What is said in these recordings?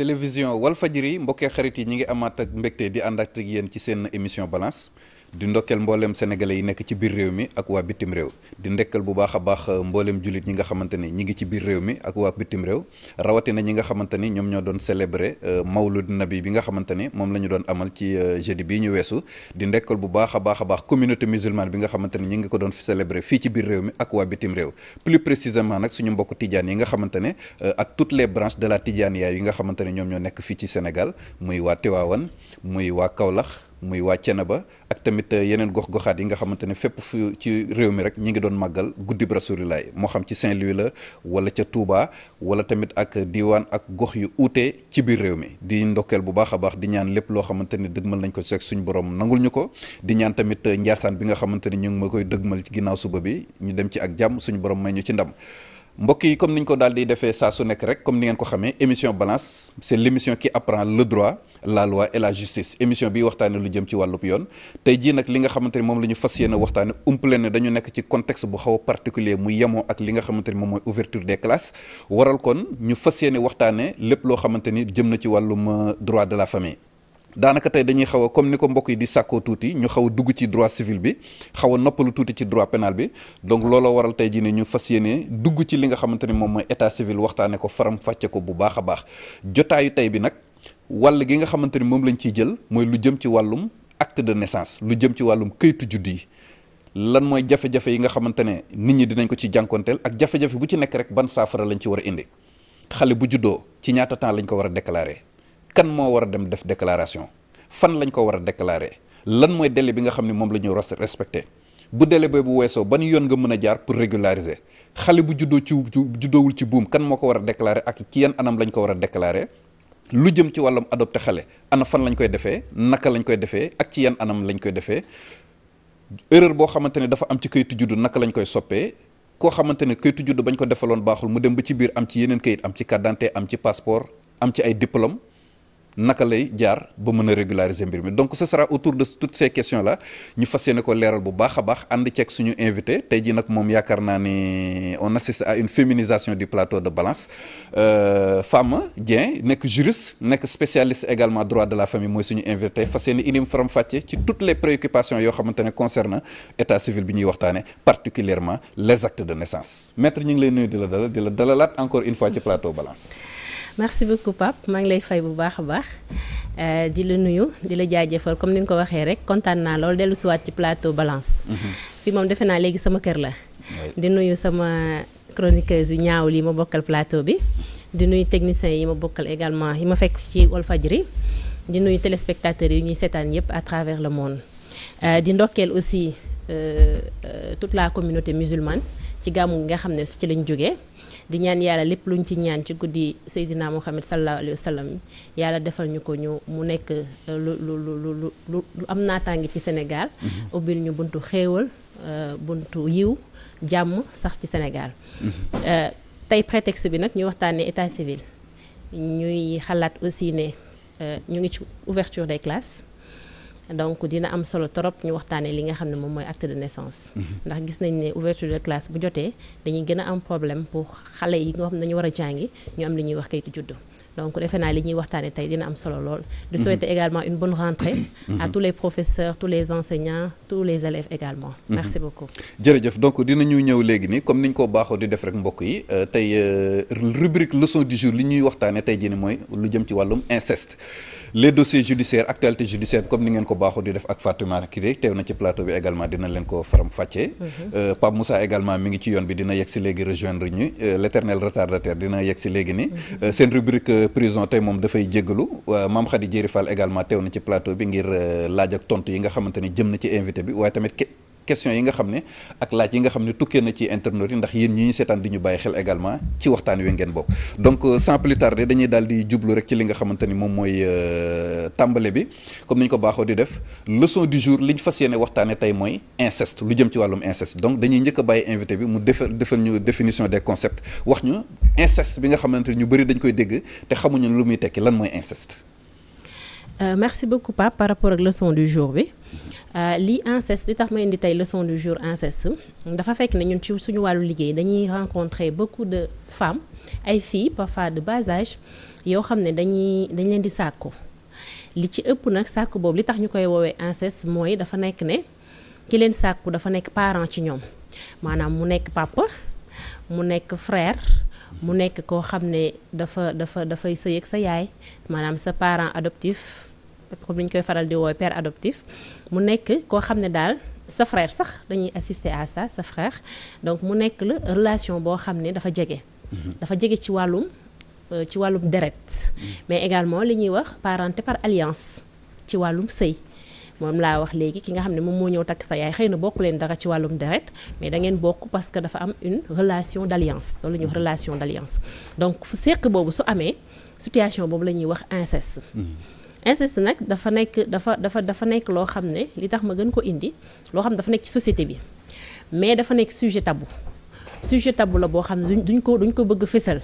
télévision Walfadjri yi mbokke xarit yi ñi ngi amaat ak mbégte di ànd ak yéen ci seen émission balance di ndokkeel mbooleem sénégalais yi nekk ci biir réew mi ak waa bitim réew di ndekkal bu baax a baax euh, mbooleem jullit ñi nga xamante ni ñi ngi ci biir réew mi ak waa bitim réew rawatina ñi nga xamante ni ñoom ñoo doon célébrer euh, mawlud nabi bi nga xamante ni moom la ñu doon amal ci euh, jeudi bii ñu weesu di ndekkal bu baax a baax a baax communauté musulmane bi nga xamante ni ñi ngi ko doon célébrer fii ci biir réew ak waa bitim réew plus précisément suñu mbokk tijaan yi nga xamante ne ak toutes les branches de la tijaaniya yi nga xamante ne ñoom ñoo nekk fii ci Sénégal muy waa Tiwaawan muy waa Kaolack muy waa Cenaba ak tamit euh, yeneen gox-goxaat yi nga xamante ne fépp fu ci réew mi rek ñi ngi doon màggal guddi guddib rasulilaay moo xam ci Saint-Louis la wala ca Touba wala tamit ak diiwaan ak gox yu uute ci biir réew mi di ndokkeel bu baax a baax di ñaan lépp loo xamante ne dëgmal nañ ko ci suñu borom nangul ñu ko di ñaan tamit euh, njaasaan bi nga xamante ne ñu ngi ma koy dëgmal ci ginnaaw suba bi ñu dem ci ak jàmm suñu borom may ñu ci ndam mbokk yi comme niñ ko daal di defee su nekk rek comme ni ngeen ko xamee émission balance c'est l'émission qui apprend la loi et la justice émission bi waxtaane lu jëm ci wàllub yoon tey jii nag li nga xamante ni moom la ñu fas yéene waxtaane umpale ne dañu nekk ci contexte bu xaw a particulier mu yemoo ak li nga xamante ni moom mooy ouverture des classes waral kon ñu fas yéene waxtaane lépp loo xamante ni jëm na ci wàllum euh, droit de la famille daanaka tey dañuy xaw a comme ni ko mbokk yi di sàkkoo tuuti ñu xaw dugg ci droit civil bi xaw a noppalu tuuti ci droit pénal bi donc looloo waral tey jii ne ñu fas yéene dugg ci li nga xamante ni moom mooy état civil waxtaane ko faram fàcce ko bu baax a baax jotaayu tey bi wàll gi nga xamante ni moom lañ ciy jël mooy lu jëm ci wàllum acte de naissance lu jëm ci wàllum këyitu judd yi lan mooy jafe-jafe yi nga xamante ne nit ñi dinañ ko ci jànkonteel ak jafe-jafe bu ci nekk rek ban saafara lañ ci war a indi xale bu juddoo ci ñaata temps lañ ko war a déclarer kan moo war a dem def déclaration fan lañ ko war a déclarer lan mooy délai bi nga xam ne moom la ñu respecté bu délai bu weesoo ba ban yoon nga mën a jaar pour régulariser xale bu juddoo ci juddoowul ci buum kan moo ko war a déclarer ak ci yan anam lañ ko war a déclarer lu jëm ci wàllum adopté xale ana fan lañ koy defee naka lañ koy defee ak ci yan anam lañ koy defee erreur boo xamante ne dafa am ci kayitu juddu naka lañ koy soppee koo xamante ne kayitu juddu bañ ko defaloon baaxul mu dem ba ci biir am ci yeneen kayit am ci carte d'identité am ci passeport am ci ay diplôme naka lay jaar ba mën a régulariser mbir mi donc ce sera autour de toutes ces questions là ñu fas yéene ko leeral bu baax a baax ànd ceeg suñu invité tey jii nag moom yaakaar naa ni on assiste une féminisation du plateau de Balance euh, Fama Dieng nekk juriste nekk spécialiste également droit de la famille mooy suñu invité fas yéene inim fàcce ci toutes les préoccupations yoo xamante concerne état civil bi ñuy waxtaane particulièrement les actes de naissance maître ñu ngi lay nuyu di la dalal di la dalalaat merci beaucoup Pape maa ngi lay fay bu baax a baax euh, di la nuyu di la jaajëfal comme ni nga ko waxee rek kontaan naa lool dellu siwaat ci plateau balance. Mhm. fii moom defe naa léegi sama kër la. di nuyu sama chroniqueuse yu ñaaw lii ma bokkal plateau bi. di nuyu techniciens yi ma bokkal également yi ma fekk ci Walfadjri di nuyu téléspectateurs yi ñuy seetaan yëpp à travers le monde. Euh, di ndokkeel aussi euh, tout la communauté musulmane ci gàmmu gi nga xam ne ci lañ jógee. di ñaan yàlla lépp luñ ci ñaan ci guddi Seydina Muhammad sallallahu alayhi wa sallam yàlla defal ñu ko ñu mu nekk euh, lu lu lu lu lu am naataange ci Sénégal. Mm-hmm. ubbil ñu buntu xéewal euh, buntu yiw jàmm sax ci Sénégal. Mm-hmm. Euh, tey prétexte bi nag ñu waxtaanee état civil ñuy xalaat aussi ne ñu ngi ci ouverture des classes. donc dina am solo trop ñu waxtaanee li nga xam ne moom mooy acte de naissance. Mhm. ndax gis nañ ne ouverture de classe bu jotee dañuy gën a am problème pour xale yi nga xam ne war a jàngi ñu am li ñuy wax kayitu juddu. donc defe naa li ñuy waxtaanee tey dina am solo lool. di mhm. souhaiter également une bonne rentrée. Mhm. à tous les professeurs tous les enseignants tous les élèves également. merci beaucoup. jërëjëf donc ñu ñëw léegi nii comme niñ ko baaxoo di def rek mbokk yi euh, tey euh, rubrique leçon du jour li ñuy waxtaanee tey jii nii mooy lu jëm ci wàllum inceste. les dossiers judiciaires actualité judiciaire comme ni ngeen ko baaxoo di def ak Fatoumata Kiré teew na ci plateau bi également dina leen ko faram fàccee mhm. euh, Pape Moussa également mi ngi ci yoon bi dina yegg si léegi rejoindre ñu euh, l'éternel retardataire dina yegg léegi ni mhm. euh, seen rubrique prison tey moom dafay jéggalu Mame Khady Diéry Fall également teew na ci plateau bi ngir laaj ak tontu yi nga xamante jëm na ci invité bi waaye tamit question yi nga xam ne ak laaj yi nga xam ne tukkee na ci internet yi ndax yéen ñi ñu seetaan di ñu bàyyi xel également ci waxtaan wi ngeen bokk donc euh, sans plus dañuy daal di jublu rek ci li nga xamante ni moom mooy euh, tàmbale bi comme ni ko baaxoo di def leçon du jour li ñu fas yéene waxtaane tey mooy inceste lu jëm ci wàllum inceste donc dañuy njëkk a bàyyi invité bi mu defal defal ñu définition des concepts wax ñu inceste bi nga xamante ni ñu bëri dañ koy dégg te xamuñu lu muy tekki lan mooy inceste Euh, merci beaucoup Pape par rapport ak leçon du jour bi euh, lii inceste li tax ma indi tey leçon du jour inceste dafa fekk ne ñun ci suñu wàllu liggéey dañuy rencontrer beaucoup de femmes ay filles parfois de basage âge yoo xam ne dañuy dañu leen di sàkku li ci ëpp nag sàkku boobu li tax ñu koy woowee inceste mooy dafa nekk ne ci leen sàkku dafa nekk parent ci ñoom maanaam mu nekk papa mu nekk frère mu nekk koo xam ne dafa dafa dafay sëy ak sa yaay maanaam sa parent adoptif comme niñ koy faral di wooy père adoptif mu nekk koo xam ne daal sa frère sax dañuy assister à ça sa frère donc mu nekk la relation boo xam ne dafa jege. Mhm. dafa jege ci wàllum euh, ci wàllum deret mhm. mais également li ñuy wax parenté par alliance ci wàllum sëy moom laa wax léegi ki nga xam ne moom moo ñëw takk sa yaay xëy na bokk leen dara ci wàllum deret mais dangeen bokk parce que dafa am une relation d'alliance loolu la ñuy wax relation d'alliance donc fu seq boobu su amee situation boobu la ñuy wax inceste mhm. inceste nag dafa nekk dafa dafa dafa nekk loo xam ne li tax ma gën ko indi loo xam dafa nekk ci société bi mais dafa nekk sujet tabou sujet tabou la boo xam ne duñ ko duñ ko bëgg fësal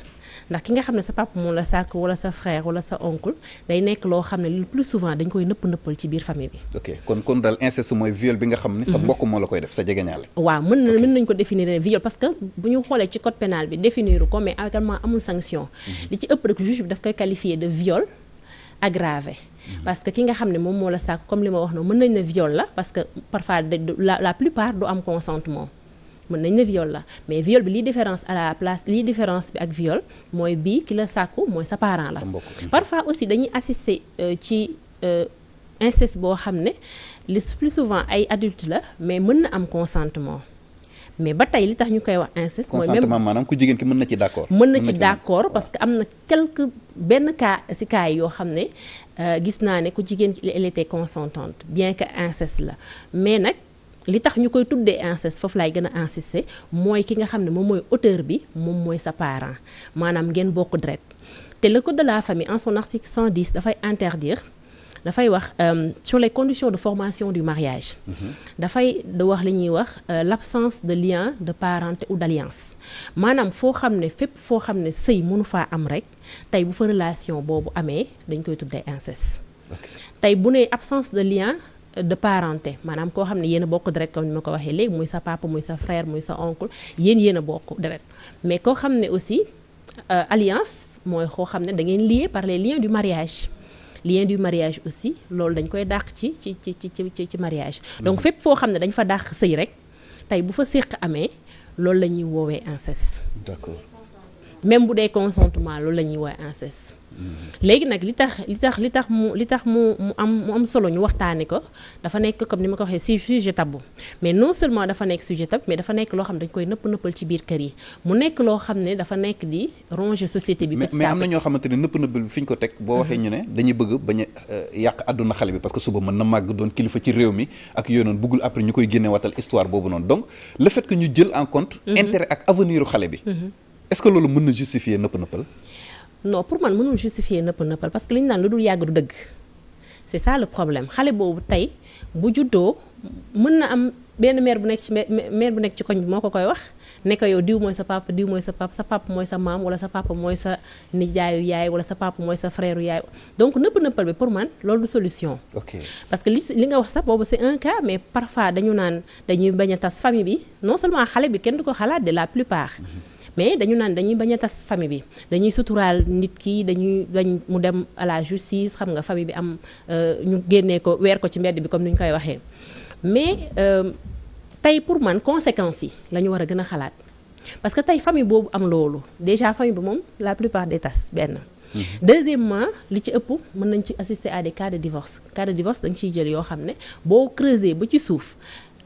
ndax ki nga xam ne sa papa moom la sàkk wala sa frère wala sa oncle day nekk loo xam ne le plus souvent dañ koy nëpp nëppal ci biir famille bi. ok kon kon daal inceste mooy viol bi nga xam ne. sa mhm. mbokk moo la koy def sa jegeñaale. waaw mën na mën nañ ko définir ne viol parce que bu ñu xoolee ci code pénal bi définir ko mais également amul sanction. Mhm. li ci ëpp rek juge bi daf koy qualifier de viol aggravé. Mm-hmm. parce que ki nga xam ne moom moo la sàkk comme li ma wax noonu mën nañ na viol la parce que parfois la la plupart du am consentement mën nañ na viol la mais viol bi lii différence à la place liy différence bi ak viol mooy bii ki la sàkku mooy sa parent la mm-hmm. parfois aussi dañuy assister euh, ci euh, inceste boo xam ne li plus souvent ay adulte la mais mën na am consentement mais ba tey li tax ñu koy wax inceste mooy même consentement maanaam ku jigéen ki mën na ci d'accord mën na ci d'accord parce que am na quelque benn cas si cas yoo xam ne euh, gis naa ne ku jigéen ki elle était consentante bien que inceste la mais nag li tax ñu koy tuddee inceste foofu lay gën a insister mooy ki nga xam ne moom mooy auteur bi moom mooy sa parent maanaam ngeen bokk deret te le code de la famille en son article 110 dafay interdire dafay wax euh, sur les conditions de formation du mariage. Mhm. dafay da wax li ñuy wax euh, l'absence de lien de parenté ou d'alliance maanaam foo xam ne fépp foo xam ne sëy mënu faa am rek tey bu fa relation boobu amee dañ koy tuddee inceste. tey bu nee absence de lien. Euh, de parenté maanaam koo xam ne yéen a bokk deret comme ni ma ko waxee léegi muy sa papa muy sa frère muy sa oncle yéen yéen a bokk deret mais koo xam ne aussi alliance mooy koo xam ne da ngeen lié par les lie du mariage lien du mariage aussi loolu dañ koy dàq ci ci ci ci ci ci mariage. Mm-hmm. donc fépp foo xam ne dañ fa dàq sëy rek tey bu fa séq amee loolu la ñuy woowee inceste. d'accord même bu dee consentement loolu la ñuy woowee inceste. léegi nag li tax li tax li tax mu li tax mu am solo ñu waxtaanee ko dafa nekk comme ni ma ko waxee si sujet tabou mais non seulement dafa nekk sujet tabou mais dafa nekk loo xam ne dañ koy nëpp nëppal ci biir kër yi mu ne dafa nekk di ronger société bi. petit am na ñoo xamante ne nëpp nëppal fi ñu ko teg boo waxee ñu ne dañuy bëgg bañ a euh, yàq àdduna xale bi parce que suba mën na màgg doon kilifa ci réew mi ak yooyu noonu bëggul après ñu koy génne watal histoire boobu noonu donc le fait que ñu jël en compte mhm. intérêt ak avenir xale bi mhm. est-ce que loolu mën na justifier nëpp nëppal non pour man mënul justifier nëpp nëppal parce que li ñu naan lu dul yàgg du dëgg c'est ça le problème xale boobu tey bu juddoo mën na am benn mère bu nekk ci mère bu nekk ci koñ bi moo ko koy wax ne ko yow diw mooy sa papa diw mooy sa papa sa papa mooy sa maam wala sa papa mooy sa nijaayu yaay wala sa papa mooy sa frère yaay donc nëpp nëppal bi pour man loolu du solution. ok parce que li li nga wax sax boobu c'est un cas mais parfois dañu naan dañuy bañ a tas famille bi non seulement xale bi kenn du ko xalaat de la plupart. mm mais dañu naan dañuy bañ a tas famille bi dañuy suturaal nit kii dañuy bañ mu dem à la justice xam nga famille bi am euh, ñu génnee ko weer ko ci mbedd bi comme ni ñu koy waxee mais euh, tey pour man conséquences yi la ñu war a gën a xalaat parce que tey famille boobu am loolu déjà famille bi moom la plupart des tas benn mhm. deuxièmement li ci ëpp mën nañ ci assister à des cas de divorce cas de divorce dañ ciy jël yoo xam ne boo creuser bu ci suuf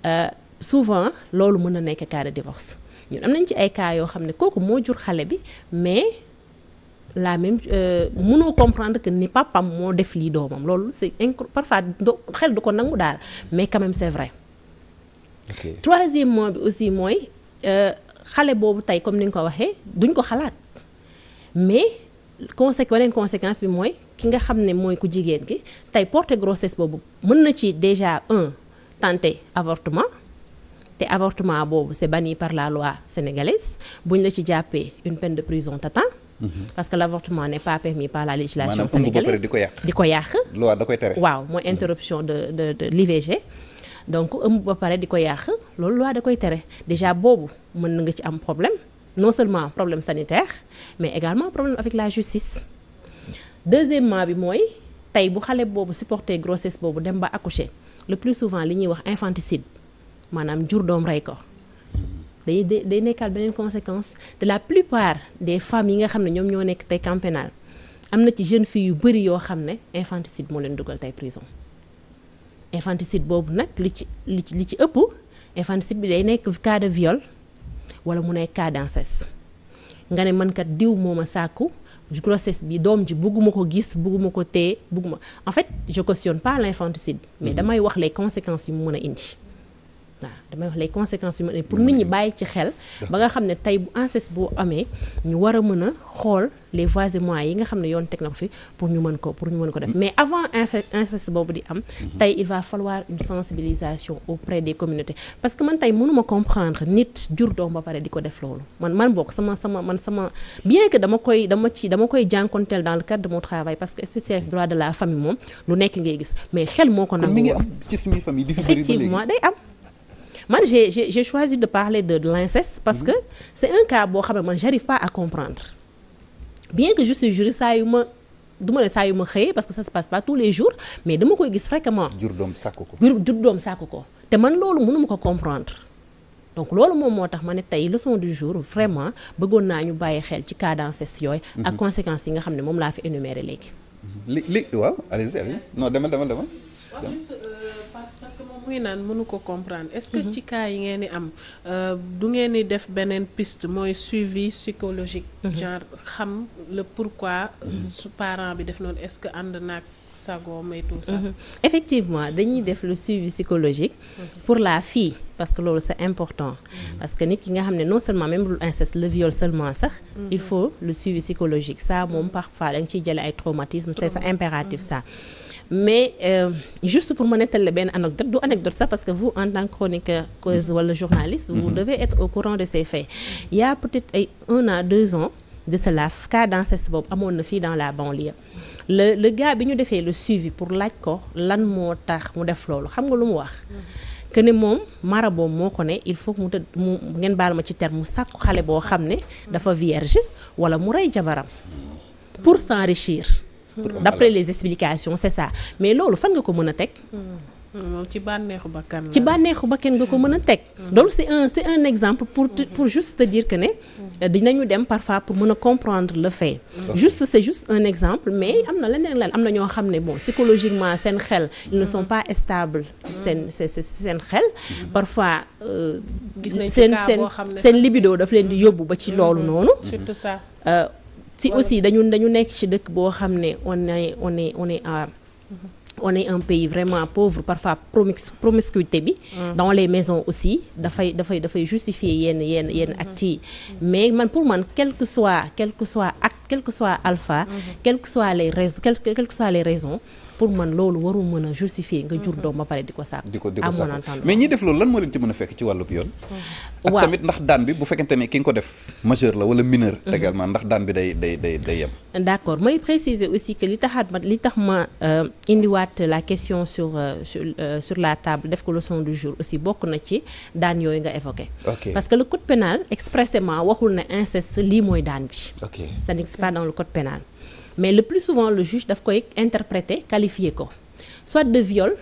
euh, souvent loolu mën na nekk cas de divorce ñu am nañ ci ay cas yoo xam ne kooku moo jur xale bi mais la même euh, mënoo comprendre que ni papam moo def lii doomam loolu c'est parfois xel du ko nangu daal mais quand même c'est vrai. ok aussi mooy euh, xale boobu tey comme ni nga ko waxee duñ ko xalaat mais conséquence conséquence bi mooy ki nga xam ne mooy ku jigéen ki tey porter grossesse boobu mën na ci déjà un tenter avortement. te avortement boobu c'est banni par la loi sénégalaise buñ la ci jàppee une peine de prison t'attend mhm. parce que l'avortement n'est pas permis par la législation sénégalaise di ko yàq di ko yàq loi da koy tere waaw mooy mhm. interruption de de de l'IVG ba pare di ko yàq loolu loi da koy tere déjà boobu mën na nga ci am problème non seulement problème sanitaire mais également problème avec la justice deuxièmement bi mooy tey bu xale boobu supporter grossesse boobu dem ba accoucher le plus souvent li ñuy wax infanticide maanaam jur doom rey ko day day nekkaal beneen conséquence te la plupart des femmes yi nga xam ne ñoom ñoo nekk tey camp am na ci jeune fille yu bëri yoo xam ne infanticide moo leen dugal tey prison infanticide boobu nag li ci li ci li ci ëpp infanticide bi day nekk cas de viol wala mu nekk cas d'inceste nga ne man kat diw moo ma sàkku grossesse bi doom ji bugguma ko gis bugguma ko téye bugguma en fait je cautionne pas l'infanticide mais mhm. damay wax les conséquences yu mu mën a indi waaw damay wax les conséquences humaines pour nit ñi mm. bàyyi ci xel ba nga xam ne tey bu inceste bu amee ñu war a mën a xool les voies et yi nga xam ne yoon teg na ko fi pour ñu mën ko pour ñu mën ko def mm. mais avant inceste boobu di am mm-hmm. tey il va falloir une sensibilisation auprès des communautés parce que man tey mënuma comprendre nit jur doom ba pare di ko def loolu man man bokk sama sama man sama bien que dama koy dama ci dama koy jànkonteel dans le cadre de mon mm. la famille moom lu nekk ngay gis mais xel day am man j'ai j'ai j'ai de parler de, de l'inceste parce mhm. que c'est un cas boo xam ne man j'arrive pas à comprendre bien que je suis juriste saa yu ma du ma ne saa yu ma xëyee parce que ça se passe pas tous les jours mais dama koy gis fréquemment. jur doom sàkk ko jur doom ko te man loolu mënuma ko comprendre donc loolu moom moo tax ma ne tey leçon du jour vraiment bëggoon naa ñu bàyyi xel ci cas d'inceste yooyu. Mhm. ak conséquences yi nga xam ne moom laa fi énuméré léegi. Mhm. li li waaw allez-y allez non euh, parce que moom muy naan mënu ko comprendre est-ce que mhm. ci cas yi ngeen di am euh, du ngeen di def beneen piste mooy suivi psychologique. Mhm. genre xam le pourquoi. Euh, mhm. su parent bi def noonu est-ce que ànd naag sagoom et tout ça. effectivement dañuy def lu suivi psychologique. pour la fille parce que loolu c'est important. parce que nit ki nga xam ne non seulement même lu inceste le viol seulement sax. il faut le suivi psychologique ça moom parfois da nga ciy jëlee ay traumatismes sa impératif ça. mais euh, juste pour ma nettali la benn anecdote du anecdote sax parce que vous en tant que chroniqueur wala journaliste vous mhm. devez être au courant de ces faits il y ay un an deux ans de cela cas d'inceste boobu amoon na fii dans la banlieue le le gars bi ñu defee le suivi pour laaj ko lan moo tax mu def loolu xam nga lu mu wax mhm. que ne moom maraboom moo ko ne il faut mu tëdd mu ngeen baal ma ci terme mu sàkku xale boo xam ne dafa vierge wala mu rey jabaram pour s'enrichir d'après les explications c'est ça mais loolu fan nga ko mën a teg. Hmm. Hmm. ci bànneexu bakkan ci bànneexu bakkan nga ko mën a teg. Hmm. donc c'est un c'est un exemple pour te, pour juste te dire que ne. Euh, dinañu dem parfois pour mën a comprendre le fait. juste c'est juste un exemple mais am na leneen lan am na ñoo xam ne bon psychologiquement seen xel. ils ne sont pas stables. seen seen xel. parfois euh, seen seen seen libido daf leen di yóbbu ba ci loolu noonu. ci aussi dañu dañu nekk ci dëkk boo xam ne on est on est on est à on est un pays vraiment pauvre parfois promis promiscuité bi dans les maisons aussi dafay dafay dafay justifier yenn yenn yenn actes yi mais man pour man quel soit quelque soit acte quelque soit alpha quel que soit les raisons quelles que soient les raisons pour man loolu warul mën a justifier nga jur mhm. doom ba pare di ko sàkk di ko di ko sàkk mais ñi def loolu lan moo leen ci mën a fekk ci wàllub yoon ak tamit ndax daan bi bu fekkente ne ki nga ko def majeur la wala mineur mhm. également ndax daan bi day day day yem d'accord may préciser aussi que li taxaat ma li tax ma euh, indiwaat la question sur euh, sur euh, sur la table def ko leçon du jour aussi bokk na ci daan yooyu nga évoqué parce que le code pénal expressément waxul ne inceste lii mooy daan bi ça n'est pas code pénal mais le plus souvent le juge daf koy interpréter qualifier ko soit de viol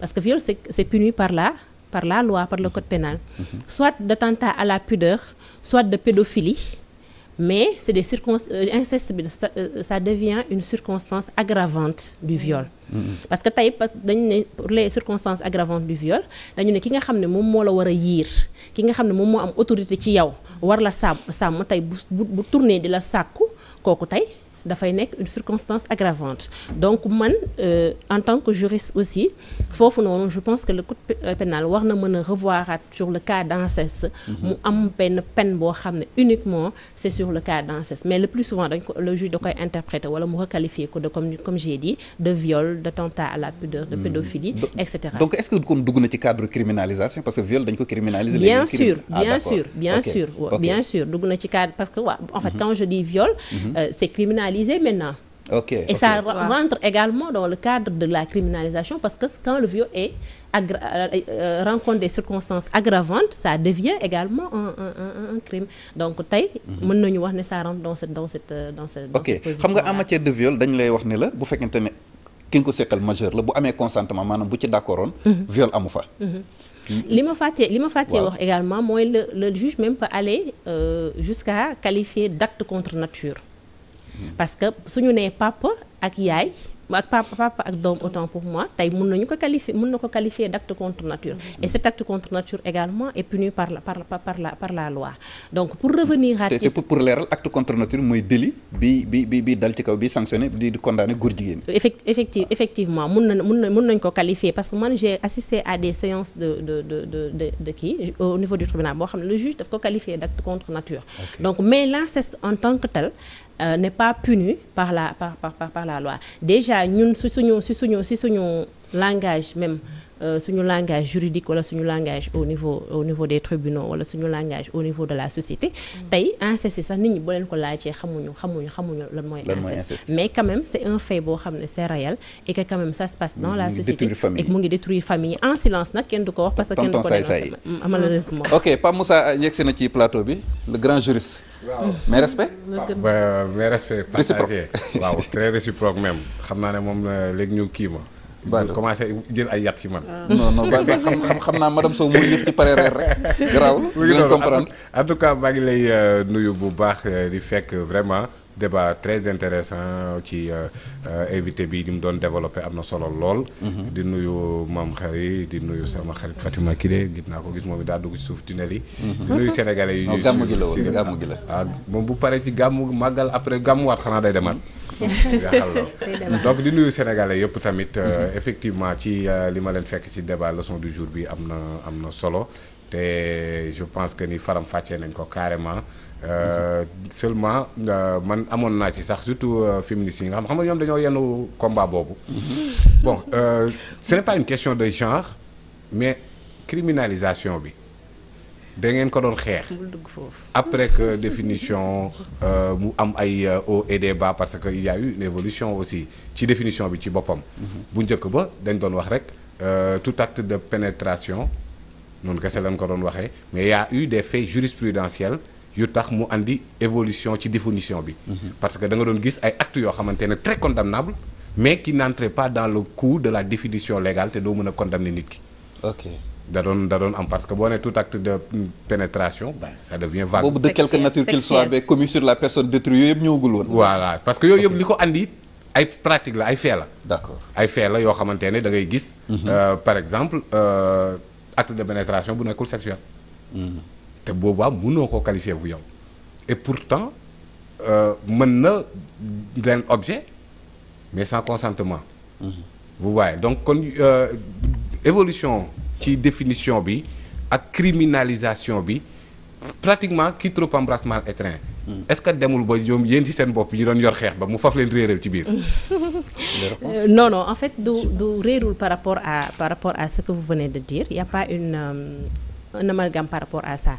parce que viol c'est c'est puni par la par la loi par le code pénal mm -hmm. soit à la pudeur soit de pédophilie mais c'est des circonstances euh, inceste bi ça, euh, ça devient une circonstance aggravante du viol mm -hmm. parce que tey dañu ne pour les circonstances aggravantes du viol dañu ne ki nga xam ne moom moo la war a yiir ki nga xam ne moom moo am autorité ci yow war la sàmm sàmm tey bu bu tourner di la sàkku kooku tey dafay nekk une circonstance aggravante donc man euh, en tant que juriste aussi foofu noonu je pense que le code euh, pénal war na mën a revoiraat sur le cas d'inceste mhm. mu am benn peine boo xam ne uniquement c'est sur le cas d'inceste mais le plus souvent dañ ko le juge da koy interpréter mu requalifier ko de comme comme j'ai de viol d'attentat à la pudeur de hmm. pédophilie mmh. donc est-ce que kon dugg na ci cadre criminalisation parce que viol dañ ko criminaliser bien ah, sûr bien criminalisé maintenant. ok et okay. ça wow. rentre également dans le cadre de la criminalisation parce que quand le viol est agra euh, euh rencontre des circonstances aggravantes ça devient également un un un, un crime donc tey. Mhm. mën nañu wax ne ça rentre dans cette dans cette euh, dans cette. ok xam nga en matière de viol dañu lay wax ne la bu fekkente ne ki nga ko seqal majeur la bu amee consentement maanaam bu ci d'accordoon. Mhm. viol amu fa. Mhm. li ma fàttee li ma fàttee wax également mooy le le juge même peut aller euh, jusqu'à qualifier d'acte contre nature. parce que suñu nee papa ak yaay ak papa ak doom autant pour moi tey mun ko qualifier mun na ko qualifier d' acte contre nature mm-hmm. et cet acte contre nature également est puni par la par la par la par la loi donc pour revenir à te pour leeral acte contre nature mooy délit bi bi dal ci kaw bi sanctionné di condamné góor jigéen effectivement mun na mun na mun nañ ko qualifier parce que man j'ai assisté à des séances de de de de de de au niveau du tribunal boo xam ne le juge daf d' acte contre nature donc euh, n'est pas puni par la par par par, par la loi déjà ñun si suñu si suñu si suñu langage même euh, suñu langage juridique wala suñu langage au niveau au niveau des tribunaux wala suñu langage au niveau de la société. tey inceste sax nit ñi boo leen ko laajee xamuñu xamuñu xamuñu lan mooy. inceste mais quand même c' est un fait boo xam ne c' est réel et que dans la société et mu ngi détruire famille en silence nag kenn du ko wax. parce que kenn du ko dénoncer malheureusement. waaw mais respect. mais respect partagé. waaw très réciproque même. xam naa ne moom euh, léegi ñu kii ma. baal commencé jël ay yat ci man. noonu ah. non xam xam naa madame Sow muy yëpp ci pare reer rek. garaawul dinañ comprendre en tout cas baa ngi lay euh, nuyu bu baax euh, di fekk vraiment. débat très intéressant ci évité euh, euh, bi di mu doon développé am na solo lool. Mhm. di nuyu maam xari di nuyu sama xarit Fatima Kide gis naa ko gis moom it daa dugg ci suuf tunnel yi. Mhm. di nuyu sénégalais yi ñuy gàmm gi la woon gàmm gi la. waaw ah, moom bu paree ci gàmm màggal après gàmmuwaat xanaa day demaat. donc di nuyu sénégalais yëpp tamit euh, mhm. effectivement ci li ma leen fekk ci débat leçon du jour bi am na am na solo te je pense que ni faram fàccee nañ ko carrément. Euh, seulement euh, man amoon naa ci sax surtout euh, féministes yi nga xam xam nga ñoom dañoo yenn combat boobu. bon ce n'est pas une question de genre mais criminalisation bi da ngeen ko doon xeex. après que définition mu am ay hauts et des bas parce que il y a eu une évolution aussi ci définition bi ci boppam. Mhm. bu njëkk ba dañ doon wax rek tout acte de pénétration noonu kese lañ ko doon waxee mais il y a eu des faits yu tax mu indi évolution ci définition bi. Mhm. parce que da nga doon gis ay actes yoo xamante ne très condamnable mais qui n'entrait pas dans le coup de la définition légale te doo mën a condamner nit ki. da doon da doon am parce que boo nee tout acte de pénétration ben ça devient vague. boobu de quelque nature qu'il soit mais commis sur la personne détruite yooyu yëpp ñëwagul woon. voilà parce que yooyu yëpp li ko andi. ay pratique la ay fee la. ay fee la yoo xamante ne da ngay gis. Mhm. Euh, par exemple euh, acte de bu nekkul sexuel. mm te boobaa mënoo ko qualifier bu yow et pourtant euh, mën na leen objet mais sans consentement bu mm-hmm. waaye donc kon euh, évolution ci définition bi ak criminalisation bi pratiquement qui trop embrasse mal étreint mm. est demul ba ñoom yéen ci seen bopp yi doon yor xeex ba mu faf leen réeral ci biir. Euh, non non en fait du du réerul par rapport à par rapport à ce que vous venez de dire il pas une. Euh, un amalgame par rapport à ça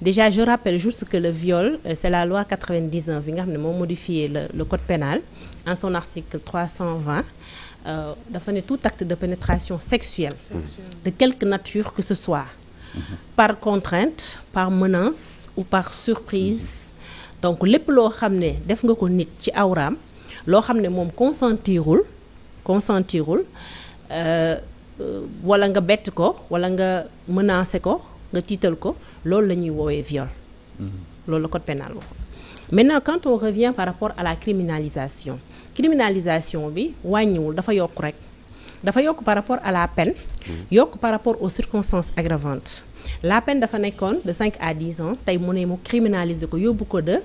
déjà je rappelle juste que le viol euh, c'est la loi 99 bi nga xam ne moo modifié la le code pénal en son article 320 euh, dafa ne tout acte de pénétration sexuelle de quelque nature que ce soit par contrainte par menace ou par surprise donc lépp loo xam ne def nga ko nit ci awraam loo xam ne moom consentirul consentirul euh, euh, wala nga bett ko wala nga menacé ko nga tiital ko loolu la ñuy woowee viol mm-hmm. loolu la code pénal waxoon maintenant quand on revient par rapport à la criminalisation criminalisation bi wàññiwul dafa yokk rek dafa yokk par rapport à la peine mm-hmm. yokk par rapport aux circonstances aggravantes la pen dafa nekkoon de 5 à dix ans tey mu ne mu criminaliser ko yóbbu ko de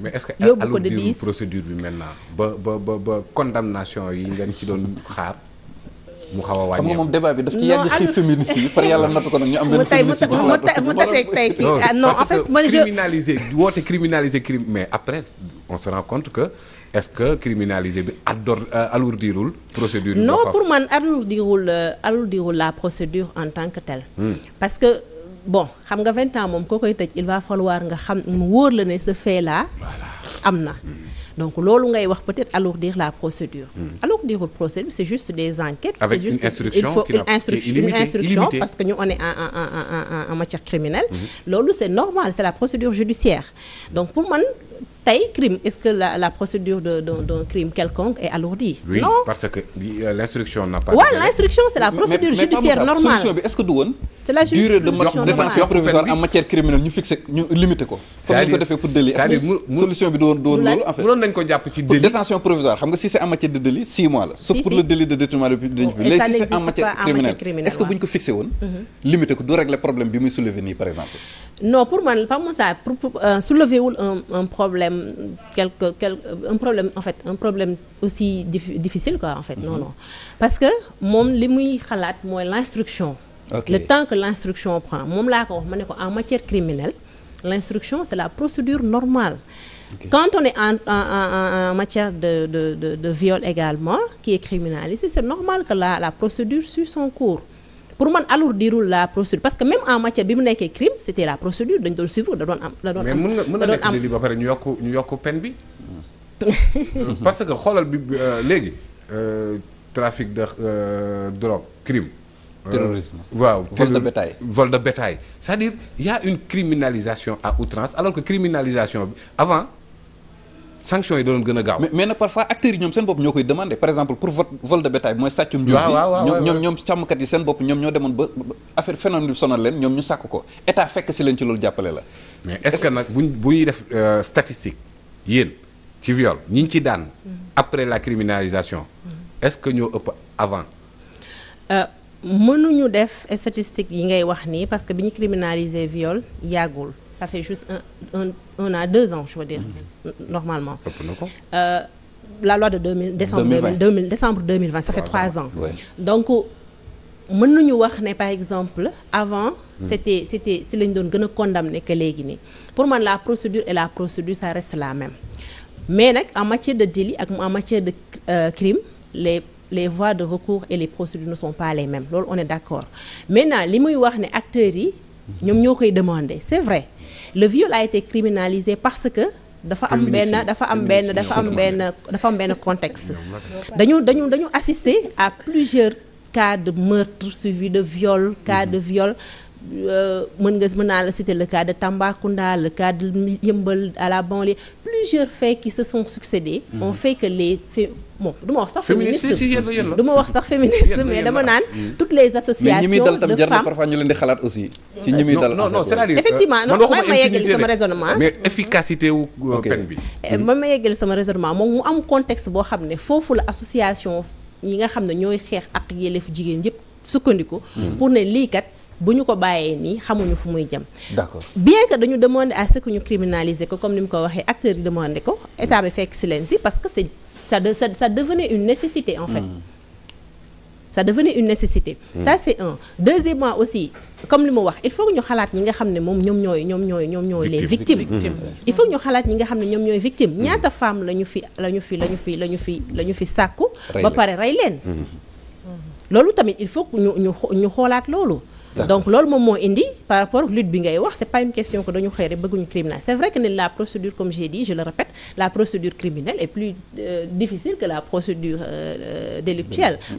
mais est-ce que yóbbu ko de 10 procédure bi maintenant ba ba ba ba condamnation yi ngeen ci doon xaar mu xaw a wàññeeku xam nga bi daf ci yàgg xëy féministe yi far yàlla natt ko nag ñu am benn féministe mu taseeg tey kii non ah, en fait man je woote criminaliser crime mais après on se rend que est-ce que criminaliser bi ador euh, alourdirul procédure non pour man alourdirul euh, alourdirul la procédure en tant que telle hmm. parce que bon xam nga vingt temps moom koo koy tëj il va falloir nga xam mu wóor la ne ce fait là am na hmm. donc loolu ngay wax peut-être alourdir la procédure hmm. alourdir la procédure c'est juste des enquêtes avec une il faut une instruction parce que ñu on est en en en en matière criminelle hmm. loolu c'est normal c'est la procédure judiciaire donc pour man tey crime est-ce que la la procédure de de d'un crime quelconque est alourdie. non parce que l'instruction n'a pas. waaw ouais, l'instruction c'est la procédure judiciaire normale est-ce que du woon c'est la juridiction de détention provisoire en matière criminelle ñu fixé ñu limité ko comme ñu ko defee pour délit solution bi doon doon loolu en fait mënoon nañ ko jàpp ci délit détention provisoire xam nga si c'est en matière de délit six mois la sauf pour le délit de détournement de public léegi si c'est en matière criminelle est-ce que bu ñu ko fixé woon mm-hmm. limité ko du régler problème bi muy soulever nii par exemple non pour man Pape Moussa pour euh, soulever wul un problème quelque quelque un problème en fait un problème aussi difficile quoi en fait non mm-hmm. non parce que moom li muy xalaat mooy l'instruction okay. le temps que l'instruction prend moom laa ko wax ma ne ko en matière criminelle l'instruction c'est la procédure normale okay. quand on en matière de de de de viol également qui est criminalisé c'est normal que la la procédure suit son cours pour man alourdirul la procédure parce que même en matière bi mu nekkee crime c'était la procédure dañ doon suivre da doon am da doon am mais mën nga mën na nekk délit ba pare ñu yokk ñu yokk peine bi parce que xoolal bi euh, léegi euh, trafic de euh, drogue crime Euh, terrorisme waaw vol de bétail vol de bétail c'est-à-dire il a une criminalisation à outrance alors que criminalisation avant sanction yi da gën a gaaw. mais mais nag parfois acteurs yi ñoom seen bopp ñoo koy demandé par exemple pour vol de bétail mooy sàccum jur bi ñoom ñoom ñoom yi seen bopp ñoom ñoo demoon ba affaire phénomène bi sonal leen ñoom ñu sàkk ko état fekk si leen ci loolu jàppale la. mais est-ce euh, ci viol ñi ñu ci daan. Mm. après la criminalisation. Mm. est que ñoo avant. Euh, mënuñu def statistique yi ngay wax nii parce que bi ñu criminaliser viol yàggul ça fait juste un un un deux ans je veux dire mmh. normalement. Euh, la loi de deux mille décembre deux mille décembre deux mille vingt ça fait trois ans. donc mën nañu wax ne par exemple avant. Mmh. c'était c'était si lañ doon gën a condamné que léegi nii pour man la procédure et la procédure ça reste la même mais nag en matière de délit ak en matière de euh, crime les. les voies de recours et les procédures ne sont pas les mêmes loolu on est d'accord maintenant li muy wax ni acteurs yi ñoom ñoo koy demander c'est vrai le viol a été criminalisé parce que dafa am benn dafa am benn dafa am benn dafa benn contexte dañu dañu dañu assister à plusieurs cas de meurtre suivi de viole cas de viole Euh, mën nga mën naa la citer le cas de Tambacounda le cas de Yeumbeul à la banlieue plusieurs faits qui se sont succédés mhm. ont fait que les faits bon ma wax sax féministe du wax sax féministe mais dama naan mhm. toutes les associations de femmes jar aussi ci ñi muy dal non non c'est-à-dire effectivement non euh, euh, man ma yeggali sama raisonnement mais efficacité moom mu am contexte boo xam ne foofu la association yi nga xam ne ñooy xeex ak yelleefu jigéen yëpp sukkandiku mhm. pour ne lii bu ñu ko bàyyee nii xamuñu fu muy jëm d'accord bien que dañu demander à ce que ñu criminaliser ko comme ni mu ko waxee acteurs yi demandé ko état bi fekk si leen si parce que c'est ça une nécessité en fait mm. ça une nécessité mm. ça un deuxièmement aussi comme li ma wax il faut ñu xalaat ñi nga xam ne moom ñoom ñooy ñoom ñooy ñoom ñooy les victimes il faut que ñu xalaat ñi nga xam ne ñoom ñooy victime ñaata femme la ñu fi la ñu fi la ñu fi la ñu fi la ñu fi sàkku ba pare rey leen hmm. loolu tamit il faut ñu ñu ñu xoolaat loolu donc loolu moom moo indi par rapport lutte bi ngay wax c'est pas une question que dañu xëy rek bëgguñu criminel c'est vrai que ne la procédure comme j'ai dit je le répète la procédure criminelle est plus euh, difficile que la procédure euh,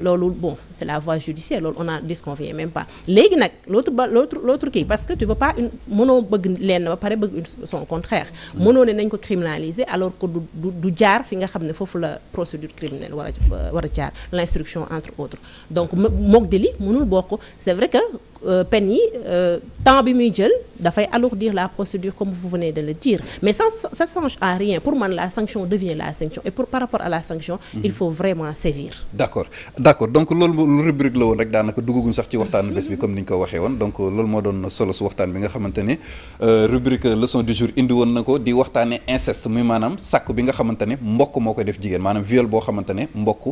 loolu bon c'est la voie judiciaire loolu on n'en disconvient même pas léegi nag l'autre ba l'autre l'autre kii parce que tu veux pas une mënoo bëgg leen ba pare bëgg une son contraire mm. mënoo ne nañ ko criminaliser alors que du jaar fi nga xam ne foofu la procédure criminelle war a war a jaar l'instruction entre autres donc mook délit mënul bokk c'est vrai que Euh, peine yi euh, temps bi muy jël dafay alourdir la procédure comme vous venez de le dire mais ça ça change à rien pour man la sanction devient la sanction et pour par rapport à la sanction mm -hmm. il faut vraiment sévir d' accord donc loolu rubrique la woon rek daanaka dugguñ sax ci waxtaanu bés bi comme ni ñu ko waxee woon donc euh, loolu moo doon solo su waxtaan bi nga xamante ne rubrique leçon du jour indi woon na ko di waxtaane inceste muy maanaam sàkk bi nga xamante ne mbokk moo koy def jigéen maanaam viol boo xamante ne mbokk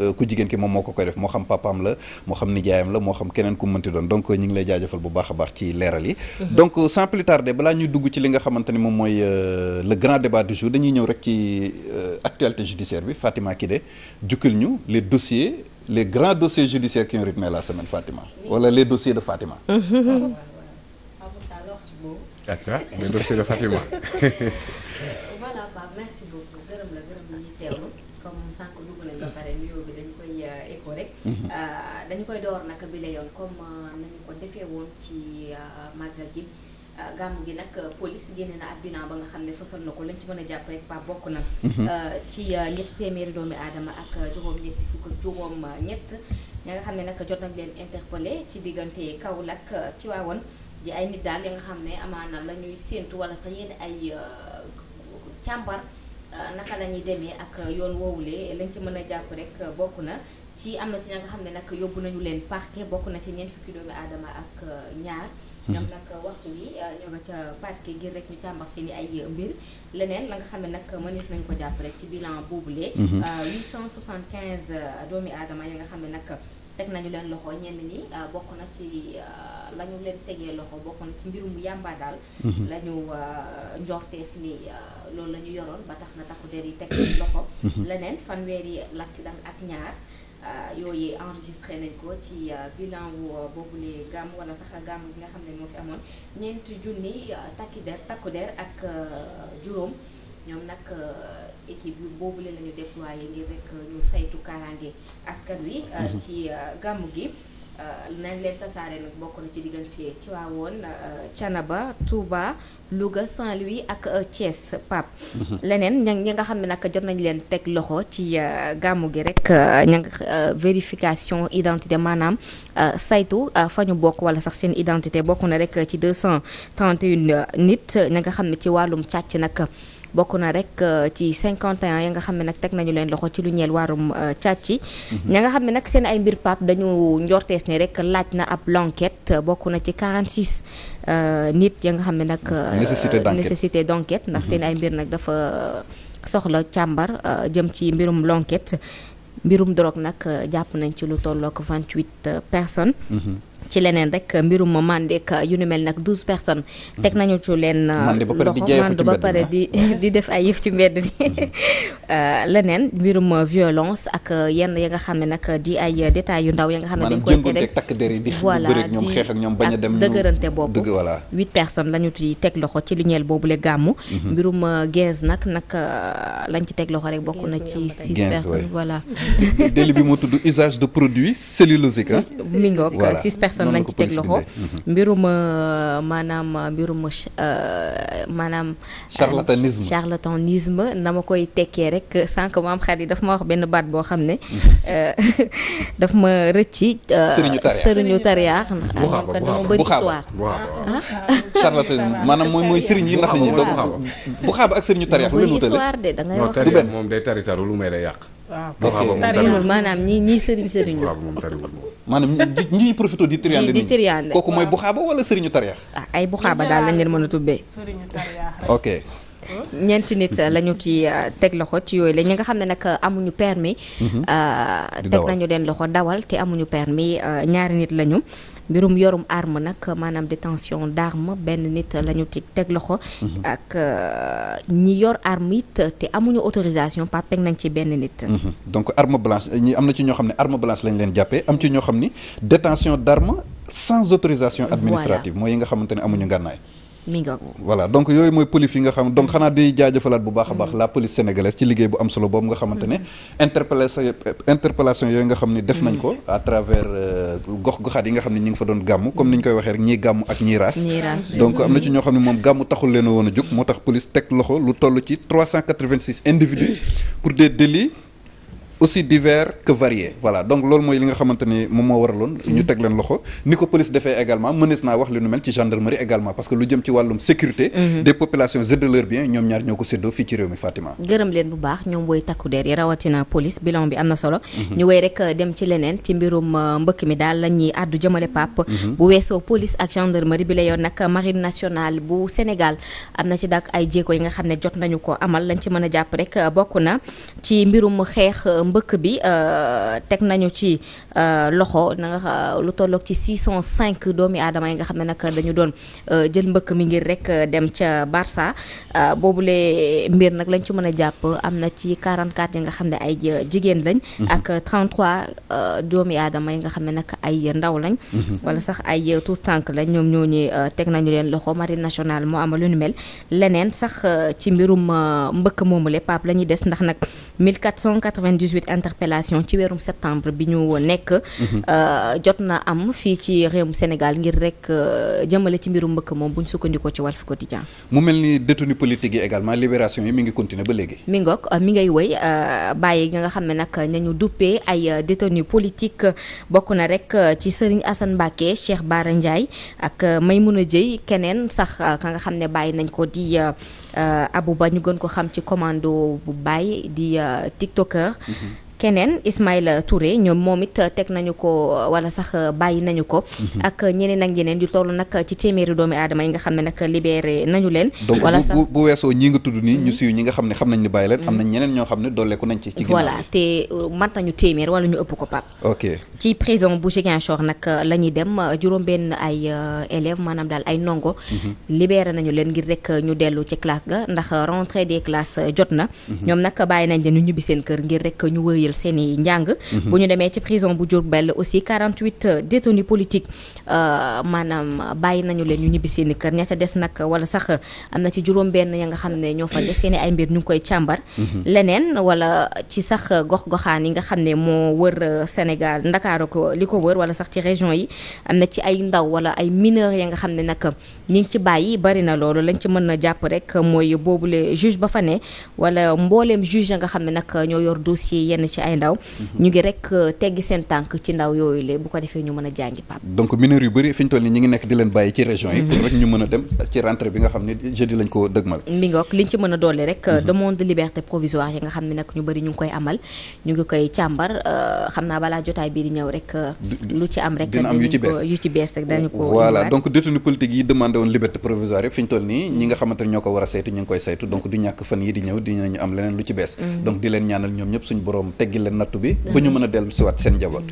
Euh, ku jigéen ki moom moo ko koy def moo xam papaam la moo xam nijaayam la moo xam keneen ku mënti doon donc ñu ngi lay jaajëfal bu baax a baax ci leeral yi mhm. donc euh, sans plus balaa ñuy dugg ci li nga xamante ni moom mooy euh, le grand débat du jour dañuy ñëw rek ci actualité judiciaire bi Fatima Kide jukkil ñu les dossiers les grands dossiers judiciaires qui ont rythmé la semaine Fatima wala les dossiers de Fatima d'accord mhm. ah, ah, les dossiers de Fatima dañu koy door nag bi la comme euh, nañu ko defee woon ci euh, màggal gi euh, gàmmu gi nag police génne na ab bilan ba nga xam ne fësal na ko lañ ci mën a jàpp rek pa bokk na mhm. ci ñetti téeméeri doomi aadama ak juróom ñetti fukk ñett ña nga ne nag jot nañ leen ci diggante Kaolack Tivaouane di ay nit daal ya nga xam ne amaana la ñuy séentu wala sax ay càmbar naka la ñuy ak yoon woowulee lañ ci mën a jàpp rek bokk na ci am na ci ña nga xam ne nag yóbbu nañu leen parquet bokk na ci ñeent ki doomi aadama ak euh, ñaar mhm. ñoom nag waxtu bi euh, ñoo nga ca parquet ngir rek ñu càmbar seen i ay mbir leneen la xam ne nag mënees nañ ko jàpp ci bilan boobule 875 mhm. euh, doomi aadama ya nga xam ne nag teg nañu leen loxo ñenn ñi bokk na ci la ñu leen tegee loxo bokk na ci mbirum yàmba daal mhm. la ñu njortees ni loolu la ñu yoroon ba tax na takku der yi teg loxo leneen fanweeri daal ak ñaar Euh, yooyu enregistré nañ ko ci euh, bilan euh, boobu boobule gàmm wala sax gàmm bi nga xam ne moo fi amoon ñeenti junni takki der takku der ak juróom ñoom nag équipe bi boobule la ñu déployé ngir rek ñu saytu kaaraange askan wi. Mhm. ci gàmm gi. Euh, nañ leen tasaare nag bokk na ci diggante ci waawoon Canaba Touba Louga Saint-Louis ak euh, Thiès Pape. Mhm. leneen ña ñi nga xam ne nag jot nañ leen teg loxo ci euh, gàmmu gi rek ña nga vérification identité maanaam saytu fa ñu bokk wala sax seen identité bokk na rek ci deux cent trente et nit ña nga xam ne ci wàllum càcc nag. bokk na rek euh, ci cinquante 51 ya nga xam ne nag teg nañu leen loxo ci lu ñeel waarum euh, càcc mhm. ña nga xam ne nag seen ay mbir pap dañu njortees ne rek laaj na ab l'enquête euh, bokk na ci 46 nit ya nga xam ne nag nécessité d'enquête ndax mhm. seen ay mbir nag dafa soxla càmbar jëm ci mbirum l'enquête mbirum drogue nag jàpp nañ ci lu tollook 28 personnes mhm. ci leneen rek mbirum mandeek yu ni mel nag douze personnes hmm. teg nañu ci leen loxo mande ba pare di ah. di def ay yëf ci mbedd mi hmm. euh, leneen mbirum violence ak euh, yenn ya nga xam ne nag di ay détails yu ndaw ya nga xam ne dañ koy tere takk der yi di bëri ak ñoom xeex ak ñoom bañ a dem dëgërante boobu huit personnes lañu ci teg loxo ci li ñeel boobule gàmmu hmm. mbirum euh, gaz nag nag lañ ci teg loxo rek bokk na ci six personnes voilà délit bi moo tudd usage de produit cellulosiques personnes lañ ci teg loxo mhm. mbirum euh, maanaam mbirum euh, maanaam euh, charlatanisme charlatanisme na ma koy tekkee rek sànq maam yi daf ma wax benn baat boo xam ne mhm. dafa ma rëcci sëriñu tariyaax ndax ko dama bëri histoire ah, ah. charlatan maanaam mooy mooy sëriñ yi ndax nañu bu xaaba ak sëriñu tariyaax lu leen wutale histoire de da wax moom day tari taru lu may day yàq Ah, tariwul maanaam ñi ñii sëriñ sëriñu maanaam ñi profité di triande di triande kooku mooy buxaaba wala sëriñu tariyaax ah ay buxaaba daal lañ leen mën a tubbee ok ñeenti nit la ñu ci euh, teg loxo ci yooyu la ñi nga xam ne nag euh, amuñu permis mhm. euh, teg nañu leen loxo dawal te amuñu permis ñaari nit lañu mbirum yorum arme nag maanaam détention d'arme benn nit la ñu ti teg loxo. Mhm. ak euh, ñi yor arme it te amuñu autorisation pàppeek nañ ci benn nit. Mhm. donc arme blanche ñi am na ci ñoo xam ne arme blanche lañ leen jàppee am ci ñoo xam ni détention d'arme sans autorisation administrative mooy yi nga xamante ne amuñu ngànnaay mi ngi voilà donc yooyu mooy police yi nga xam donc mm. xanaa di jaajëfalaat bu baax a baax mm. la police sénégalaise ci liggéey bu am solo boobu nga xamante ne mm. interpellation yooyu nga xam ni def nañ ko à travers euh, gox goxaat yi nga xam ne ñi nga fa doon gàmm comme ni ñu koy waxee rek ñii gàmm ak ñii raas donc am na ci ñoo xam ne moom gàmm taxul leen woon a jóg moo tax police teg loxo lu toll ci 386 individus pour des délits aussi divers que variés voilà donc loolu mooy li nga xamante ni moom moo waraloon mhm. ñu teg leen loxo ni ko police defee également mënees naa wax li nu mel ci gendarmerie également parce que lu jëm ci wàllum sécurité mhm. des populations et de leurs ñoom ñaar ñoo ko séddoo fii ci réew mi Fatima gërëm leen bu baax ñoom woy takku der yi rawatina police bilan bi am na solo mhm. ñu woy rek euh, dem ci leneen ci mbirum euh, mbëkk mi daal la ñuy àddu jëmale pap bu weesoo police ak gendarmerie bi la yoon nag marine nationale bu Sénégal na ci dak ay jéego yi nga xam ne jot nañu ko amal lañ ci mën a jàpp rek euh, bokk na ci mbirum xeex mbëkk bi euh, teg nañu ci euh, loxo na lu tolloog ci 605 doomi aadama yi nga xam ne nag dañu doon euh, jël mbëkk mi ngir rek dem ca Barça boobule mbir nag lañ ci mën a jàpp am na ci 44 yi nga xam ne ay jigéen lañ. Mhm. ak 33 doomi aadama yi nga xam ne nag ay ndaw lañ. Mhm. wala sax ay tout tànk lañ ñoom ñoo ñu teg nañu leen loxo mari nationale moo amal lu nu mel leneen sax ci mbirum mbëkk moomu le Pape des ndax nag dix ci weerum septembre bi ñu nekk mhm. euh, jot na am fii ci réewum Sénégal ngir rek euh, jëmale ci mbirum mbëkk moom bu ñu sukkandikoo ci Walf Quotidien mu mel ni détenu politique yi également libération yi mi ngi continuer ba léegi mi ngoog euh, mi ngay wëy bàyyi ka nga xam ne nag nañu duppee ay détenu politique bokk na rek ci Serigne Assane Mbacké Cheikh Bara Ndiaye ak a Dieye keneen sax ka nga xam ne bàyyi nañ ko di Euh, Abouba ñu gën ko xam ci commando bu Baye di euh, TikToker. Mm-hmm. keneen Ismaïla Touré ñoom moom it teg nañu ko wala sax bàyyi nañu ko. Mhm. ak ñeneen nag ñeneen yu toll nag ci téeméeri doomi aadama yi nga xam ne nag libéré nañu leen. wala sax donc bu bu weesoo ñii nga tudd ñu mhm. siiw ñi nga xam ne xam nañ ne bàyyi leen. am na mhm. ñeneen ñoo ne dolleeku nañ ci. ci ginnaaw euh, nañu téeméer wala ñu ëpp ko pap ok ci prison bu Ziguinchor nag euh, la ñuy dem euh, juróom-benn ay élèves maanaam daal ay ndongo. libéré nañu leen ngir rek ñu dellu ci classe ga ndax rentrée des classes jot na. ñoom nag bàyyi nañ leen ñu ñibbi seen kër ngir rek ñu wëyal wàññil seen i njàng mhm. bu ñu demee ci prison bu Diourbel aussi 48 euh, détenus politiques euh, maanaam bàyyi nañu leen ñu ñibbi seen i kër ñetta des nag wala sax am na ci juróom benn ya nga xam ne ñoo fa des seen i ñu ngi koy càmbar mhm. leneen wala ci sax gox-goxaan yi nga xam ne moo wër euh, Sénégal Ndakaaru ko li ko wër wala sax ci région yi am na ci ay ndaw wala ay mineurs ya nga xam ne nag ñi ci bàyyi bari na loolu lañ ci mën na jàpp rek mooy boobule juge ba fa ne wala mbooleem juge ya nga xam ne nag ñoo yor dossier yenn ci ci ay ndaw mhm. ñu ngi rek euh, teggi seen tànk ci ndaw yooyu le bu ko defee ñu mën a jàngi pap donc mineurs yu bëri fi toll nii ñi nga xam ñoo ko war a saytu ñu ngi koy saytu donc du ñàkk fan yi di ñëw dinañu am leneen lu ci bees mhm. donc di leen ñaanal ñoom ñëpp suñu borom teg teggi leen nattu bi ba ñu mën a dellu siwaat seen njaboot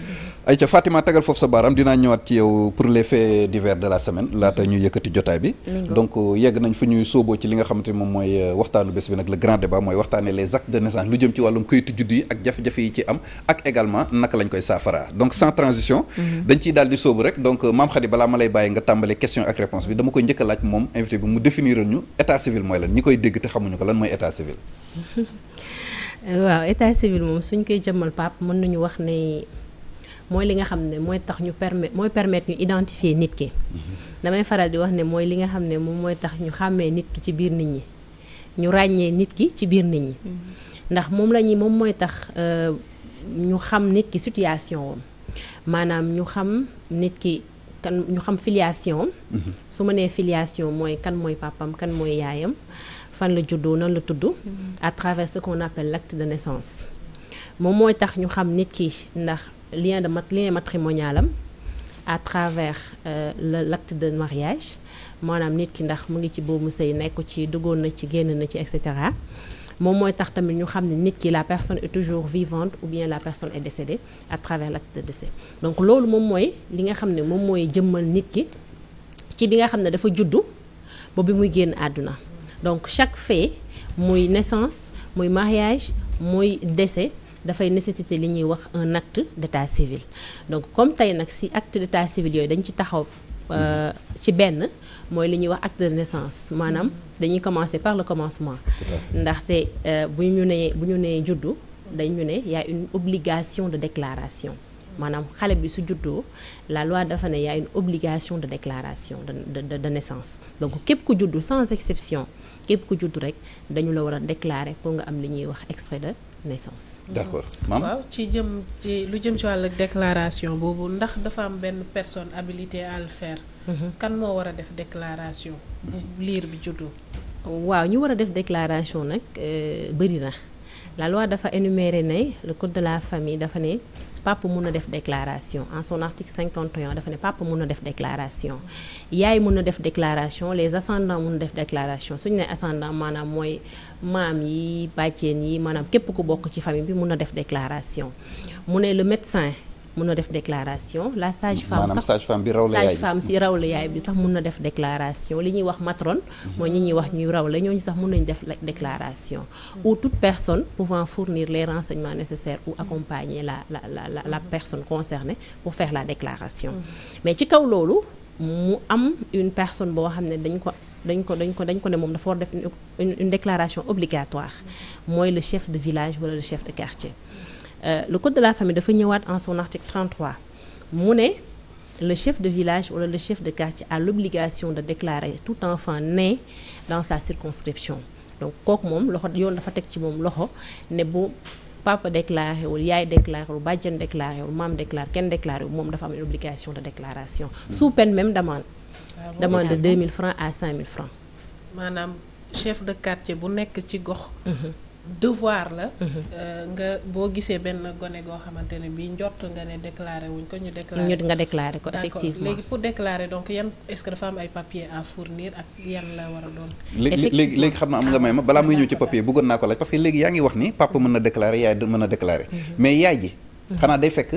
ayca Fatima tagal foofu sa baaraam dinaa ñëwaat ci yow pour les faits divers de la semaine laata ñuy yëkkati jotaay bi donc euh, yegg nañ fu ñuy sooboo ci li nga xamante moom mooy euh, waxtaanu bés bi nag le grand débat mooy waxtaane les actes de naissance lu jëm ci wàllum këyitu juddu yi ak jafe-jafe yi ci am ak également naka lañ koy saafaraa donc sans transition mhm. dañ ciy daal soobu rek donc euh, maam Khady a waaw état civil moom suñ koy jëmmal pap mën nañu wax ne mooy li nga xam ne mooy tax ñu permet mooy permettre ñu identifier nit ki mm-hmm. damay faral di wax ne mooy li nga xam ne moom mooy tax ñu xàmmee nit ki ci biir nit ñi ñu ràññee nit ki ci biir nit ñi mm-hmm. ndax moom la ñuy moom mooy tax euh, ñu xam nit ki situation am maanaam ñu xam nit ki kan ñu xam filiation am mm-hmm. su ma nee filiation mooy kan mooy papam kan mooy yaayam fan la juddoo nan la tudd mm-hmm. à travers ce qu'on appelle l'acte de naissance moom mooy tax ñu xam nit ki ndax lien de mat lien matrimonial am à travers euh, le l'acte de mariage maanaam nit ki ndax mu ngi ci boobu sëy nekk ci duggoon na ci génn na ci et cetera moom mooy tax tamit ñu xam ne nit ki la personne est toujours vivante ou bien la personne est décédée à travers l'acte de décès donc loolu moom mooy li nga xam ne moom mooy jëmmal nit ki ci bi nga xam ne dafa juddu bi muy génn àdduna donc chaque fait muy naissance muy mariage muy décès dafay nécessité li ñuy wax un acte d'état civil donc comme tey nag si acte d'état civil yooyu dañ ci taxaw euh, ci benn mooy li ñuy wax acte de naissance maanaam dañuy commencer par le commencement ndaxte euh, bu ñu nee bu ñu nee juddu dañu ne yaa une obligation de déclaration maanaam xale bi su juddoo la loi dafa ne y a une obligation de déclaration de de de naissance donc képp ku juddu sans exception képp ku juddu rek dañu la war a déclarer pour nga am li ñuy wax extrait de naissance. d'accord maam mm-hmm. waaw ci jëm ci lu jëm ci wàllu déclaration boobu ndax dafa am benn personne habilitée à le mm-hmm. kan moo war a def déclaration. Mm-hmm. liir bi juddu waaw ñu war a def déclaration nag euh, bëri na la loi dafa énumérer ne le de la famille dafa ne. papa mun na def déclaration en son article 51 dafa ne papa mun na def déclaration yaay mun na def déclaration les ascendants mun na def déclaration suñ ne ascendant maanaam mooy maam yi bàcceen yi maanaam képp ku bokk ci famille bi mun na def déclaration mu ne le médecin mun na def déclaration la sage femme maanaam sage bi raw la yaay si raw la yaay bi sax mun na def déclaration li ñuy wax matrone mooy ñi ñuy wax ñuy raw la ñoo ñu sax mun nañu def déclaration mm. ou toute personne pouvant fournir les renseignements nécessaires ou accompagner la la la la, la mm. personne concernée pour faire la déclaration mm. mais ci kaw loolu mu am une personne boo xam ne dañ ko dañ ko dañ ko dañ ko ne moom dafa war def une déclaration obligatoire mooy le chef de village wala le chef de quartier Euh, le code de la famille dafa ñëwaat en son article mu ne le chef de village wala le chef de quartier à l'obligation de déclarer tout enfant né dans sa circonscription donc kooku moom loxo yoon dafa teg ci moom loxo ne bu papa déclaré wul yaay déclaré wul bàjjen déclaré wul maam déclaré kenn déclaré wul moom dafa am une obligation de déclaration. Hmm. sous peine même demande. Ah, demande de 2000 francs à 5000 francs. maanaam chef de quartier bu nekk ci gox. Mhm. devoir la. Mhm. Euh, nga boo gisee benn gone goo xamante ne bii njort nga ne déclaré wuñ ko ñu. déclaré nga déclaré ko effectivement léegi pour déclarer donc yan est-ce am ay papiers à fournir ak yan la war a doon. léegi léegi xam na am nga may ma balaa muy ñëw ci papier bëggoon naa ko laaj parce que léegi yaa ngi wax ni papa mën na déclaré yaay mën na déclaré. Mhm. mais yaay ji. Mhm. xanaa day fekk.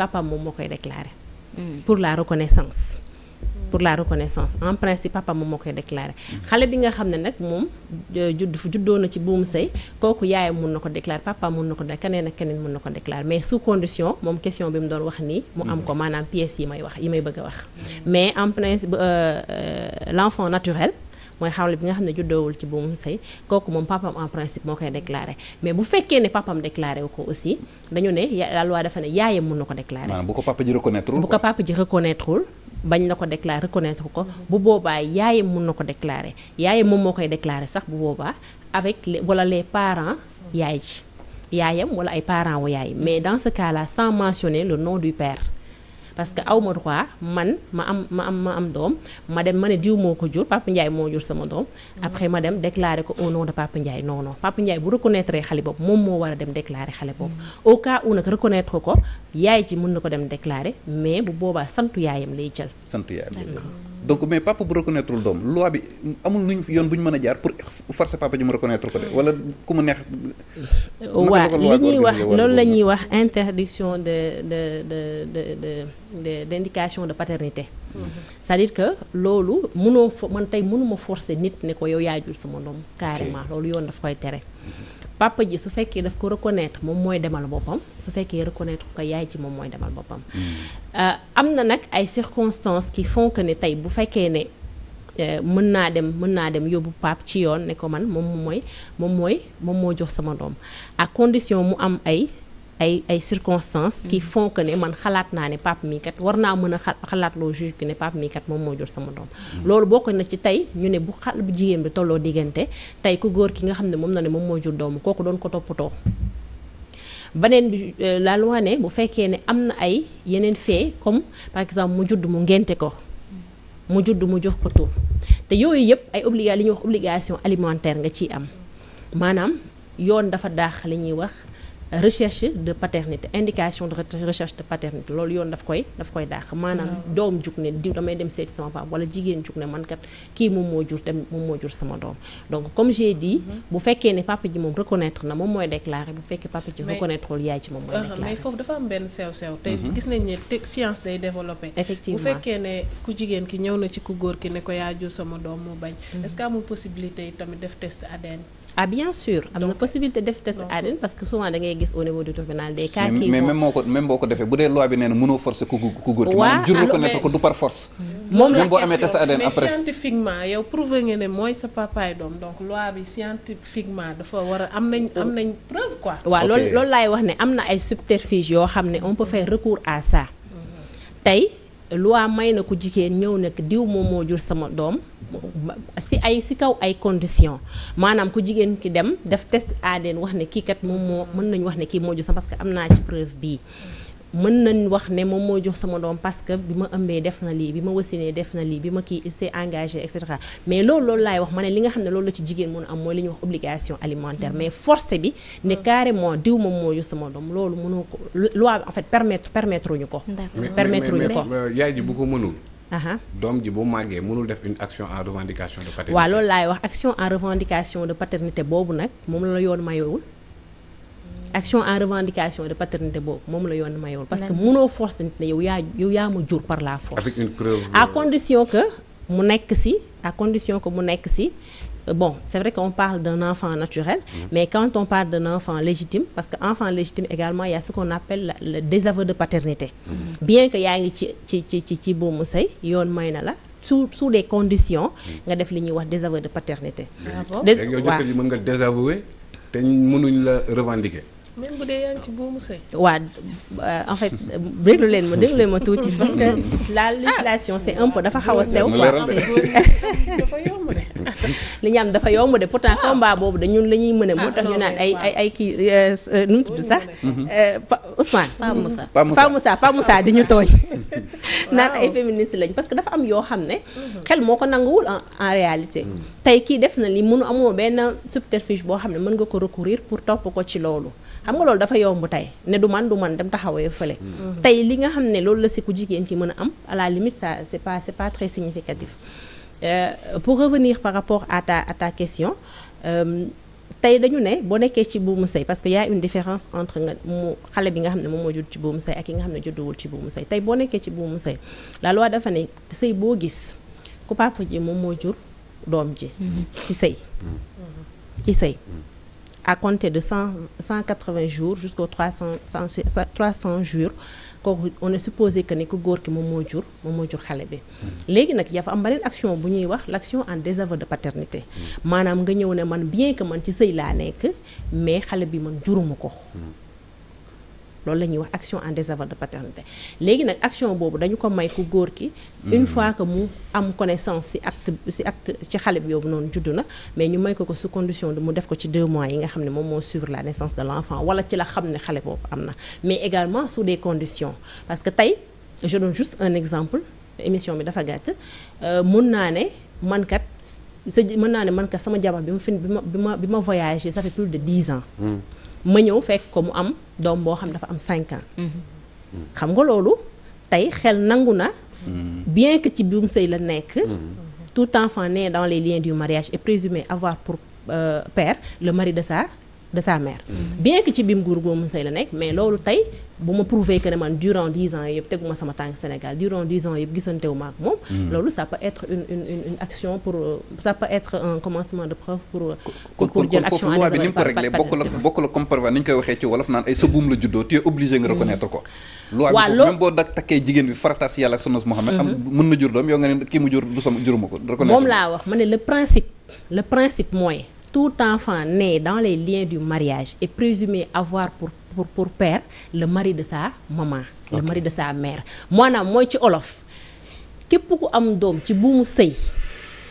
papaam moom moo koy déclarer. Mm. pour la reconnaissance. pour la reconnaissance en principe papa moom moo koy déclarer xale bi nga xam ne nag moom euh, judd juddoo na ci buum sëy kooku yaayam mun na ko déclarer papa mun na ko déclarer keneen ak keneen mun na ko déclarer mais sous condition moom question bi mu doon wax nii mu am ko maanaam pièces yi may wax yi may bëgg a wax mm. mais en principe euh, euh, l'enfant naturel mooy xawle bi nga xam ne juddoowul ci buumu sëy kooku moom papam en principe moo koy déclaré mais bu fekkee ne papam déclaré wu ko aussi dañu ne la defa dafa ne yaayam mën na ko déclaré bu ko papa ji reconnaître bu ko papa ji reconnaître wul bañ na ko déclaré reconnaître ko bu boobaa yaayam mun na ko déclaré yaayam moom moo koy déclaré sax bu boobaa avec wala les parents yaay ji yaayam wala ay parents wu yaay mais dans ce cas là sans mentionner le nom du père parce que aw ma droit man ma am ma am ma am doom ma dem ma ne diw moo ko jur Papa Ndiaye moo jur sama doom. après ma dem déclarer ko au nom de Papa Ndiaye non non Papa Ndiaye bu reconnaître xale boobu moom moo war a dem déclarer xale boobu. au cas où nag reconnaître ko yaay ji mun na ko dem déclarer mais bu boobaa santu yaayam lay jël. santu yaayam lay jël. donc mais papa bu reconnaître doom loi bi amul nuñ yoon bu ñu mën a jaar pour forcer papa ji mu reconnaître ko de wala ku mu neex. waaw li ñuy wax loolu la ñuy wax interdiction de de de de de de d'indication de paternité. Mhm. cest dire que loolu mënoo fo man tey mënuma forcer nit ne ko yow yaa jur sama doom carrément loolu yoon dafa koy tere. papa ji su fekkee daf ko reconnaître moom mooy demal boppam su fekkee reconnaître ko yaay ci moom mooy demal boppam. Hmm. Euh, am na nag ay circonstances qui font que ne tey bu fekkee ne euh, mën naa dem mën naa dem yóbbu paap ci yoon ne ko man moom mooy moom mooy moom moo jox sama doom à condition mu am ay ay ay circonstances. qui font que ne man xalaat naa ne pape mii war naa mën a xalaat loo juge ne pape mii moom moo jur sama doom. loolu bokk na ci tey ñu ne bu xal bu jigéen bi tolloo diggante tey ku góor ki nga xam ne moom na ne moom mooy jur doomu kooku doon ko toppatoo. beneen bi euh, la loi ne bu fekkee ne am na ay yeneen fee comme par exemple mu judd mu ngénte ko mu judd mu jox ko tur te yooyu yëpp ay obliga li ñuy wax obligation alimentaire nga ciy am maanaam yoon dafa daax li ñuy wax recherche de paternité indication de recherche de paternité loolu yoon daf koy daf koy dàq maanaam doom jug ne diw damay dem seeti sama papa wala jigéen jug ne man kat kii moom moo jur dem moom moo jur sama doom donc comme j'ai mhm. bu fekkee ne papa ji moom reconnaître na moom mooy déclaré bu fekkee papa ji reconnaîtrewul yaay ci moom mooy uh-huh, déclaré mais foofu dafa am benn sew sew te mhm. gis nañ ne te day développé effectivement bu fekkee ne ku jigéen ki ñëw na ci ku góor ki ne ko yaa jur sama doom mu bañ mhm. est-ce que amul possibilité yi tamit def test ADN ah bien sûr am na possibilité def test ADN parce que souvent da ngay gis au niveau du tribunal des cas qui mais ko même boo ko defee bu dee loi bi nee mënoo forcer ku ku góor boo amee test ADN après mais scientifiquement yow prouvé nga ne mooy sa papaay doom donc loi bi scientifiquement dafa war a am nañ am oh. nañ preuve quoi waaw loolu loolu laay wax ne am na ay subterfuge yoo xam ne on peut faire recours à mm-hmm. tey lu waa may na ko jigéen ñëw nag diw moom moo jur sama doom si ay si kaw ay condition maanaam ku jigéen ki dem def test ADN wax ne kii kat moom moo mën nañu wax ne kii moo jur sama parce que am naa ci preuve bii mën nañ wax ne moom moo jox sama doom parce que bi ma ëmbee def na lii bi ma wasinee def na lii bi ma kii s'est engagé et mais loolu loolu laay wax ma ne li nga xam ne loolu la ci jigéen mën a am mooy li ñuy wax obligation alimentaire mais forcé bi ne mm. carrément diw moom moo jox sama doom loolu mënoo ko loi bi en fait permettre permettre ñu ko permettre ñu ko yaay ji bu ko mënul doom ji bu màggee mënul def une action en revendication de paternité waaw wax action en revendication de boobu nag moom la yoon mayowul action en revendication de paternité boobu moom la yoon mayoon parce que mënoo force nit ne yow yaa ma jur par la force avec une euh, condition que mu nekk si à condition ko mu nekk si euh, bon c'est vrai qu'on parle d'un enfant naturel mmh. mais quand on parle d'un enfant légitime parce que enfant légitime également il y a ce qu'on appelle le désaveu de paternité mmh. bien que yaa ngi ci ci ci ci ci boobu sëy yoon may na la sous sous des conditions mmh. nga def li ñuy wax désaveu de paternité ah yow jëkkër ji la revendiquer même bu dee yaa euh, en fait déglu leen ma déglu leen ma tuuti parce que la législation c'est dafa xaw a sew. dafa li ñu am dafa yomb de pourtant combat boobu de ñun la ñuy mën a moo tax ñu naan ay ay ay kii euh, euh, nu mu tudd sax. Ousmane. Pape Moussa Pape Moussa Pape di ñu tooñ. naan ay féministes lañ parce que dafa am yoo xam ne. xel moo ko nanguwul en réalité. Mm. tey kii def na li mënu amoo benn subterfuge boo xam ne mën nga ko recourir pour topp ko ci loolu. xam nga loolu dafa yomb tey ne du man du man dem taxawee fële. Mm. tey li nga xam ne loolu la si ku jigéen ki mën a am la limite ça c'est pas c'est pas très significatif. Euh, pour revenir par rapport à ta à ta question euh, tey dañu ne boo nekkee ci buumu sëy parce que yaa a une différence entre nga mu xale bi nga xam ne moom moo judd ci buumu sëy ak yi nga xam ne judduwul ci buumu sëy tey boo nekkee ci buumu sëy la loi dafa ne sëy boo gis ku papa ji moom moo jur doom ji. Mm-hmm. ci sëy mm-hmm. ci sëy. Mm-hmm. à compter de cent cent quatre vingt jours jusqu'au trois cent trois cent jours kooku on est supposé que ni ku góor ki moom moo jur moom moo jur xale bi. Hmm. léegi nag yaa fa am beneen action bu ñuy wax laction en en désaveu de paternité. Hmm. maanaam nga ñëw ne man bien que man ci sëy laa nekk mais xale bi man juruma ko. Hmm. loolu la ñuy wax action en désaveu de paternité léegi nag action boobu dañu ko may ku góor ki une mm. fois que mu am connaissance ci acte ci acte ci xale bi yoobu noonu juddu na mais ñu may ko ko sous condition de mu def ko ci deux mois yi nga xam ne moom moo suivre la naissance de l'enfant wala ci la xam ne xale boobu am na mais également sous des conditions parce que tey je donne juste un exemple émission bi dafa gàtt euh, mun naa ne mankat kat sa mën naa ne man kat sama jabar bi ma fin bi ma bi ma bi ma voyagé ça de dix ans mm. ma ñëw fekk ko mu am doom boo xam dafa am 5 ans. xam nga loolu tey xel nangu na. bien que ci buum sëy la nekk. Mm-hmm. tout enfant né dans les liens du mariage est présumé avoir pour euh, père le mari de sa de sa mère. bien que ci biim nguur googu mu sëy la nekk mais loolu tey bu ma prouver que ne man durant dix ans yëpp teguma sama tànk Sénégal durant dix ans yëpp gisante wu ma ak moom. Hmm. loolu ça peut être une une une action pour euh, ça peut être un commencement de preuve pour. Euh, pour jël action kon ni mu ko réglé bokkul ak bokkul ak koy waxee ci wolof naan ay sa buum la juddoo tu es nga hmm. reconnaître ko. loi bi même boo takkee jigéen bi farataas yàlla hmm. na jur doom yow nga ne kii mu jur du sama juruma ko. reconnaître moom laa tout enfant né dans les liens du mariage est présumé avoir pour pour pour père le mari de sa maman. Okay. mari de sa mère maanaam mooy ci olof képp ku am doom ci buumu sëy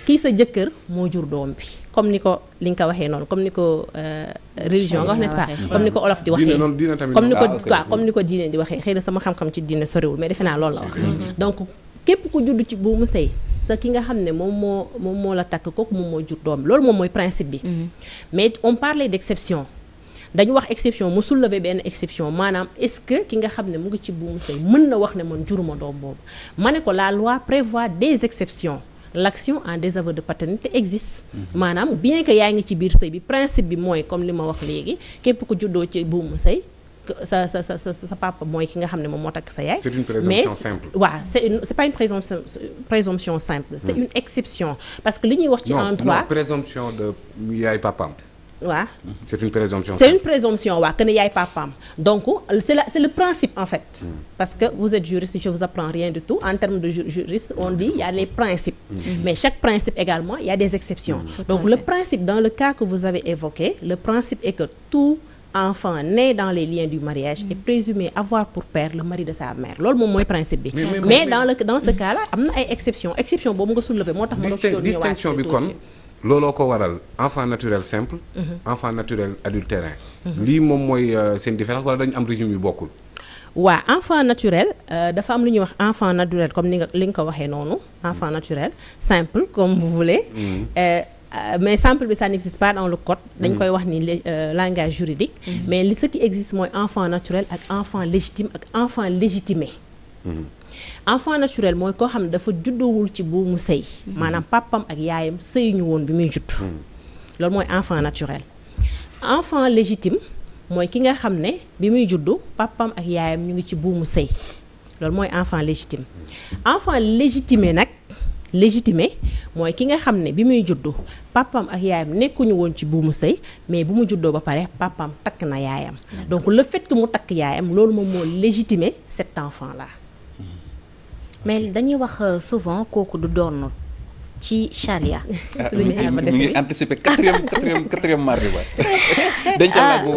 kii sa jëkkër moo jur doom bi comme ni ko li nga ko waxee noonu comme ni ko euh, religion wax nest comme ni ko olof di waxee comme ni ko ah, waaw ni ko diine di waxee xëy na sama xam-xam ci diine soriwul mais defe naa loolu la wax képp ku juddu ci buumu sëy sa ki nga xam ne moom moo moom moo la takk kooku moom moo jur doom loolu moom mooy principe bi. Mm-hmm. mais on parlait d'exception. dañu wax exception mu soulever benn exception maanaam ce que ki nga xam ne mu ngi ci buumu sëy mën na wax ne man juruma doom boobu ma ne ko la loi prévoit des exceptions l'action en désaveu de paternité existe mm-hmm. maanaam bien que yaa ngi ci biir sëy bi principe bi mooy comme li ma wax léegi képp ku juddoo ci buumu sëy sa papa mooy ki nga xam ne moom moo sa yaay. mais waaw c'est une présomption simple. c'est hmm. une exception parce que li ñuy wax. ci en droit non présomption de yaay papaam. waaw. c'est une c'est une présomption waaw que ne yaay papaam donc c'est le principe en fait. Hmm. parce que vous êtes juriste je vous apprends rien du tout en termes de juriste on dit il y a les principes. Hmm. mais chaque principe également il y a des exceptions. donc le principe dans le cas que enfant né dans les liens du mariage mm. est présumé avoir pour père le mari de sa mère loolu moom mooy principe bi. mais dans le dans ce cas am na ay exception exception boobu nga soulever moo tax. ma doon distinction bi kon. looloo ko waral enfant naturel simple. Mm-hmm. enfant naturel adultérin. Mm-hmm. lii moom mooy euh, seen différence wala dañu am régime yu bokkul. waa enfant naturel euh, dafa am lu ñuy wax enfant naturel comme ni nga li nga ko waxee noonu. enfant mm. naturel simple comme vous voulez. Mm. Euh, Euh, mais semple bi sa n'existe pas dans le code dañ koy wax ni euh, langage juridique mm-hmm. mais li ce qui existe mooy enfant naturel ak enfant légitime ak enfant légitimé mm-hmm. enfant naturel mooy koo xam ne dafa juddowul ci buumu sëy mm-hmm. maanaam papam ak yaayam sëyuñu woon bi muy judd loolu mooy enfant naturel enfant légitime mooy ki nga xam ne bi muy juddu papam ak yaayam ñu ngi ci buumu sëy loolu mooy enfant légitime enfant légitimé nag légitimé mooy ki nga xam ne bi muy juddu papam ak yaayam nekkuñu woon ci buumu sëy mais bu mu juddoo ba pare papam takk na yaayam donc le fait mu takk yaayam loolu moom moo légitimé cet enfant la hmm. mais dañuy wax euh, souvent kooku du doon ci Chalia. lu ñu am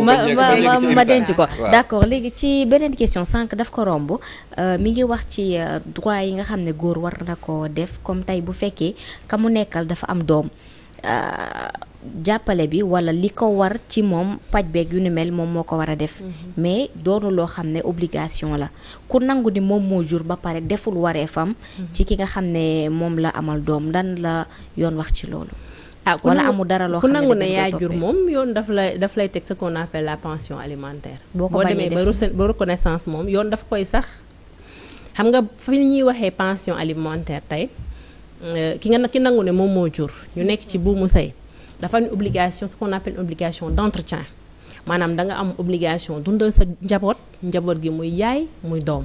ma ma denc ko d'accord léegi ci beneen question sànq daf ko romb euh, mi ngi wax ci euh, droit yi nga xam ne góor war na ko def comme tey bu fekkee ka mu nekkal dafa am doom. Euh, jàppale bi wala li ko war ci moom paj beeg yu ni mel moom moo ko war a def. Mhm. mais doonu loo xam ne obligation la ku nangu ni moom moo jur ba pare deful wareefam. Mhm. ci ki nga xam ne moom la amal doom dan la yoon wax ci loolu. ah wala amul dara loo xam ne ku nangu jur moom yoon daf lay daf lay teg ce qu'on la pension alimentaire. boo ko demee ba moom yoon daf koy sax xam nga fi ñuy waxee pension alimentaire tey euh, ki nga ki nangu moom moo jur ñu nekk ci buumu sëy dafa am obligation ce qu'on appelle obligation d'entretien maanaam da nga am obligation dundal sa njaboot njaboot gi muy yaay muy doom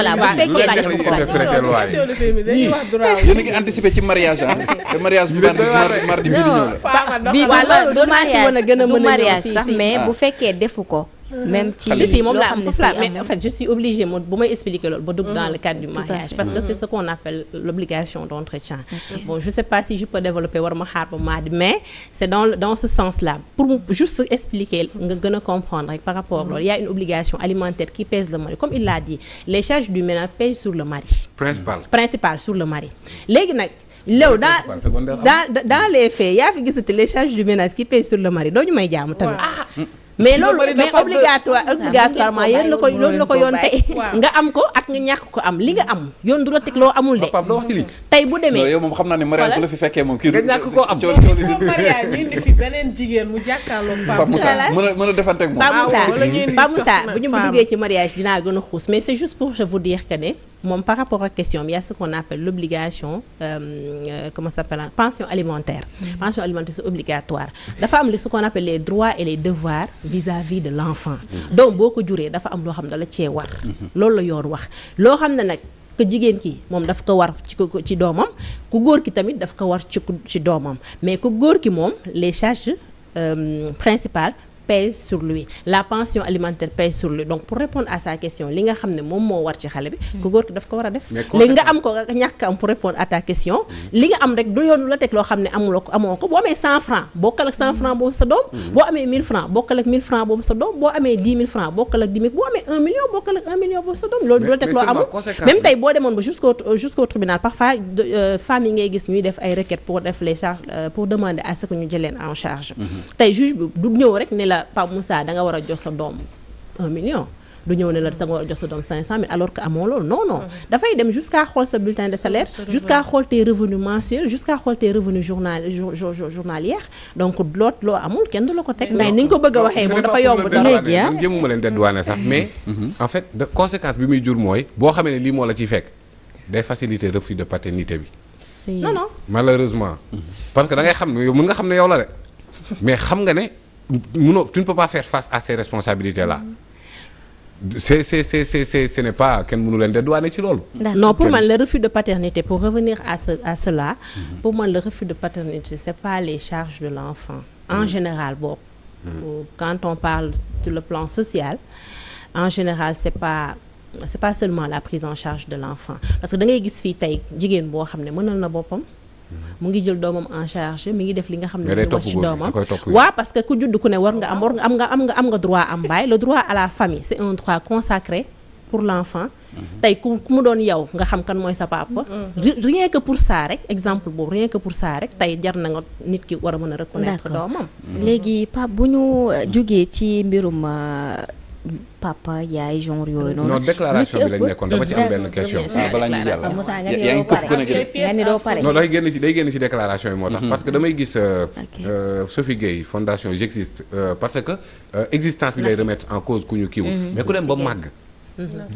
voilà bu fekkee yéen a ngi anticiper ci mariage ah te mariage bu mardi bi di ñëw la. bi wala ah, du mariage sax mais ah. bu fekkee defu ko. Mhm. même ci si moom laa am mais en fait je suis obligée moom bu may expliquer loolu ba dugg mhm. dans le cadre du mariage parce que mhm. c'est ce qu'on appelle l'obligation d'entretien bon je pas développer war ma xaar ba maa mais c'est dans dans ce sens là pour juste expliquer nga gën a comprendre rek par rapport loolu il y a une obligation alimentaire qui pèse le mari comme il l'a dit les charges du ménage pèsent sur le mari principal principal sur le mari léegi nag léew dans dans dans les yaa fi gisati mais loolu mais obligatoire ah, obligatoirement yéen la ko loolu la ko yoon tey nga am ko ak nga ñàkk ko am li nga am yoon du la teg loo amul de tey bu demee yow moom xam naa ne Mariane bu la fi fekkee moom kii nga ñàkk koo am Mariane indi fi beneen jigéen mu jàkkaarloo Pape Moussa mën a mën a defante moom Pape Moussa ah, bu ñu ma ci mariage dinaa gën a xuus mais c'est juste pour je vous dire que ne moom par rapport ak question bi y a ce l'obligation euh, euh, pension alimentaire mm-hmm. pension alimentaire c'est dafa am li ce qu'on appelle les vis-à-vis de l'enfant doom boo ko juree dafa am loo xam ne la cee war loolu la yoon wax loo xam ne nag ko jigéen ki moom daf ko war ci ci doomam ku góor ki tamit daf ko war ci ci doomam mais ku góor ki moom les charges euh, principal pèse sur lui la pension alimentaire pèse sur lui donc pour répondre à sa question li nga xam ne moom moo war ci xale bi ku góor ki daf ko war a def léegi nga am ko ñàkk am pour répondre à ta question li nga am rek du yoon la teg loo xam ne amuloo ko ko boo amee 100 francs bokkal mhm. sa doom boo amee 1000 francs bokkal sa doom boo amee 10 boo sa doom loolu du la teg loo amul même tey boo demoon ba jusqu'au jusqu'au tribunal parfois euh, femmes ngay gis ñuy def ay la Pape Moussa da war a jox sa doom un million du ñëw ne la sa nga war a jox sa doom cinq cent mille alors que amoo loolu non mm-hmm. dafay dem jusqu'à xool sa bulletin de salaire jusqu'à xool tes revenus mensuels jusqu'à xool tes revenus journal journalière donc loot loo amul kenn du la ko teg ndax ni nga ko ah. leen dédouaner sax mais mm-hmm. en fait de conséquence bi muy jur mooy boo xamee ne lii moo la ciy fekk day faciliter refus de paternité bi non non malheureusement mm-hmm. munoo tu ne peux pas faire face à ces responsabilités là. c'est c'est c'est c'est ce n'est pas kenn mënu leen dédouaner ci loolu. non pour man le refus de paternité pour revenir à ce à cela. pour man le refus de paternité c'est pas les charges de l'enfant en mm. général boobu. Mm. quand on parle sur le plan social en général c'est pas. c'est pas seulement la prise en charge de l'enfant parce que da ngay gis fii tey jigéen boo xam ne mënal na boppam mu ngi jël doomam en charge mi ngi def li nga xam ne war ci doomam waaw que ku judd ku ne war nga am war nga am nga am nga am nga droit am baay le droit à la famille c'est un droit consacré pour l'enfant tey ku ku mu doon yow nga xam kan mooy sa papa. Mm-hmm. rien que pour ça rek exemple boobu rien que pour ça rek tey jar na nga nit ki war a mën a reconnaître doomam léegi Pape bu ñu jógee ci mbirum euh, papa yaay genre yooyu noonu. non déclaration bi lañ nekkoon dama ci am benn question. balaa ñuy jàll yaa ngi këf gën a gën non day génn ci day génn ci déclaration yi moo tax. Mhm. parce que damay gis euh, euh, Sophie Gueye fondation j'existe euh, parce que existence bi lay remettre en cause ku ñu kiiw mhm. mais ku dem ba mhm. màgg.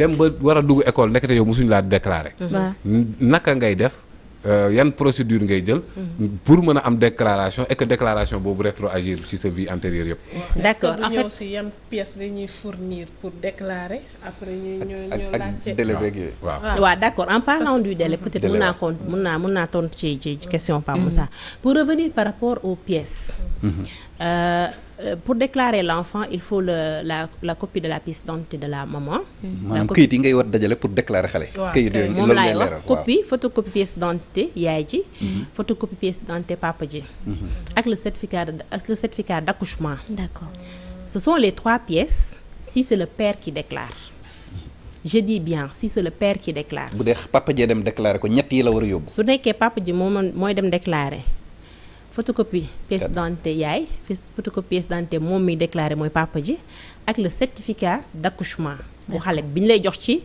dem ba war a dugg école nekkate yow mosuñu laa déclaré. naka ngay def. Euh, yan procédure ngay jël. pour mën a am déclaration et déclaration boobu rétroagir ci sa vie antérieure yëpp. d'accord en fait yan pièces dañuy fournir pour déclarer après ñu ñu laajte délai beeg yooyu waaw waaw d'accord en parlant du délai peut-être mun naa compte mun naa mun naa tontu ci ci question Pape mm-hmm. Moussa pour revenir par rapport aux pièces. Mm-hmm. Euh, Euh, pour déclarer l'enfant il faut le la la copie de la pièce d'identité de la maman. maanaam këyit yi ngay war dajale pour déclarer xale. këyit yooyu moom laay wax copie photocopie pièce d'identité yaay ji. Mhm. photocopie pièce d'identité papa ji. Mhm. ak le certificat ak le certificat d'accouchement. d'accord ce sont les trois pièces si c'est le père qui déclare. je dis bien si c'est le père qui déclare. bu dee papa jee dem déclarer ko ñett yi la war a yóbbu. su nekkee papa ji moom mooy dem déclarer. photocopie pièce d'identité yaay photocopie pièce d'identité moom mi déclaré mooy papa ji ak le certificat d'accouchement bu xale bi ñu lay jox ci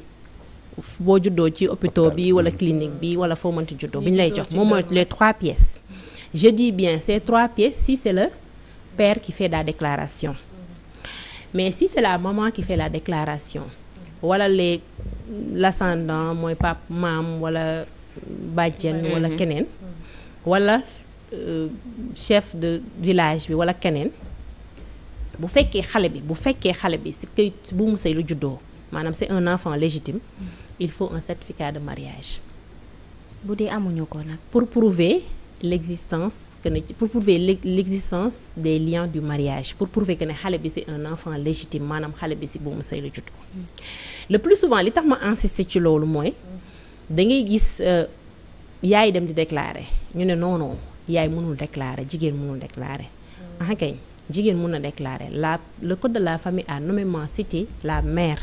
boo juddoo ci hôpital bi wala clinique bi wala foo mënti juddoo bi ñu lay jox moom mooy les trois pièces je dis bien ces trois pièces si c'est la père qui fait la déclaration mais si c'est la maman qui fait la déclaration wala les l'ascendant mooy pap maam wala bàjjen wala mhm. keneen wala chef de village bi wala keneen bu fekkee xale bi bu fekkee xale bi si këyit bu mu sëy lu juddoo maanaam c'est un enfant légitime il faut un certificat de mariage. bu dee amuñu ko nag. pour prouver l'existence que ne pour prouver l'existence de liens du mariage pour prouver que ne xale bi c'est un enfant légitime maanaam xale bi si bu mu sëy lu juddoo. le plus souvent li tax ma insister ci loolu mooy da ngay gis euh, yaay dem di déclarer ñu ne non yaay mënul déclarer jigéen mënul déclarer. ah kay jigéen mën na déclarer la le de la famille a nommément cité la maire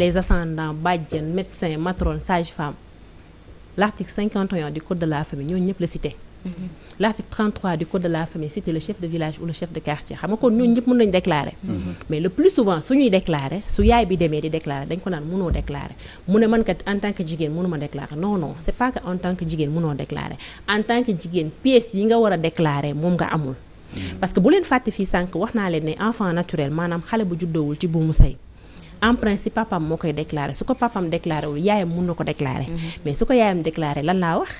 les ascendants bàjjen médecin matrone sage-femme l'article 51 du code de la famille ñooñu ñëpp la cité. Mm-hmm. l' article 33 du code de la famille cite le chef de village ou le chef de quartier xam nga kon ñooñu ñëpp mën nañ déclarer. Mhm. mais le plus souvent suñuy déclarer su yaay bi demee di déclarer dañ ko naan mënoo déclarer mu ne man kat en tant que jigéen mënuma déclarer non non c' est pas que en tant que jigéen mënoo déclarer en tant que jigéen pièces yi nga war a déclarer moom nga amul. Mhm. parce bu leen fàtte fii sànq wax naa leen ne enfant naturel maanaam xale bu juddoowul ci buumu sëy en principe papam moo koy déclaré su ko papam déclaré wul yaayam mun na ko déclaré mm-hmm. mais su ko yaayam déclaré lan laa wax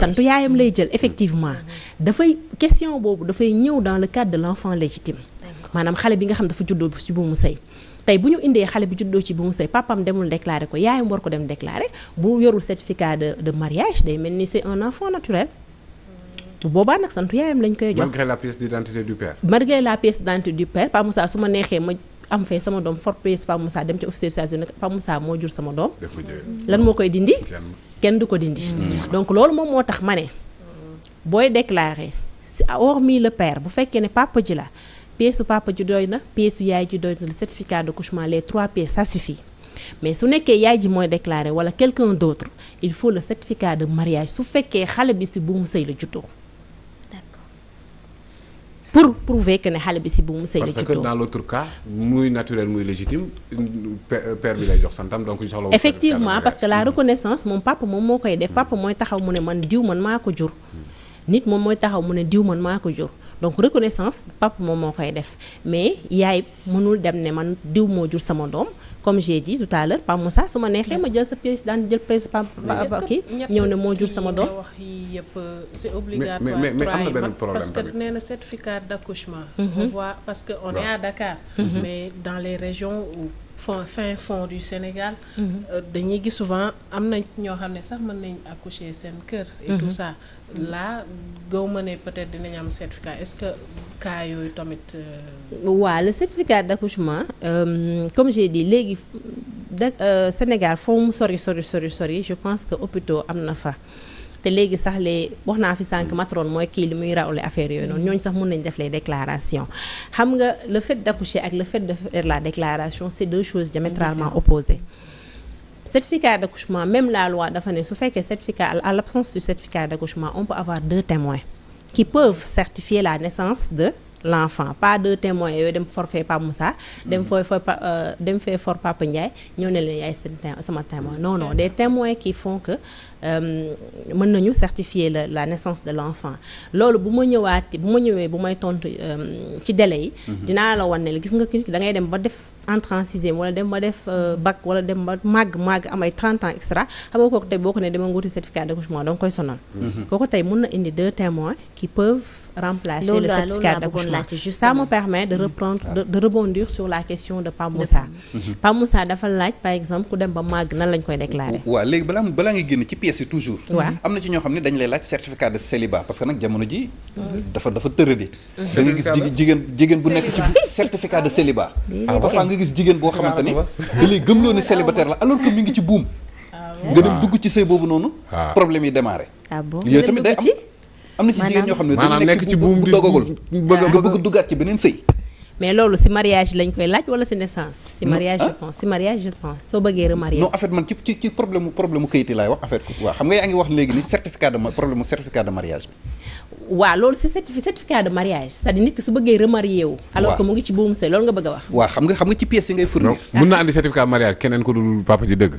santu yaayam lay jël mm-hmm. effectivement dafay question boobu dafay ñëw dans le cadre de l'enfant légitime maanaam xale bi nga xam dafa juddoo ci bu mu sëy tey bu ñu indee xale bi juddoo ci bu mu sëy papam demul déclaré ko yaayam war ko dem déclaré bu yorul certificat de de mariage day mel ni c'est un enfant naturel mm-hmm. bu boobaa nag santu su ma neexee ma am fee sama doom forpes Pape Moussa dem ca officier station nag Pape Moussa moo jur sama doom lan moo koy dindi kenn du ko dindi mm. Mm. donc loolu moom moo tax ma ne booy déclarer si hormis le père bu fekkee ne papa ji la pièce papa ji doy na pièce yaay ji doy na le certificat de couchement les trois pièces ça suffit mais su nekkee yaay ji mooy déclarer wala quelqu'un d'autre il faut le certificat de mariage su fekkee xale bi si bu mu sëy la juddoo pour pour que ne xale bi si bu mu sëy la juddoo parce que dans l'autre cas muy naturel muy légitime euh, père bi lay jox santam donc ñu soxla effectivement parce que la reconnaissance moom papa moom moo koy def papa mooy taxaw mu ne man diw man maa ko jur nit moom mooy taxaw mu ne diw man maa ko jur donc reconnaissance pap moom moo koy def mais yaay mënul dem ne man diw moo jur sama doom comme j'ai dit tout à l'heure Pape Moussa su ma neexee ma jël sa pièce daan jël pièce Pape kii ñëw ne moo jur sama doom wax yi yëpp c'est obligatoire mais mais am na benn problème parce que mhm. mhm. dans les régions où fond fin fond du Sénégal. Mhm. Euh, dañuy gis souvent am na ñoo xam ne sax mën nañ accoucher seen kër. et mhm. tout ça là goo ma ne peut-être dinañ am certificat est-ce que cas yooyu tamit. waaw euh, le certificat d'accouchement euh, comme j'ai dit léegi da euh, Sénégal foo mu sori sori sori sori je pense que hôpitaux am na fa. te léegi sax les wax naa fi sànq matron mooy kii li muy rawle affaire yooyu noonu ñooñu sax mun nañ def les déclarations xam nga le fait d'accoucher ak le fait de la déclaration c'est deux choses diamétralement opposées certificat d'accouchement même la loi dafa ne su fekkee certificat à l'absence du certificat d'accouchement on peut avoir deux témoins qui peuvent certifier la naissance de l'enfant pas deux témoins yooyu dem forfait Pape Moussa dem fooy fooy euh, dem fee for Papa Ndiaye ñëw ne leen yaay seen sama témoin non non des témoins qui font que euh, mën nañu certifier la la naissance de l'enfant loolu bu ma ñëwaat bu ma ñëwee bu may tontu euh, ci délai yi mhm. dinaa la wan ne la gis nga ki da ngay dem ba def entrée en sixième dem ba def bac wala dem ba màgg màgg am ay 30 ans extra xam nga kooku tey boo ko ne dama nguuti certificat d'accouchement da nga koy sonal mhm. kooku tey mën na remplacer le certificat d'accouchement ça me de mm-hmm. reprendre de, de rebondir sur la mm-hmm. dafa laaj par exemple ku dem ba màgg nan lañ koy déclarer waaw léegi balaa balaa nga génn ci pièces yi toujours waaw mm-hmm. am na ci ñoo xam ne dañ lay laaj certificat de célibat parce que nag jamono ji dafa dafa tëradi da gis jigéen jigéen bu nekk ci certificat de célibat ah, parfois nga gis jigéen boo xamante ni da lay gëmloo ne la alors que mi ngi ci buum ah, nga dem dugg ci sëy boobu noonu ah. am na ci jigéen ñoo xam maanaam nekk ci buum bi dogagul bëgg duggaat ci beneen sëy mais loolu si mariage lañ koy laaj wala si naissance si mariage ah. je pense si mariage je pense soo bëggee remarier non en loolu si certificat de mariage cest nit ki su bëggee remarié wu alors que mu ngi ci buum sëy loolu nga bëgg a wax waaw xam nga xam nga ci pièces ngay fournir mun naa andi certificat de keneen ko dul papa ji dëgg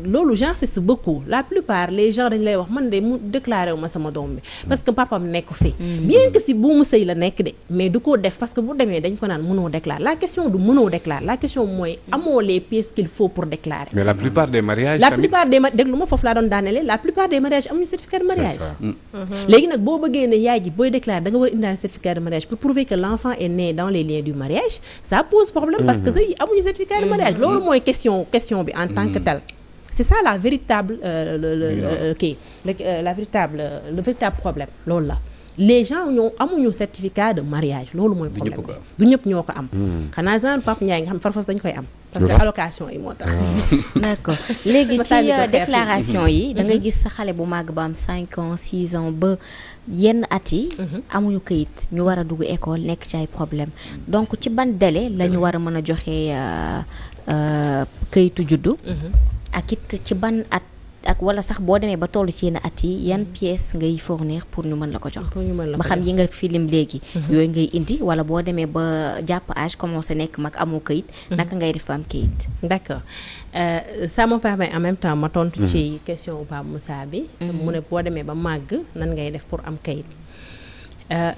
loolu genre c'est beaucoup la plupart les gens dañ lay wax man de mu déclaré ma sama doom bi mm. parce que papam nekk fi mm. bien que si bu sëy la nekk de mais du ko def parce que bu demee dañ ko naan mënoo déclarer la question du mënoo déclarer la question mooy mm. amoo les pièces qu'il faut pour déclarer la plupart des mariages la plupart des déglu amuñu certificat mariage mm-hmm. léegi nag boo bëggee ne yaay ji booy déclarer da war a indaale certificat de question question en tant que c'est ça la véritable euh, kii euh, la véritable le véritable problème loolu la les gens ñoo amuñu certificat de mariage loolu mooy problème du ñëpp ñoo ko am hmm. xanaa genre Pape Ndiaye nga xam farfas koy am parce que allocation yi moo tax ah. d'accord léegi ci euh, déclaration yi mhm. da ngay gis sa xale bu màgg ba am cinq ans six ans ba yenn at yi mhm. amuñu këyit ñu war a dugg école nekk ci ay problème hmm. donc ci ban délai la war a mën a joxe euh, euh, këyitu juddu mhm. ak it ci ban at ak wala sax boo demee ba toll ci yenn at yi yan pièces ngay fournir pour ñu mën la ko jox. ba xam yi nga filim léegi. Mhm. yooyu ngay indi wala boo demee ba jàpp âge commencé nekk mag amoo kayit. Mhm. naka ngay def ba am kayit. d'accord euh, ça en même temps ma tontu. Mhm. ci question Pape Moussa bi. mu ne boo demee ba màgg nan def pour am kayit. Euh,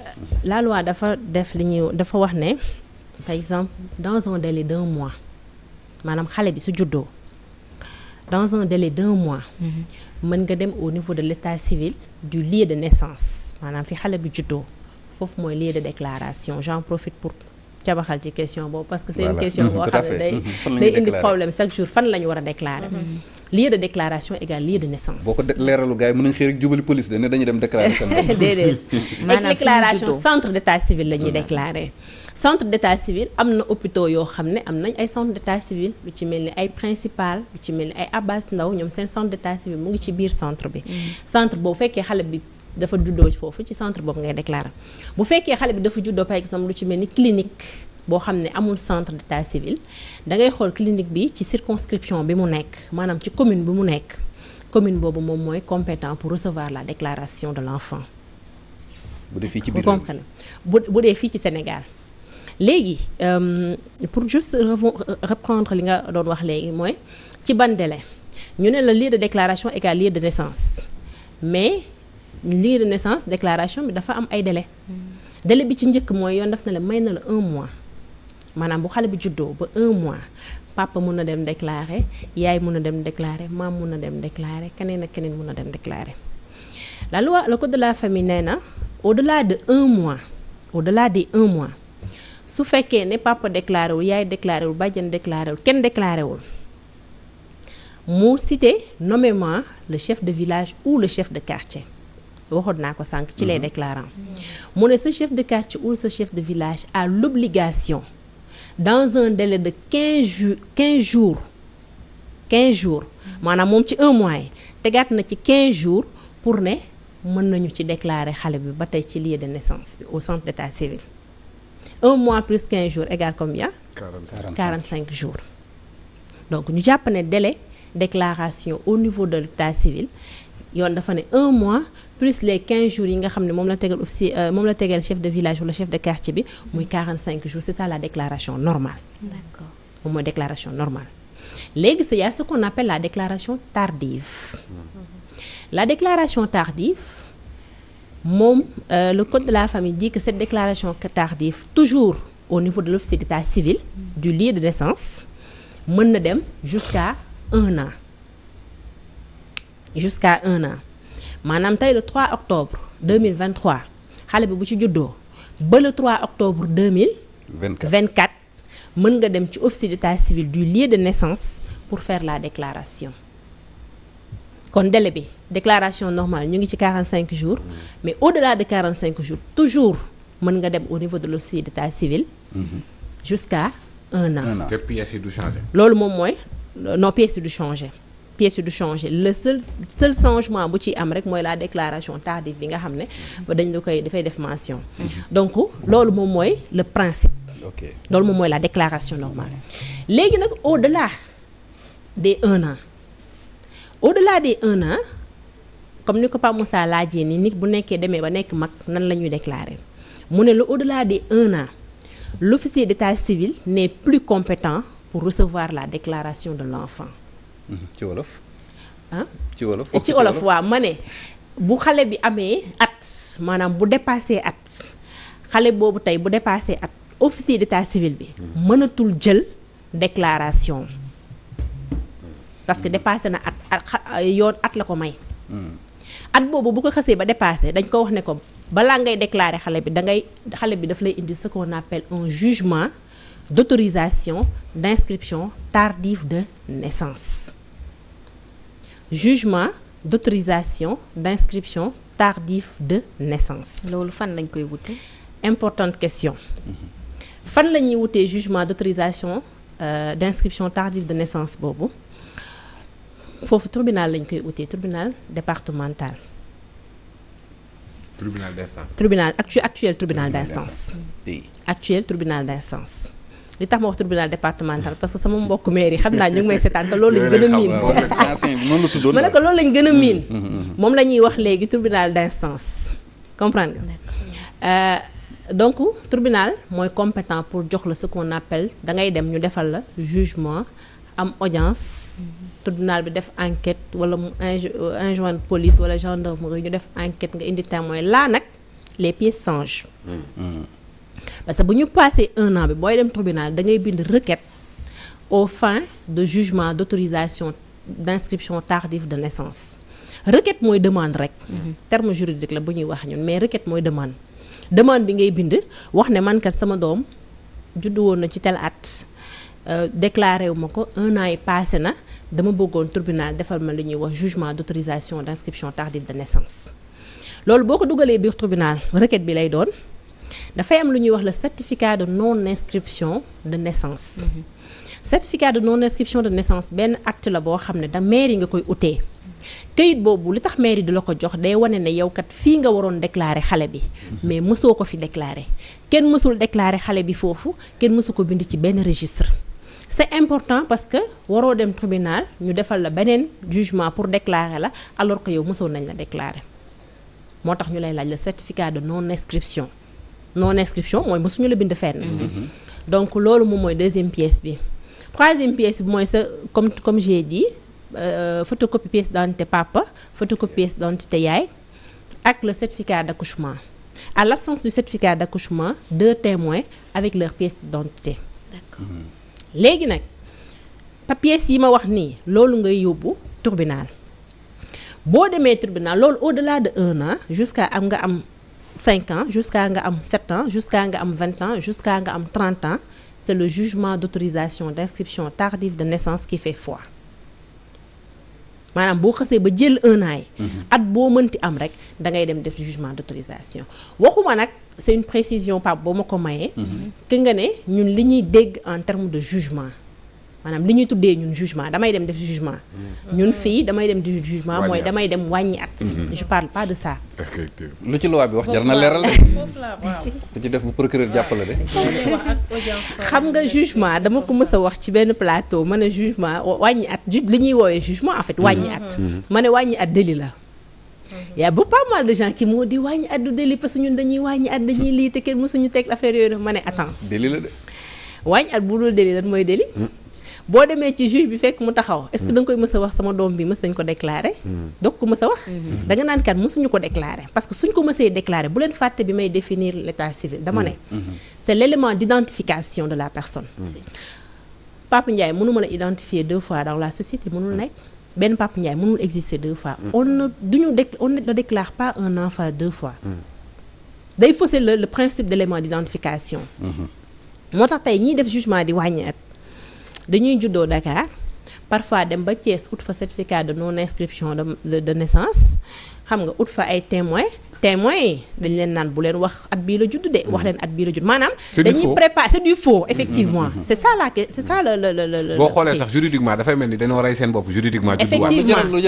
la loi dafa def li ñuy dafa wax ne par exemple dans un délai d'un mois maanaam xale bi su juddoo. dans un délai d'un mois mhm. mën nga dem au niveau de l'état civil du lieu de naissance maanaam fi xale bi juddoo foofu mooy lieu de déclaration j'en profite pour cabaxal ci question boobu parce que c'est question boo xam ne day mhm. day problème chaque jour fan la ñu war a déclarer mhm. lieu de déclaration égale lieu de naissance. boo ko leeralu gars yi mën nañu xëy rek jubali police de ne dañuy dem déclarer seen bopp déedéet déclaration centre d'état civil la ñuy déclarer centre d'état civil am na hôpitaux yoo xam ne am nañ ay centre d'état civil lu ci mel ni ay principal lu ci mel ni ay Abbas Ndaw ñoom seen centre d'état civil mu ngi ci biir centre bi mm. centre boobu fekkee xale bi dafa juddoo foofu ci centre boobu ngay déclarer bu fekkee xale bi dafa juddoo par exemple lu ci mel ni clinique boo xam ne amul centre d'état civil da ngay xool clinique bi ci circonscription bi mu nekk maanaam ci commune bi mu nekk commune boobu moom mooy compétent pour recevoir la déclaration de l'enfant bu fii ci biir bu bu dee fii ci Sénégal léegi euh, pour juste reprendre li nga doon wax léegi mooy ci ban délai ñu ne la lieu de déclaration égal lieu de naissance mais lieu de naissance déclaration bi dafa am ay délai mm. délai bi ci njëkk mooy yoon daf na la may na la un mois maanaam bu xale bi juddoo ba un mois papa mun na dem déclarer yaay mun a dem déclarer maam mun a dem déclarer keneen ak keneen mun a dem déclarer la loi le code de la famille nee na au delà de un mois au delà des un mois su fekkee ne papa déclaré wul yaay déclaré wul bàjjen déclaré wul kenn déclaré wul mu cité nommément le chef de village ou le chef de quartier waxoon naa ko sànq ci les mhm. déclarants mu ne ce chef de quartier ou ce chef de village a l'obligation dans un délai de quinze ju jours quinze jours maanaam moom ci un mois yi tegaat na ci quinze jours pour ne mën nañu ci déclarer xale bi ba tey ci lieu de naissance bi au centre d'état civil un mois plus 15 jours égale combien. 45 45 jours. donc ñu jàpp ne délai déclaration au niveau de l'état civil yoon dafa ne un mois plus les quinze jours yi nga xam ne moom la tegal officier euh, moom la tegal chef de village wala chef de quartier bi muy 45 jours c'est ça la déclaration normale. d'accord moom mooy déclaration normale. léegi c'est y a ce qu'on la déclaration tardive. Mmh. la déclaration tardive. moom euh, le code de la famille dit que cette déclaration tardive toujours au niveau de l'officier d'état civil du lieu de naissance mën na dem jusqu'à un an jusqu'à un an maanaam tey le 3 octobre 2023 xale bi bu ci juddoo ba le 3 octobre 2024 24 mën nga dem ci officier d'état civil du lieu de naissance pour faire la déclaration kon délai bi déclaration normale ñu ngi ci cinq jours mais au-delà de 45 jours toujours mën nga dem au niveau de l'officier d'état civil. Mhm. jusqu'à un an. loolu moom mooy non pièces yi du changer. pièces yi du changer le seul seul changement bu ci am rek mooy la déclaration tardive bi nga xam ne dañ la koy dafay def mention. Mhm. donc loolu moom mooy le principe. ok loolu moom mooy la déclaration normale. léegi nag au-delà des un an. au-delà des un an comme ni ko Pape Moussa laajee ni nit bu nekkee demee ba nekk mag nan la ñuy déclarer mu ne lu au-delà des un na l'officier d'état civil n'est plus compétent pour recevoir la déclaration de l'enfant mmh. ci olof ah ci olof ci wolof waaw ma ne bu xale bi amee at maanaam bu dépassé at xale boobu tey bu dépassé at officier d'état civil bi mmh. mënatul jël déclaration parce que dépassé na at at yoon at la ko may. at boobu bu ko xasee ba dépassé dañ ko wax ne ko balaa ngay déclarer xale bi da ngay xale bi daf lay indi ce qu'on appelle un jugement d'autorisation d'inscription tardive de naissance. jugement d'autorisation d'inscription tardive de naissance. loolu fan lañ koy wute. importante question. fan la ñuy wutee jugement d'autorisation euh, d'inscription tardive de naissance boobu. foofu tribunal lañ koy ute tribunal départemental. tribunal d'instance. tribunal actu actuel tribunal d'instance. actuel tribunal d'instance. li tax ma wax tribunal départemental parce que sama mbokk mairie xam naa ñu ngi may seetaan te loolu lañ gën miin gën a miin moom la ñuy wax léegi tribunal d'instance comprendre nga euh, donc tribunal mooy compétent pour jox la ce qu'on appelle da ngay dem ñu defal la jugement am audience mm-hmm. tribunal bi def enquête wala mu euh, enjoindre police wala gendarmerie ñu def enquête nga indi témoin laa nag les pieds changent. Hmm. parce que bu ñu passé un an bi booy dem tribunal da ngay bind requête au fins de jugement d'autorisation d'inscription tardive de naissance requête mooy demande rek. Hmm. terme juridique la bu ñuy wax ñun mais requête mooy demande. demande bi ngay bind wax ne man sama doom juddu woon na ci tel at euh, déclaré wu ma ko un an yi passé na. dama bëggoon tribunal defal ma li ñuy wax jugement d' autorisation d' inscription tardive de naissance loolu boo ko dugalee biir tribunal requête bi lay doon dafay am lu ñuy wax le certificat de non inscription de naissance. Mm -hmm. de non inscription de naissance benn acte la boo xam ne da mairie nga koy utee kayit boobu li tax mairie di la ko jox day wane ne yow kat fii nga waroon déclarer xale bi mhm. mais mësoo ko fi déclarer kenn mësul déclarer xale bi foofu kenn mësu ko bind ci benn registre. c'est important parce que waroo dem tribunal ñu defal la beneen jugement pour déclarer la alors que yow mësoon nañ la déclarer moo tax ñu lay laaj le certificat de non inscription non inscription mooy mësuñu la bind fenn. Mhm. donc loolu moom mooy deuxième pièce bi. troisième pièce bi mooy sa comme comme j'ai dit euh, photocopie pièce d'identité papa photocopie pièce d'identité yaay ak le certificat d'accouchement à l'absence du certificat d'accouchement deux témoins avec leur pièce d'identité. D'accord. Mmh. léegi nag papiers yi ma wax nii loolu ngay yóbbu tribunal boo demee tribunal loolu au delà de un an jusqu'à am nga am cinq ans jusqu'à nga am sept ans jusqu'à nga am vingt ans jusqu'à nga am trente ans c'est le jugement d'autorisation d'inscription tardive de naissance qui fait fois maanaam boo xasee ba jël un an mhm. at boo mënti am rek da ngay dem def jugement d'autorisation waxuma nag c'est une précision Pape boo ma ko mayee ki mhm. nga ne ñun li ñuy dégg en terme de jugement maanaam li ñuy tuddee ñun jugement damay dem def jugement. Mm-hmm. ñun fii damay dem di jugement mooy damay dem wàññi at. Mm-hmm. je parle pas de ça. lu ci loi wax jar na leeral de. lu ci def bu procureur jàppale de. xam nga jugement dama ko mës a wax ci benn plateau ma ne jugement wàññi at ju li ñuy woowe jugement en fait mm-hmm. wàññi at. ma ne wàññi at délit la. y bu pas mal de gens qui moo di wàññi at du délit parce que ñun dañuy wàññi at dañuy lii te kenn mësuñu teg affaire yooyu ma ne attends. délit la de. wàññi at bu dul délit lan mooy délit. Mm. boo demee ci juge bi fekk mu taxaw est-ce mm. koy mës a wax sama doom bi mës nañ ko déclaré mm. donc ko mës a wax mm-hmm. da nga naan kat mësuñu ko déclaré parce que suñ ko mësee déclaré bu leen may définir l'état civil dama ne mm. mm-hmm. c'est l'élément d'identification de la personne Papa Ndiaye mënuma la identifier deux fois dans la société mënul nekk benn Papa Ndiaye mënul exister deux fois on ne duñu on ne déclare pas un enfant deux fois day fausser le principe d'élément d'identification mm-hmm. moo tax tey ñiy def jugement di wàññi at dañuy juddoo Dakar parfois dem ba Thiès ut fa certificat de non inscription de de naissance xam nga ut fa ay témoins témoins yi dañ leen naan bu leen wax at bii la judd de wax mm-hmm. leen at bii la judd maanaam dañuy préparer c'est du faux mm-hmm. effectivement mm-hmm. c'est ça la c'est ça la la la la boo xoolee sax juridiquement dafay mel ni dañoo rey seen bopp juridiquement effectivement la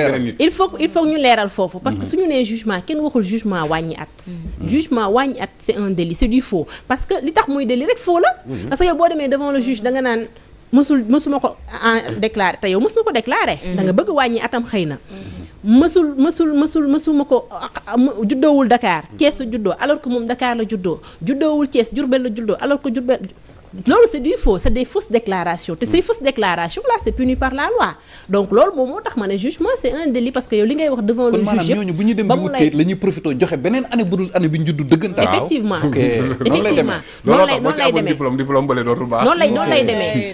leeral il faut il faut ñu leeral foofu parce que suñu nee jugement kenn waxul jugement wàññi at jugement wàññi at c'est un délit c'est du faux parce que li tax muy délit rek faux mësul mësuma ko en ah, déclaré te yow mës na ko déclaré. Mhm. da nga bëgg wàññi atam xëy na. mësul masul mësul mësuma ko ah, juddoowul Dakar Thiès la juddoo alors que moom Dakar la juddoo juddoowul Thiès Diourbel la juddoo alors ko Diourbel loolu c'est du faux c'est des fausses déclarations te ces hmm. fausses déclarations là c'est puni par la loi donc loolu moom moo tax ma ne jugement c'est un délit parce que yow li ngay wax devant le juge yëpp kon bu ñu dem di wutee la ñuy profité joxe beneen année bu dul année bi ñu judd effectivement noonu lay noonu lay noonu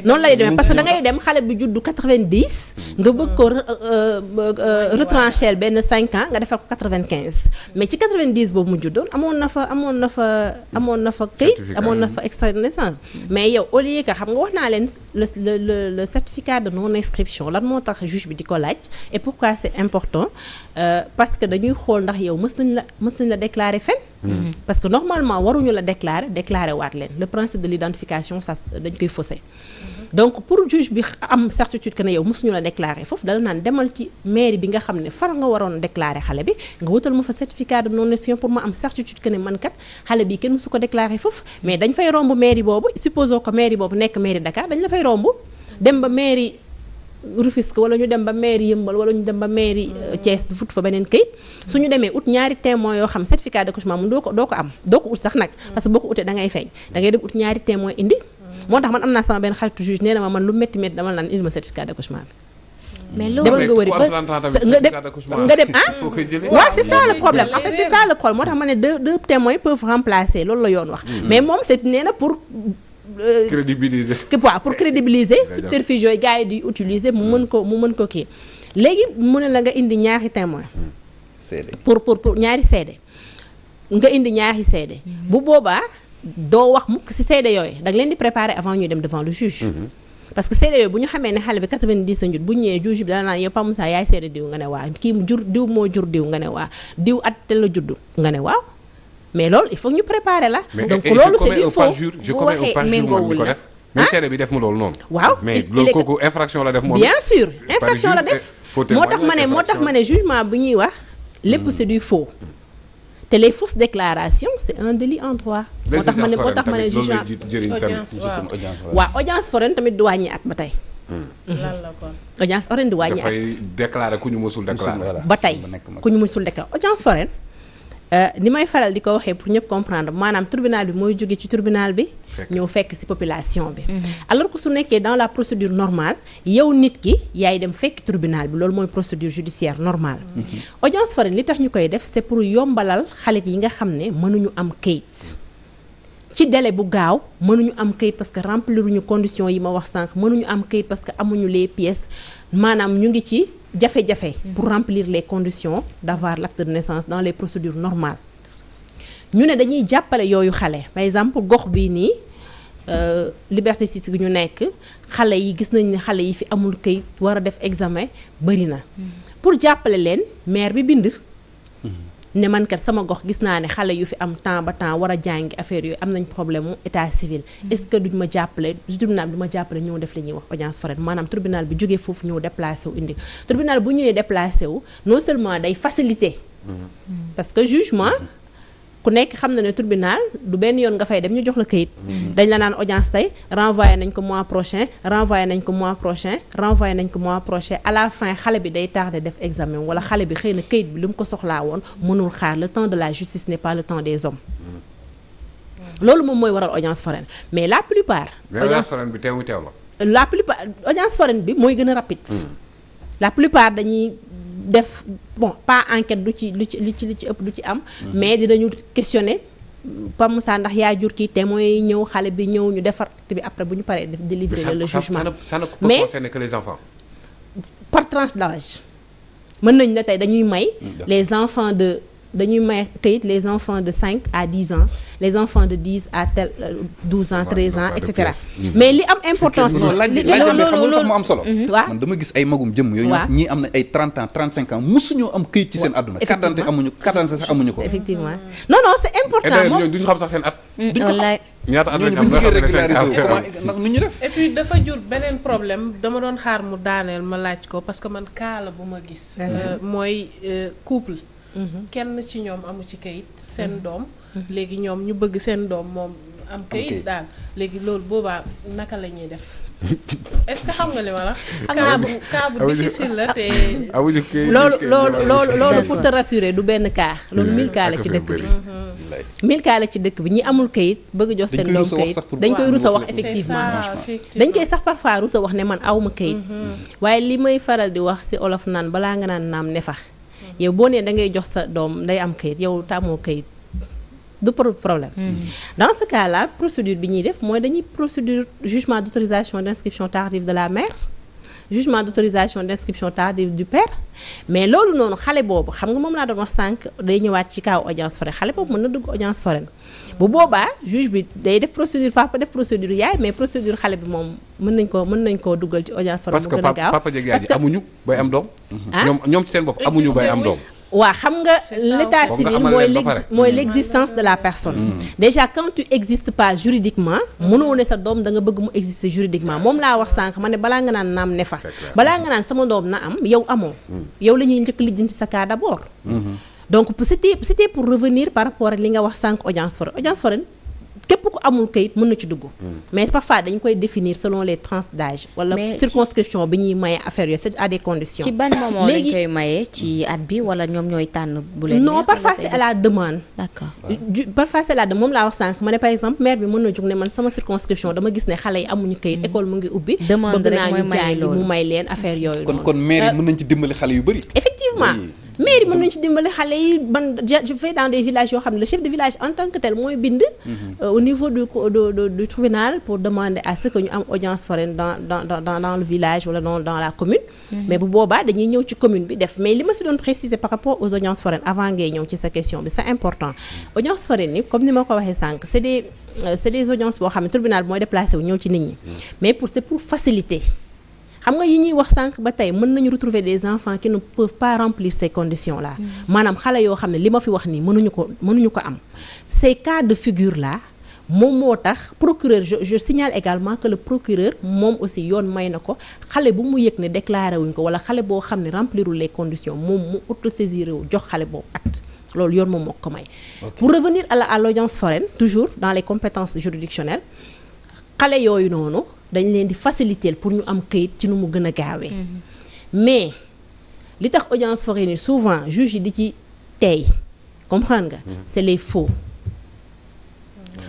noonu lay noonu parce que da dem xale bi judd 90 nga bëgg ko euh, euh, euh, retrancher benn 5 ans nga defal ko 95 mais ci 90 boobu mu juddoon amoon na fa amoon na amoon na fa këyit amoon na fa extrait de mais yow au lieu que xam nga wax naa leen le le le certificat de non inscription lan moo tax juge bi di ko laaj et pourquoi c'est important euh, parce que dañuy xool ndax yow mës nañ la mës nañ la déclarer fen mm-hmm. parce que normalement waruñu la déclarer déclarer waat leen le principe de l'identification ça dañ koy faussé donc pour juge bi am certitude que ne yow suñu la déclaré foofu dala naan demal ci mairie bi nga xam ne faral nga waroon déclaré xale bi nga wutal ma fa certificat de non nation pour ma am certitude que ne man kat xale bi kenn mosu ko déclaré foofu mais dañ fay romb mairie boobu supposons que mairie boobu nekk mairie Dakar dañ la fay romb dem ba mairie Rufisque wala ñu dem ba mairie Yëmbal wala ñu dem ba mairie euh, mm. Thiès fut fa beneen këyit su ñu demee ut ñaari témoin yoo xam certificat d'accouchement mun doo ko doo ko am doo ko ut sax nag mm. parce que boo ko utee da ngay feeñ da ngay ut ñaari témoin indi moo tax man am naa sama benn xaritu juge nee na ma man lu métti métti dama naan indi ma certificat d'accouchement bi. mais loolu demal nga wëri nga dem nga ah? waaw c'est ça problème en fait c'est ça problème moo tax ma ne deux deux témoins peuvent remplacer loolu la yoon wax. Mm-hmm. mais moom c'est nee na pour. Euh, crédibiliser. waaw pour crédibiliser subterfuge yooyu yi di utiliser mu mën ko mu mën ko kii léegi mu ne la nga indi ñaari témoin pour pour pour ñaari seede nga indi ñaari seede mm-hmm. bu boobaa. doo wax mukk ci seede yooyu da leen di préparer avant ñuy dem devant le juge. Mhm. parce que seede yooyu bu ñu xamee ne xale bi 90 a njut bu ñëwee juge bi dana naan yow Pa yaay seede diw nga ne waaw kii jur diw moo jur diw nga ne waaw diw at la judd nga ne waaw mais loolu il faut ñu préparer la. donc loolu c'est du faux bu waxee méngoowul na même ah. seede bi def mu loolu noonu. waaw mais loolu kooku infraction la def. moo bien sûr infraction eh, tax ma ne moo tax ma ne jugement bu ñuy wax lépp hmm. c'est te les fausses déclarations c'est un délit en droit. moo tax ma ne moo tax ma ne juge waaw audience foraine tamit du wàññi at ba tey. Hmm. lan la kon. audience foraine du wàññi at. dafay déclarer ku ñu mësul déclarer. ba tey ku ñu mësul déclarer audience foraine. Euh, ni may faral di ko waxee pour ñëpp comprendre maanaam tribunal bi mooy jóge ci tribunal bi. ñëw fekk ci population bi. Mhm. alors que su nekkee dans la procédure normale yow nit ki yaay dem fekki tribunal bi loolu mooy procédure judiciaire normale. Mhm. audience foraine li tax ñu koy def c'est pour yombalal xale yi nga xam ne mënuñu am kayit. ci délai bu gaaw mënuñu am kayit parce que rempliruñu condition yi ma wax sànq mënuñu am kayit parce que amuñu les pièces maanaam ñu ngi ci. jafe-jafe mm. pour remplir les conditions d'avoir l'acte de naissance dans les procédures normales ñu ne dañuy jàppale yooyu xale par exemple gox bii nii euh, liberté six gi ñu nekk xale yi gis nañ ni xale yi fi amul këyit war a def examen bëri na mm. pour jàppale leen maire bi bind ne man kat sama gox gis naa ne xale yu fi am temps ba temps war a jàngi affaire yooyu am nañ problème mu état civil mm-hmm. est-ce que duñ ma jàppale tribunal bi ma jàppale ñëw def li wax audience foraine maanaam tribunal bi jógee foofu ñëw déplacé indi tribunal bu ñëwee déplacé wu non day facilité mm-hmm. parce que jugement mm-hmm. ku nekk xam na ne tribunal du benn yoon nga fay dem ñu jox la kayit. dañ la naan audience tey renvoyé nañ ko mois prochain renvoyé nañ ko mois prochain renvoyé nañ ko mois prochain à la fin xale bi day tardé def examen wala xale bi xëy na kayit bi lu mu ko soxlaa woon mënul xaar le temps de la justice n'est pas le temps des hommes. loolu moom mooy waral audience foraine mais la plupart. audience foraine bi teewu teew la. la plupart bi mooy gën a rapide. Hmm. la plupart dañuy. def bon pas enquête du ci lu ci lu ci lu ci ëpp du ci am. Mhm. mais dinañu questionner Pape Moussa ndax yaa jur kii te mooy ñëw xale bi ñëw ñu defar bi après bu ñu paree délivrer le jugement mais concerne que les enfants. par tranche d'âge mën nañ la tey dañuy may. les enfants de. dañuy may teyit les enfants de cinq à dix ans les enfants de 10 à tel 12 euh, ans 13 ans et mais li am importance non laaj moo xam nga mu am solo mhm, waaw man dama gis ay magum jëmm yooyu ñii am na ay 30 ans 35 ans mosuñoo am këyit ci seen àdduna carte d'identité amuñu carte d'identité sax amuñu ko effectivement non non important eh moom duñu xam sax seen at mm, wallaay ñaata at lañ am loo xam nu ñu def et puis dafa jur beneen problème dama doon xaar mu daaneel ma laaj ko parce que man kaala bu ma gis mm-hmm. euh, mooy euh, couple Mm-hmm. kenn ci ñoom amu ci kayit seen mm-hmm. doom mm-hmm. léegi ñoom ñu bëgg seen doom moom am kayit daal léegi loolu boobaa naka la ñuy def est-ce xam nga li ma la. xam la te. loolu loolu loolu loolu pour du benn cas. loolu milkaa la ci dëkk bi. mille la ci dëkk bi ñi amul kayit bëgg jox seen doom kayit dañ koy rusa wax effectivement dañ koy sax parfois rusa wax ne man awma kayit waaye li may faral di wax ci olof naan balaa nga naan naam ne fa yow boo nee da ngay jox sa doom day am kayit yow tamoo kayit du problème. Hmm. dans ce cas là procédure bi ñuy def mooy dañuy procédure jugement d' autorisation d' inscription tardive de la mère. jugement d' autorisation d' inscription tardive du père mais loolu noonu xale boobu xam nga moom laa doon wax sànq day ñëwaat ci kaw audience foraine xale boobu mën na dugg audience foraine. bu boobaa juge bi day def procédure papa def procédure yaay mais procédure xale bi moom mën nañ ko mën nañ koo dugal ci audience forum mu gën a gaaw parce que papa jeeg yaay ji amuñu bay am doom ah? ñoom ci seen bopp amuñu bay am doom waa xam nga l'état civil mooy mooy mm. l'existence de la mm. personne déjà quand tu existes pas juridiquement mm. mënoo sa doom da bëgg mu exister juridiquement moom laa wax sànq ma ne balaa nga naan naam ne fa balaa nga naan sama doom na am yow amoo yow la ñuy njëkk lijjanti sa kaa d'abord mm-hmm. donc c'était c'était pour revenir par rapport ak li nga wax sànq audience foraine audience foraine képp ku amul kayit mën na ci dugg. Hmm. mais parfois dañ koy définir selon les tranches d'âge. wala circonscription bi ñuy maye affaire yooyu c'est à des conditions. ci ban moment lañ koy maye ci at bi wala ñoom ñooy tànn bu leen. non parfois c'est à la demande. d'accord parfois c'est moom laa wax sànq ma ne par exemple maire bi mën na jug ne sama circonscription dama gis ne xale yi amuñu kayit hmm. école mu ngi ubbi. demande rek leen affaire yooyu. kon kon maire yi euh, mën mairie mën nañu ci dimbali xale yi man je vais dans des villages yoo xam ne le chef de village en tant que tel mooy bind. Mhm. Euh, au niveau du tribunal pour demander à ce que ñu am audience foraine dans dans dans dans le village wala dans la commune. Mhm. mais bu boobaa dañuy ñëw ci commune bi def mais li ma si doon préciser par rapport aux audiences avant ngay ñëw ci sa question bi c'est important audience foraine yi comme ni ma ko waxee sànq c'est des euh, c'est des audiences boo xam ne tribunal bi mooy déplacé wu ñëw ci nit am nga yi ñuy wax sànq ba tey mën nañu retrouver des enfants qui ne peuvent pas remplir ces conditions là mm. maanaam xale yoo xam ne li ma fi wax nii mënuñu ko mënuñu ko am ces cas de figure là moom moo tax procureur je, je signale également que le procureur moom aussi yoon may na ko xale bu mu yëg ne déclaré wuñ ko wala xale boo xam ne remplirul les conditions moom mu autosaisir wu jox xale boobu at loolu yoon moom moo ko may pour revenir à la à toujours dans les compétences juridictionnelles xale yooyu noonu dañ leen di faciliter pour ñu am kayit ci nu mu gën a gaawee. Mhm. mais li tax audience foraine yi souvent juge yi di ci tey comprendre nga. Mhm. c'est les faux.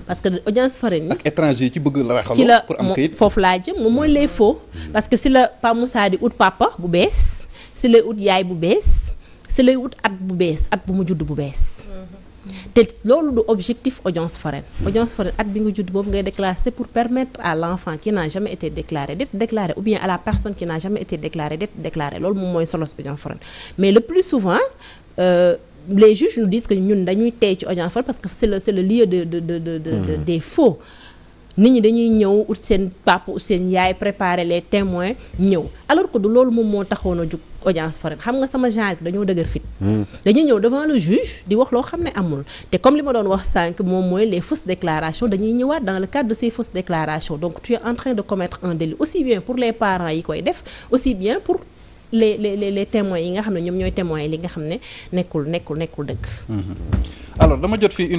parce que audience foraine yi. ak étranger yi ci bëgg la waxaloo. ci la foofu laa jëm moom mooy les faux. Mhm. parce que si la Pa Moussa di ut papa bu bees si lay ut yaay bu bees si lay ut at bu bees at bu mu judd bu bees. te loolu du objectif audience foraine audience foraine at bi nga judd boobu ngay déclarer c'est pour permettre à l'enfant qui n'a jamais été déclaré d'être déclaré ou bien à la personne qui n'a jamais été déclarée d'être déclarée loolu moom mooy solo audience foraine mais le plus souvent euh, les juges nous disent ñun dañuy tey ci audience foraine parce que c'est le lieu de de de de de, mmh. de mm. nit ñi dañuy ñëw ut seen papa ut seen yaay préparer les témoins ñëw alors que du loolu moom moo taxoon a jug audience foraine xam nga sama genre dañoo dëgër fit hmm. dañuy ñëw devant le juge di wax loo xam ne amul te comme li ma doon wax sànq moom mooy les fausses déclarations dañuy ñëwaat dans le cadre de ces fausses déclarations donc tu es en train de commettre un délit aussi bien pour les parents yi koy def aussi bien pour les les yi nga xam ne ñoom ñooy témoins yi li nga xam ne nekkul nekkul nekkul dëgg hmm. alors dama jot fii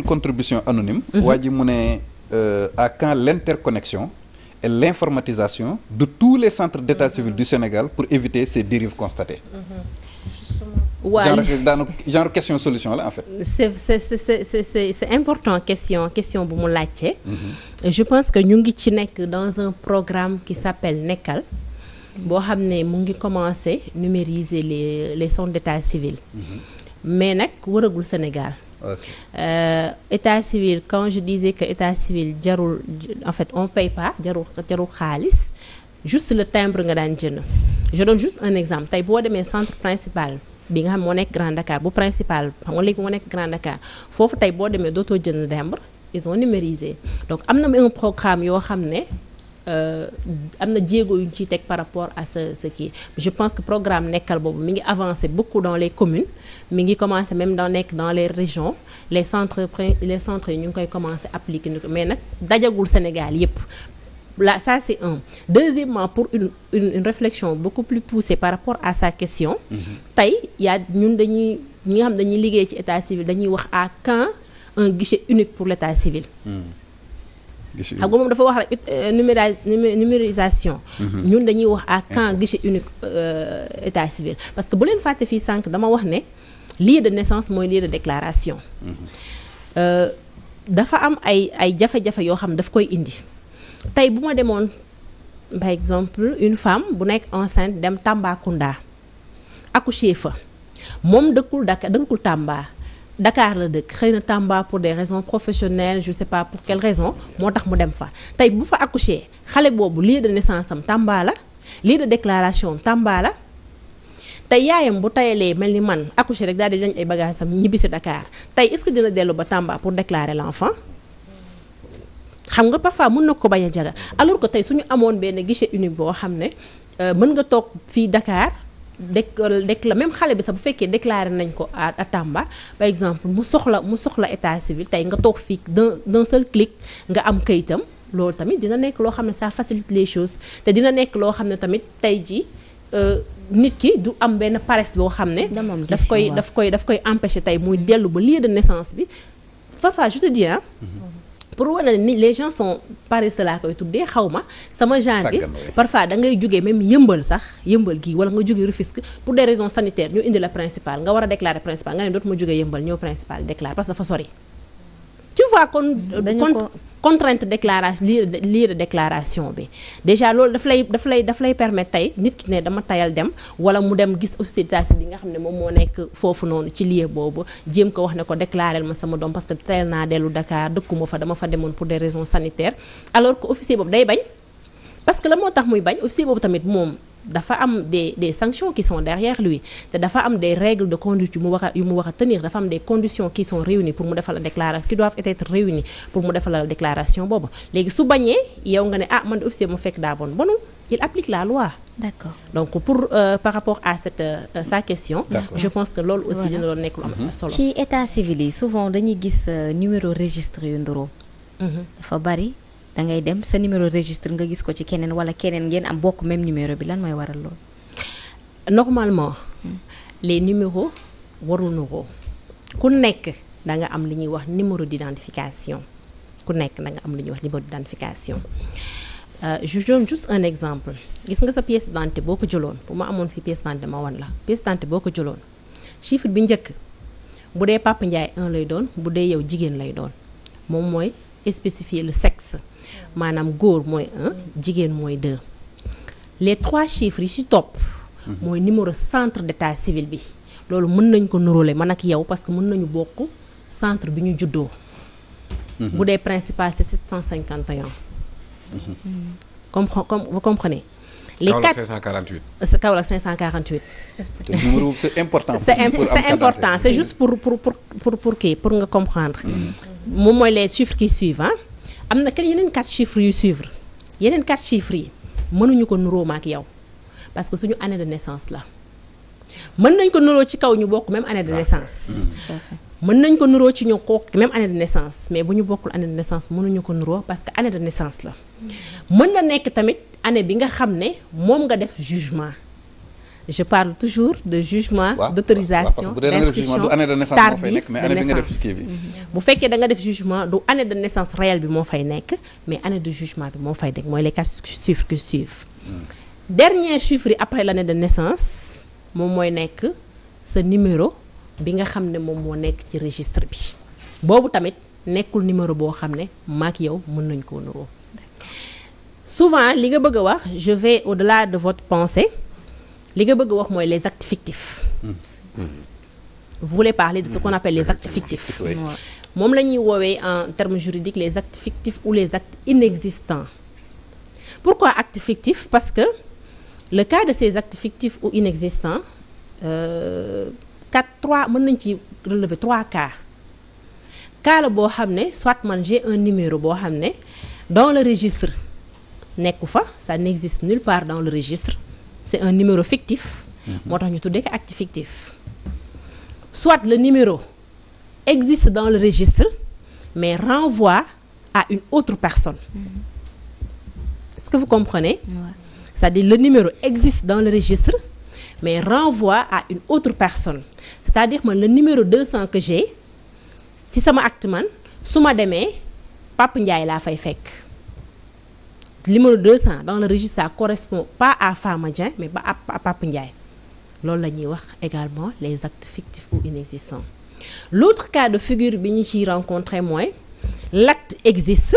euh, à quand l'interconnexion et l'informatisation du tous les centres d'état civil du Sénégal pour éviter ces dérives constatées. waaw mm-hmm. euh, genre question solution la en fait. c'est c'est c'est important question question bu mu laajte. Mm-hmm. je pense que ñu ngi ci nekk dans un programme qui s'appelle Nekkal. boo xam ne mu ngi commencer numériser les les centres d'état civil. Mm-hmm. mais nag waragul Sénégal. Euh, état civil quand je disais que état civil jarul en fait on paye pas jarul jarul xaalis juste le timbre nga daan jën je donne juste un exemple tey boo demee centre principal bi nga xam moo nekk Grand Dakar bu principal xam nga léegi moo nekk Grand Dakar foofu tey boo demee dootoo jën timbre ils ont numérisé donc am na un programme yoo xam ne Euh, am na jéego yu yuñ ciy teg par rapport à ce ce qui je pense que programme nekkal boobu mi ngi avancé beaucoup dans les communes mi ngi commencé même dans nekk dans les régions les centres les centres yi ñu ngi koy commencé appliquer mais nag dajagul Sénégal yépp là ça c'est un deuxièmement pour une, une une réflexion beaucoup plus poussée par rapport à sa question mm-hmm. tey yaa ñun dañuy ñi ngi xam dañuy liggéey ci état civil dañuy wax à quand un guichet unique pour l'état civil mm xam nga moom dafa wax rek euh, numéra numérisation. Mhm. ñun dañuy wax à quand guichet unique euh, état civil. parce que bu leen fàtte fii sànq dama wax ne lii de naissance mooy lieu de déclaration. Mhm. Euh, dafa am ay ay jafe-jafe yoo xam ne daf koy indi tey bu ma demoon par exemple une femme bu nekk enceinte dem Tambacounda accoucher fa moom dëkkul Dakar dëkkul Tamba. Dakar la dëkk xëy na Tamba pour des raison professionnelles je sais pas pour quelle raison moo tax mu dem fa tey bu fa accouché xale boobu lieu de naissance am Tamba la lii de déclaration am Tamba la tey yaayam bu tayalee mel ni man accouché rek daal di dañ ay bagages sam ñibbi si Dakar tey est-ce que dina dellu ba Tamba pour déclarer l'enfant xam nga parfois mun na ko bañ a jaga alors que tey su ñu amoon benn guichet unique boo xam ne euh, mën nga toog fii dakaar Euh, déc la même xale bi sax bu fekkee déclaré nañ ko à Tamba par exemple mu soxla mu soxla état civil tey nga toog fii d'un d'un seul clic nga am kayitam loolu tamit dina nekk loo xam ne ça facilite les choses te dina nekk loo xam ne tamit tey jii euh, nit ki du am benn paresse boo xam ne daf koy daf koy daf koy empêcher tey muy dellu ba lieu de naissance bi parfois je te mhm. pour wane ni les gens sont laa koy tuddee xaw sama genre bi parfois da ngay jógee yëmbal sax yëmbal gii wala nga jógee Rufisque pour des raisons sanitaires ñu indi la principal nga war a déclarer principal nga ne dootuma jógee yëmbal ñëw principal déclare parce dafa sori tu vois kon contrainte déclaration lire déclaration bi déjà loolu daf lay daf lay daf lay permettre tey nit ki ne dama tayal dem wala mu dem gis oustaz bi nga xam ne moom moo nekk foofu noonu ci lieu boobu jéem ko wax ne ko déclarel ma sama doom parce que tayal naa dellu Dakar dëkkuma fa dama fa demoon pour des raisons sanitaires alors que officier boobu day bañ parce que la moo tax muy bañ officier boobu tamit moom dafa am des des sanctions qui sont derrière lui te dafa am de règles de conduite yu mu war a yu mu war a tenir dafa am de condition qui sont réunies pour mu defal la déclaration qui doivent être réunies boobu léegi su bañee yow nga ne ah man de officier mu fekk daa bon bonu il applique la loi. donc euh, par rapport à cette euh, sa question. je pense que loolu aussi dina doon nekk lu am mhm. solo. ci état civil yi souvent dañuy gis euh, numéro registre yu ndoro. Mhm. dafa bari. da ngay dem sa numéro registre nga gis ko ci keneen wala keneen ngeen am bokk même numéro bi lan mooy waral loolu. normalement hmm. les numéros warul nuroo ku nekk da nga am li ñuy wax numéro di d'identification ku nekk da am li ñuy wax numéro di Euh, je donne juste un exemple gis nga sa pièce d'identité boo ko jëloon bu ma amoon fi pièce d'identité ma wan la pièce d'identité boo ko jëloon chiffre bi njëkk bu dee Papa Ndiaye lay doon bu dee yow jigéen lay doon moom mooy spécifier le sexe maanaam góor mooy un jigéen mooy deux les trois chiffres yi ci topp. Mhm. mooy numéro centre d'état civil bi. loolu mën nañ ko nuróole man ak yow parce que mën nañu bokk centre bi ñu juddoo. Mhm. bu dee principal c'est 751. Mhm. comme comme vous comprenez. les quatre euh, Kaolack 548. Kaolack 548. numéro c'est important. c'est important c'est juste pour pour pour pour pour kii pour nga comprendre. moom mooy les chiffres qui suivent ah. am na kenn yeneen quatre chiffres yu suivre yeneen quatre chiffres yi mënuñu ko nuroo ma ak yow parce que suñu année de naissance la mën nañ ko nuroo ci kaw ñu bokk même année de naissance mm-hmm. mën nañ ko nuroo ci ñu ko même année de mais bu ñu bokkul année de naissance mënuñu ko nuroo parce que année de naissance la mm-hmm. mën na nekk tamit année bi nga xam ne moom nga def jugement je parle toujours de jugement ouais, d'autorisation ouais, d'inscription tardive de naissance mm-hmm. bu fekkee da nga def jugement du année de naissance réelle bi moo fay nekk mais année de jugement bi moo fay nekk mooy les quatre chiffres qui mm. dernier chiffre yi après l'année de naissance moom mooy nekk sa numéro bi nga xam ne moom moo nekk ci registre bi boobu tamit nekkul numéro boo xam ne maak yow mën nañ koo nuroo souvent li nga bëgg a wax je vais au-delà de votre li nga bëgg wax mooy les actes fictifs. Mm-hmm. vous voulez parler de ce qu'on appelle les mm-hmm. actes fictifs. moom la ñuy woowee en termes juridiques les actes fictifs ou les actes inexistants. pourquoi actes fictifs parce que le cas de ces actes fictifs ou inexistants euh, quatre trois mën nañ ci relever trois cas. cas boo xam ne soit man j'ai un numéro boo xam ne dans le registre nekku fa sa n'existe nulle part dans le registre. c'est un numéro fictif. Mhm. moo tax ñu tuddee ko acte soit le numéro existe dans le registre mais renvoie à une autre personne. Mhm. c'est-à-dire le numéro existe dans le registre mais renvoie à une autre personne c'est-à-dire man le numéro 200 que j'ai si sama acte man su ma demee Pape Ndiaye laa fay fekk. numéro 200 dans le registre ça correspond pas à Fama mais ba à Pape Ndiaye loolu la ñuy wax également les actes fictifs ou inexistants l'autre cas de figure bi ñu ciy rencontré mooy l'acte existe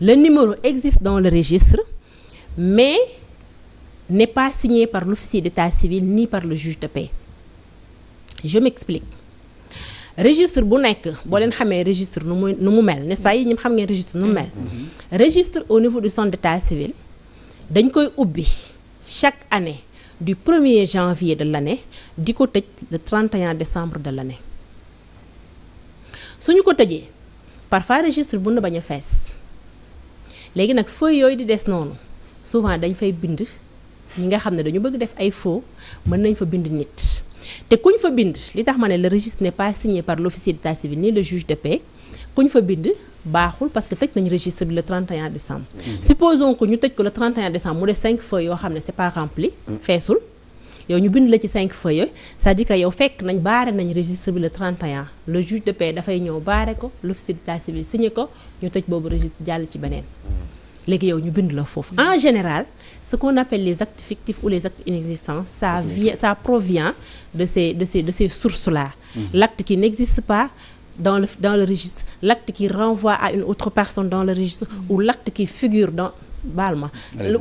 le numéro existe dans le registre mais n'est pas signé par l'officier d'état civil ni par le juge de paix je m'explique registre bu nekk boo leen xamee registre nu mu nu mu mel n'est-ce pas yi ñëpp xam ngeen registre nu mu mel. Mm-hmm. registre au niveau du centre d'état dañ koy ubbi chaque année du premier er janvier de l'année di ko tëj le 31 décembre de l'année suñu ko tëjee parfois registre bu ne bañ a fees léegi nag feuille yooyu di des noonu souvent dañ fay bind ñi nga xam ne dañu bëgg def ay faux mën nañ fa bind nit. te kuñ fa bind li tax ma ne le registre n'est pas signé par l'officier d'état civil ni le juge de paix kuñ fa bind baaxul parce que tëj nañu registre bi le 31 décembre mm-hmm. supposons que ñu tëj ko le 31 décembre mu des 5 yoo xam ne c'est pas rempli mm-hmm. feesul yow ñu bind la ci 5 feuilles cest à yow fekk nañ baare nañ registre bi le 31 le juge de paix dafay ñëw baare ko l'officier d'état civil signé ko ñu tëj boobu registre jàll ci beneen mm-hmm. léegi yow ñu bind la foofu en général ce qu'on appelle les actes fictifs ou les actes inexistants ça vient ça provient de ces de ces de ces sources ki mhm. l'acte qui n'existe pas dans le dans le registre l'acte qui renvoie à une autre personne dans le registre mhm. ou l'acte qui figure dans baal ma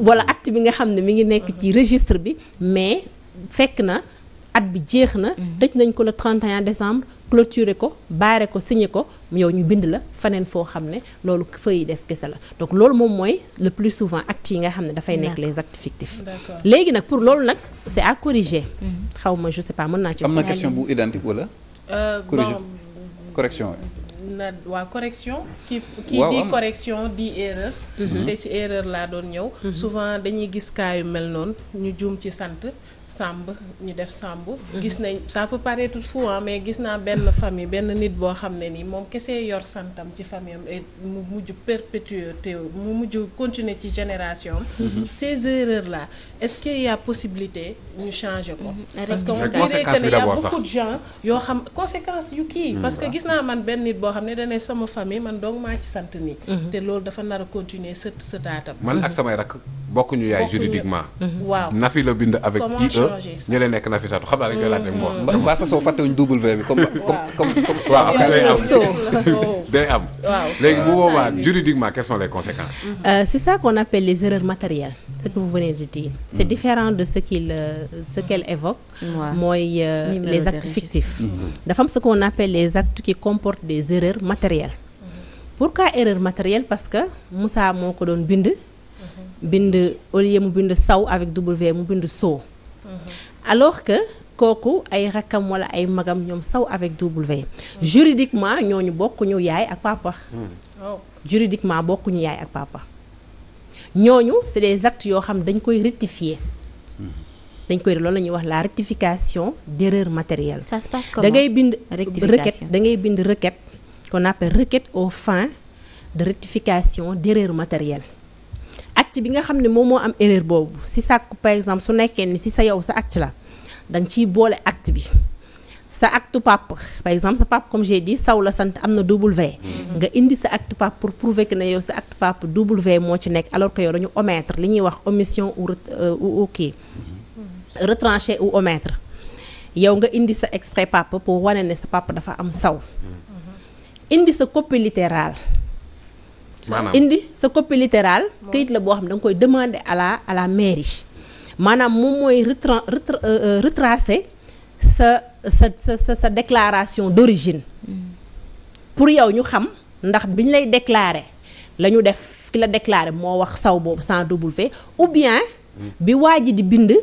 wala acte bi nga xam ne mi ngi nekk ci registre bi mais fekk na at bi jeex na mhm. tëj nañ ko le 31 décembre clôturer ko baare ko signer ko yow ñu bind la faneen foo xam ne loolu feuille des kese la donc loolu moom mooy le plus souvent actes yi nga xam ne dafay nekk les actes fictifs léegi nag pour loolu nag c'est à corriger mhm. xaw ma je sais pas mën naa ci am na question bu identique wala euh, corriger correction na waaw correction ki ki di correction di erreur mhm. te ci erreur laa doon ñëw mhm. souvent dañuy gis kaayu mel noonu ñu juum ci sant sàmb ñu def sàmb mhm. gis nañ ça peut paraître fou hein, gis naa benn famille benn nit boo xam ne nii moom kese yor santam ci famille mu mujj perpétuer te mu mujj continuer ci génération am mhm. ces erreurs est-ce que y possibilité ñu changer ko. Mm-hmm. parce que on dirait a beaucoup de gens yoo xam conséquence yu kii. Mm. parce que gis naa man benn nit boo xam ne da ne sama famille man dong maa ci sant nii. Mm-hmm. te loolu dafa nar continuer sët sëtaatam. man ak samay rakk bokkuñu yaay juridiquement. Mm-hmm. waaw Nafi bind avec. IE nekk Nafi Satou xam naa dañu koy laaj rek mu wax. mbaa sa soo fàttewuñ double V bi comme comme comme. waaw day am c' est mm. différent de ce qu'il euh, ce qu'elle évoque mooy euh, les actes fictifs mm-hmm. dafa am ce qu'on les actes qui comportent des erreurs pour mm-hmm. pourquoi erreur matérielle parce que Moussa moo ko doon bind mm-hmm. bind au lieu mu bind saw avec W mu bind soo alors que kooku ay rakkam wala ay magam ñoom saw avec W juridiquement ñooñu bokkuñu yaay ak papa oh. juridiquement bokkuñu yaay ak papa ñooñu c'est des actes yoo xam ne dañ koy rectifier dañ koy loolu la ñuy wax la rectification d'erreur matérielle. ça se da ngay bind requête da ngay bind requête qu'on appelle requête au fins de rectification d'erreur matérielle. acte bi nga xam ne moom moo am erreur boobu si sàkk par exemple su nekkee ni si sa yow sa acte la dañ ciy boole acte bi. sa acte pap par exemple sa pap comme j'ai dit saw la sant am na W mm-hmm. nga indi sa acte pap pour prouver que ne yow sa acte pap W moo ci nekk alors que yow dañu omettre li ñuy wax omission u euh, kii mm-hmm. retranché ou omettre yow nga indi sa extrait pap pour wane ne sa pap dafa am saw mm-hmm. indi sa copie littérale indi sa copie littérale këyit la boo xam ne da koy demande à la à la mairie maanaam moom mooy retra euh, euh, sa sa sa sa déclaration d'origine pour yow ñu xam ndax biñ lay déclare la ñu def ki la déclarer moo wax saw boobu sans W ou bien bi waa ji di bind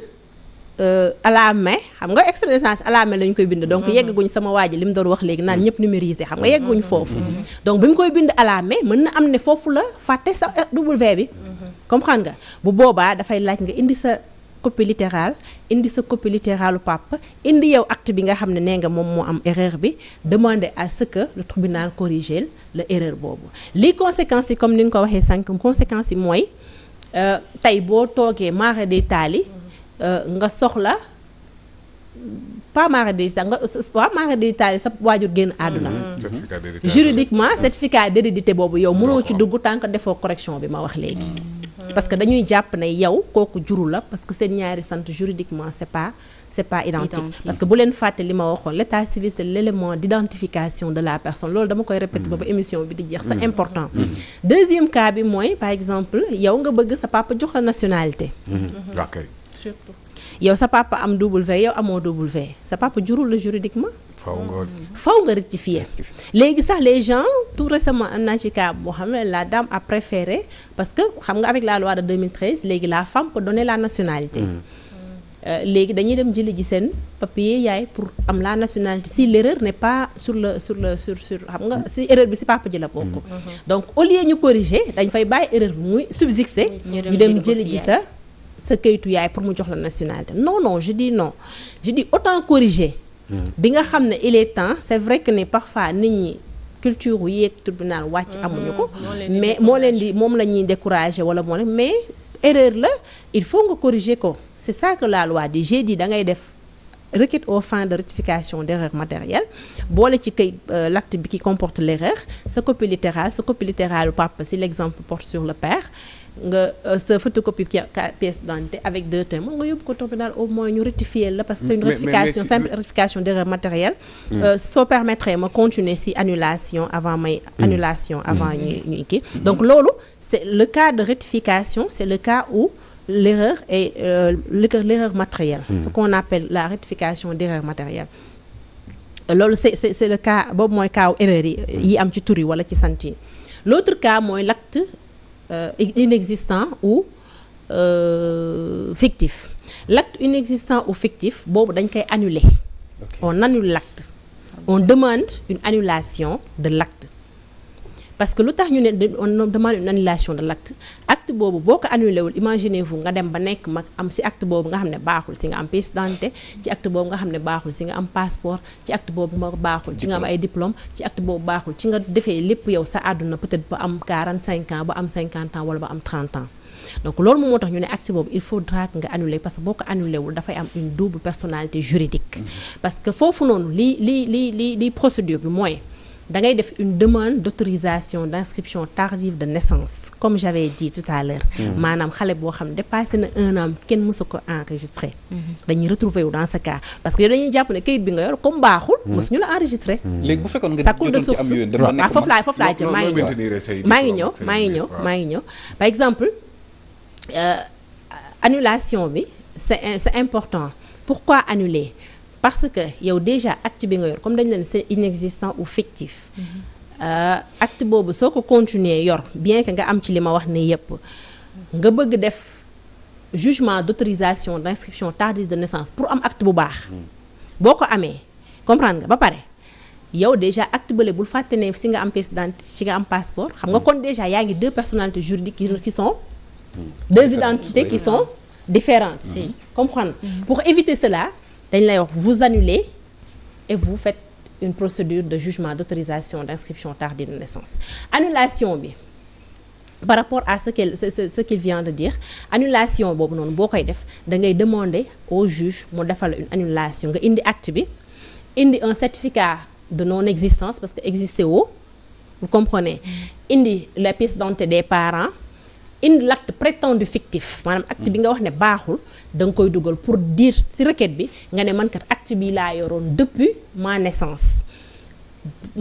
euh, à la main xam nga extrait de naissance à koy bind donc mm-hmm. yegguñu sama waaj li mu doon wax léegi naan mm-hmm. ñëpp numérisé xam nga mm-hmm. yegguñu foofu donc bi mu koy bind à la mën na am ne foofu la fàtte sa W euh, bi comprendre nga bu boobaa dafay laaj nga indi sa copie littérale indi sa copie littéralu papa indi yow acte bi nga xam ne nee nga moom moo am erreur bi demander à ce que le tribunal corrige la erreur boobu lii conséquences yi comme ni nga ko waxee sànq conséquences yi mooy euh, tey boo toogee mara day taali euh, nga soxla pas mara day taali nga waaw mara day taali sa waajur génn àdduna mm-hmm. Mm-hmm. juridiquement mm-hmm. certificat d'hérédité boobu yow mënoo ci dugg tànk defoo correction bi ma wax léegi parce que dañuy jàpp ne yow kooku juru la parce que seen ñaari sant juridiquement c'est pas c'est pas identique, identique. parce que bu leen fàtte li ma waxoon l'état civil c'est l'élément d'identification de la personne loolu dama koy répéter ba ba émission bi di jeex c'est mm-hmm. important mm-hmm. deuxième cas bi mooy par exemple yow nga bëgg sa papa jox la nationalité mm-hmm. yow sa papa am double V yow amoo double V sa papa jurul la juridiquement. faw nga faw nga léegi sax les gens tout récemment am naa ci cas boo xam ne la dame a préféré parce que xam nga avec la loi de 2013 léegi la femme peut donner la nationalité. Mm. Euh, léegi dañuy dem jëli ji seen papier yaay pour am la nationalité si l' erreur n' est pas sur le sur le sur sur xam nga si erreur bi si papa ji la bokk. Mm. donc au lieu ñu corriger dañ fay bàyyi erreur sa kayitu yaay pour mu jox la nationalité non non je dis non je dis autant bi nga xam ne il est temps c'est vrai que ne parfois nit ñi. culture wu yeeg tribunal wàcc amuñu ko mm-hmm. mais moo leen di moom la ñuy décourager wala moo leen mais erreur la il faut nga corriger ko c'est ça que la loi dit j'ai da ngay def requête aux fins de rectification d'erreur matérielle boole ci kay euh, l'acte bi ki comporte l'erreur sa copie littérale sa copie littérale papa si l'exemple porte sur le père nga euh, sa photocopie pièce d'identité avec deux témoins nga yóbbu ko tribunal au moins ñu rectifier la parce que c'est une rectification simple rectification d'erreur matérielle mm. euh, soo permettre ma continuer si annulation avant may mm. annulation mm. avant ñu ñu donc loolu c'est le cas de rectification c'est le cas où l'erreur est euh, l'erreur matérielle ce qu'on appelle la rectification d'erreur matérielle loolu c'est c'est le cas boobu mooy cas erreur yi yi am ci tur wala ci sant yi l'autre cas mooy l'acte Euh, inexistant ou euh, fictif l'acte inexistant ou fictif boobu dañ koy annuler on annule l'acte on demande une annulation de l'acte parce que lu tax ñu ne on demande une annulation de l' boobu boo ko annulé wul imaginez vous nga dem ba nekk mag am si acte boobu nga xam ne baaxul si nga am pièce d'identité ci acte boobu nga xam ne baaxul si nga am passeport ci acte boobu nga baaxul ci nga am ay diplôme ci acte boobu baaxul ci nga defee lépp yow sa àdduna peut-être ba am 45 ans ba am 50 ans wala ba am 30 ans donc loolu moom moo tax ñu ne acte boobu il faudra que nga annulé parce que boo ko annulé wul dafay am une double personnalité juridique mm-hmm. parce que foofu noonu li li li li li procédure bi mooy dangay def une demande d' autorisation d' inscription tardive de naissance comme j'avais dit tout mm-hmm. maanaam xale boo xam dépassé na un an kenn mësu ko enregistré mm-hmm. dañuy retrouver wu dans ce cas parce que yow dañuy jàpp ne kayit bi nga yor comme baaxul mm-hmm. mësuñu la enregistré léegi bu fekkoon nga sakul de source waaw foofu laay maa ngi ñëw maa ngi ñëw par exemple euh, annulation bi c'est c'est important pourquoi annuler parce que yow déjà acte bi nga yor comme dañ leen c'est inexistant ou fictif mm-hmm. euh, acte boobu soo ko continuer yor bien que nga am ci li ma wax ne yépp nga bëgg def jugement d'autorisation d'inscription tardive de naissance pour am acte bu baax mm. boo ko amee comprendre nga ba pare yow déjà acte bële bul fàtte ne si nga am pièce d'identité ci nga am passeport xam nga mm. kon déjà yaa ngi deux personnalités juridiques qui sont mm. deux identités qui sont différentes comprendre pour éviter cela dañ lay wax vous annulez et vous faites une procédure de jugement d'autorisation d'inscription tardive de naissance annulation bi par rapport à ce qu'il vient de dire annulation boobu noonu boo koy def da ngay demander au juge mu defal une annulation nga indi acte bi indi un certificat de non existence parce que existé woo vous comprenez mm. indi la pièce d'identité des parent indi l'acte prétendu fictif maanaam act bi nga wax ne baaxul da nga koy dugal pour dire ci requête bi nga ne man act acte bi laa yoroon depuis ma naissance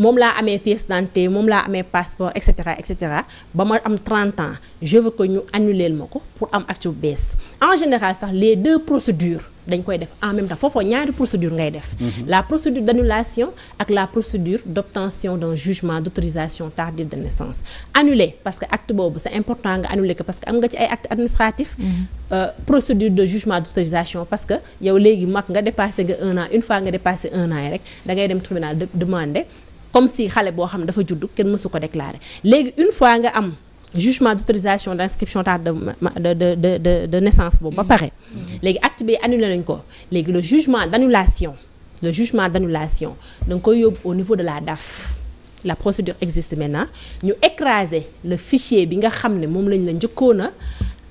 moom laa amee pièce d'identité moom laa amee passeport et cetera et cetera ba ma am 30 ans je veux que ñu annuleel ma ko pour am acte bu bees en général sax les deux procédures dañ koy def en même temps foofoo ñaari procédure ngay def mhm. la procédure d'annulation ak la procédure d'obtention d'un jugement d'autorisation tardive de naissance annuler parce que acte boobu c'est important nga annuler ko parce que am nga ci ay acte administratif mhm. euh, procédure de jugement d'autorisation parce que yow léegi mag nga dépassé nga un an une fois nga dépassé un an yi rek da ngay dem tribunal si xale boo xam dafa judd kenn mësu ko déclarer léegi une fois nga am jugement d'autorisation d'inscription date de de de de de, de naissance boobu ba pare léegi acte bi annulé nañ ko léegi le jugement d'annulation le jugement d'annulation danga koy yóbbu au niveau de la DAF la procédure existe na ñu écraser le fichier bi nga xam ne moom lañ la njëkkoon a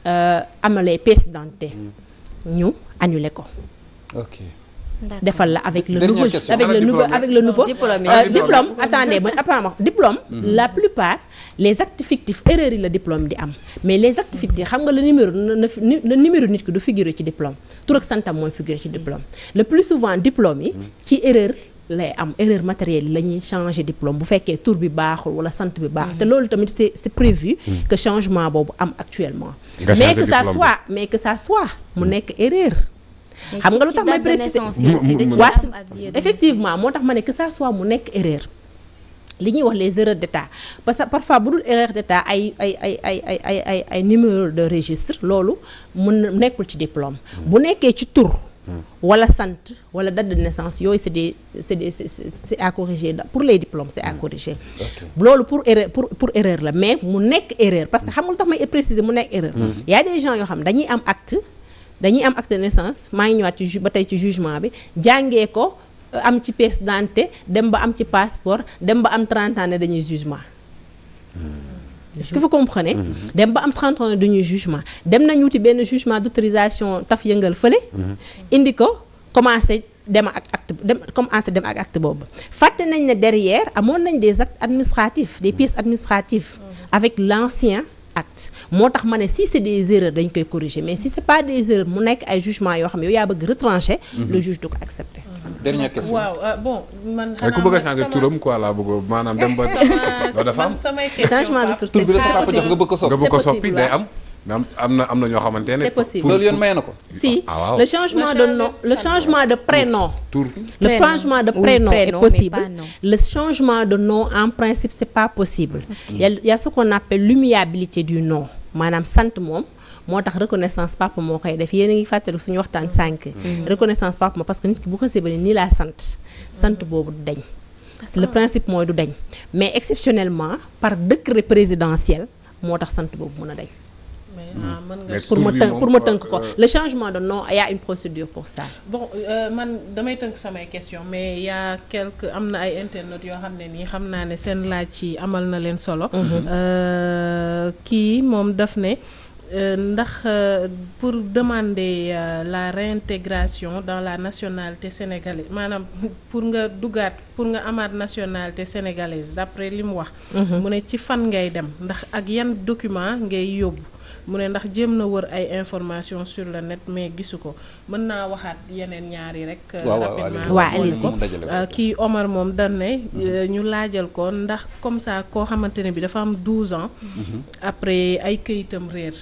euh, amalee pièce d'identité mm. ñu annulé ko defal la avec le nouveau ah, avec le nouveau ah, euh, ah, diplôme attendez ba diplôme mm-hmm. la plupart les actes fictifs erreur yi la diplôme di am mais les actes fictifs xam nga la numéro le numéro nit ki du figurer ci diplôme tur ak santam mooy figurer ci diplôme le plus souvent diplôme yi mm-hmm. ci erreur lay am erreur matériel yi la ñuy changer diplôme bu fekkee tour bi baaxul wala sant bi baax te mm-hmm. loolu tamit c'est c'est prévu que changement boobu am actuellement mais que ça soit mais que ça soi mu nekk erreur xam nga lu tax may préciser waaw moo tax ma ne que ça soit mu nekk erreur li ñuy wax les erreurs d'état parce que parfois bu dul erreur d'état ay ay ay ay ay ay ay ay numéro de registre loolu mun nekkul ci diplôme bu nekkee ci tur wala sant wala date de naissance yooyu c'est des c'est des c'est à pour les diplômes c'est à corriger loolu pour erreur pour pour erreur la mais mu nekk erreur parce que xam nga lu tax may préciser mu nekk erreur mm-hmm. y a des yoo xam dañuy am acte dañuy am acte naissance maa ngi ñëwaat ci ba tey ci jugement bi jàngee ko euh, am ci pièce d'identité dem ba am ci passeport dem ba am 30 ans ne dañuy jugement hmm. hmm. dem ba am 30 ans dañuy jugement dem nañu wuti benn jugement d'autorisation taf yëngal fële hmm. indi ko commencé dem ak acte dem commencé dem ak acte boobu fàtte nañ ne derrière amoon nañ des actes administratifs des pièces administratives avec l'ancien acte moo tax ma ne si c'est des erreurs dañ koy corriger mais si c'est pas des erreurs mu nekk ay jugement yoo xam yaa bëgg retrancher mhm. le juge du ko accepter euh, ku bëgg a changer turam quoi laa bëgg maanaam dem ba. dafa changement de tur. nga bëgg ko soppi nga bëgg ko soppi day am. mais am na am na ñoo xamante ne. c'est possible yoon may na ko. si ah, waaw. le changement de nom le changement de prénom. tour le changement de prénom est possible le changement de nom en principe a y a ce qu'on appelle l'huméabilité du maanaam sant moom. moo tax reconnaissance papa moo koy def yéen a ngi fàttali suñu waxtaan sànq. Mm-hmm. Mm-hmm. reconnaissance papa ma parce que nit ki bu xasee ba ne nii laa sant. sant mm-hmm. boobu du le principe du dañ mais exceptionnellement par décret présidentiel moo tax sant boobu mën a dañ. Ah, hmm. pour ma tënk pour ma tënk ko euh, le changement de nom y a une procédure pour ça. bon euh, man damay tënk samay question mais y a am na ay internautes yoo xam ne nii xam naa ne seen laaj ci amal na leen solo. Mhm. Euh, kii moom daf ne. ndax euh, pour demander euh, la réintégration dans la nationalité sénégalaise maanaam pour nga dugaat pour nga amaat nationalité sénégalaise d'après li mu wax. Mhm. mu ne ci fan ngay dem ndax ak yan document ngay yóbbu. mu ne ndax jéem na wër ay information sur le net mais gisu ko mën naa waxaat yeneen ñaari rek euh, rapidement waa euh, kii Omar moom dañ ne mhm. euh, ñu laajal ko ndax comme ça koo xamante ne bi dafa am 12 ans mhm. après ay këyitam réer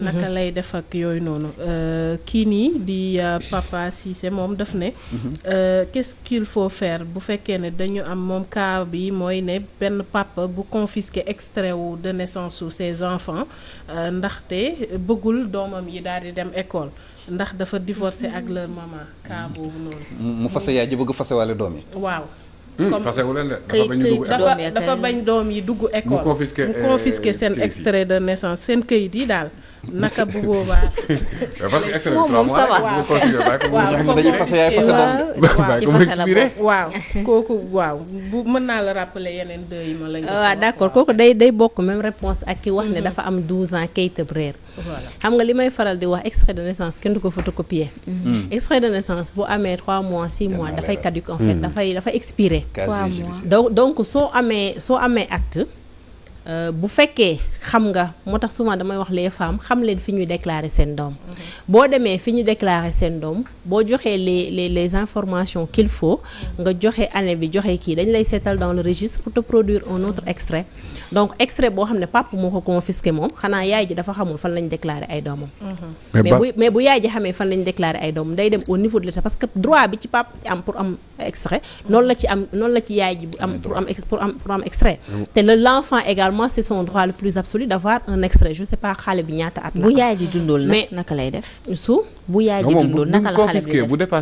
naka mhm. lay def ak yooyu noonu euh, kii nii di euh, Papa Cissé moom daf ne mhm. euh, qu'est-ce qu'il faut faire bu fekkee ne dañu am moom cas bi mooy ne benn papa bu confisquer extrait wu de naissance su ses enfants ndaxte bëggul doomam yi daal di dem école ndax dafa divorcé ak leur maman cas mhm. boobu noonu mu fase yaay ji bëgg fase doom yi waaw hmm, comme fasewu leen de dafa bañ doom yi dugg école mu confisqué seen extrait de naissance seen këyit yi daal naka bu boobaa. moom moom ça va waaw waaw waaw kooku waaw bu mën naa la rappeler yeneen deux yi ma la. Ah, waaw d'accord kooku day day bokk même réponse ak ki wax ne mhm. dafa am 12 ans kayitab réer. xam nga li may faral di wax extrait de naissance kenn du ko photocopier. Mhm. extrait de naissance bu amee 3 mois 6 mois dafay caduc en fait mhm. dafay dafay expirer. donc donc soo amee soo amee act Euh, bu fekkee xam nga moo tax souvent damay wax les femmes xam leen fi ñuy déclarer seen doom. Mhm. boo demee fi ñu déclarer seen doom boo joxee les les les informations qu'il faut. nga joxe année bi joxe kii dañ lay seetal dans le registre pour te produire un autre extrait. donc extrait boo xam ne papa moo ko confisqué moom xanaa yaay ji dafa xamul fan lañ déclaré ay doomam. Mm-hmm. mais bu mais bu yaay ji xamee fan lañ déclaré ay doomam day dem au niveau de l'état parce que droit bi ci papa am pour am extrait noonu la ci am noonu la ci yaay ji am pour am pour am pour am extrait. te le l'enfant également c'est son droit pas xaale bi ñaata at. bu yaay ji dundul mais naka lay def su. bu yaay ji dundul naka la xale bi def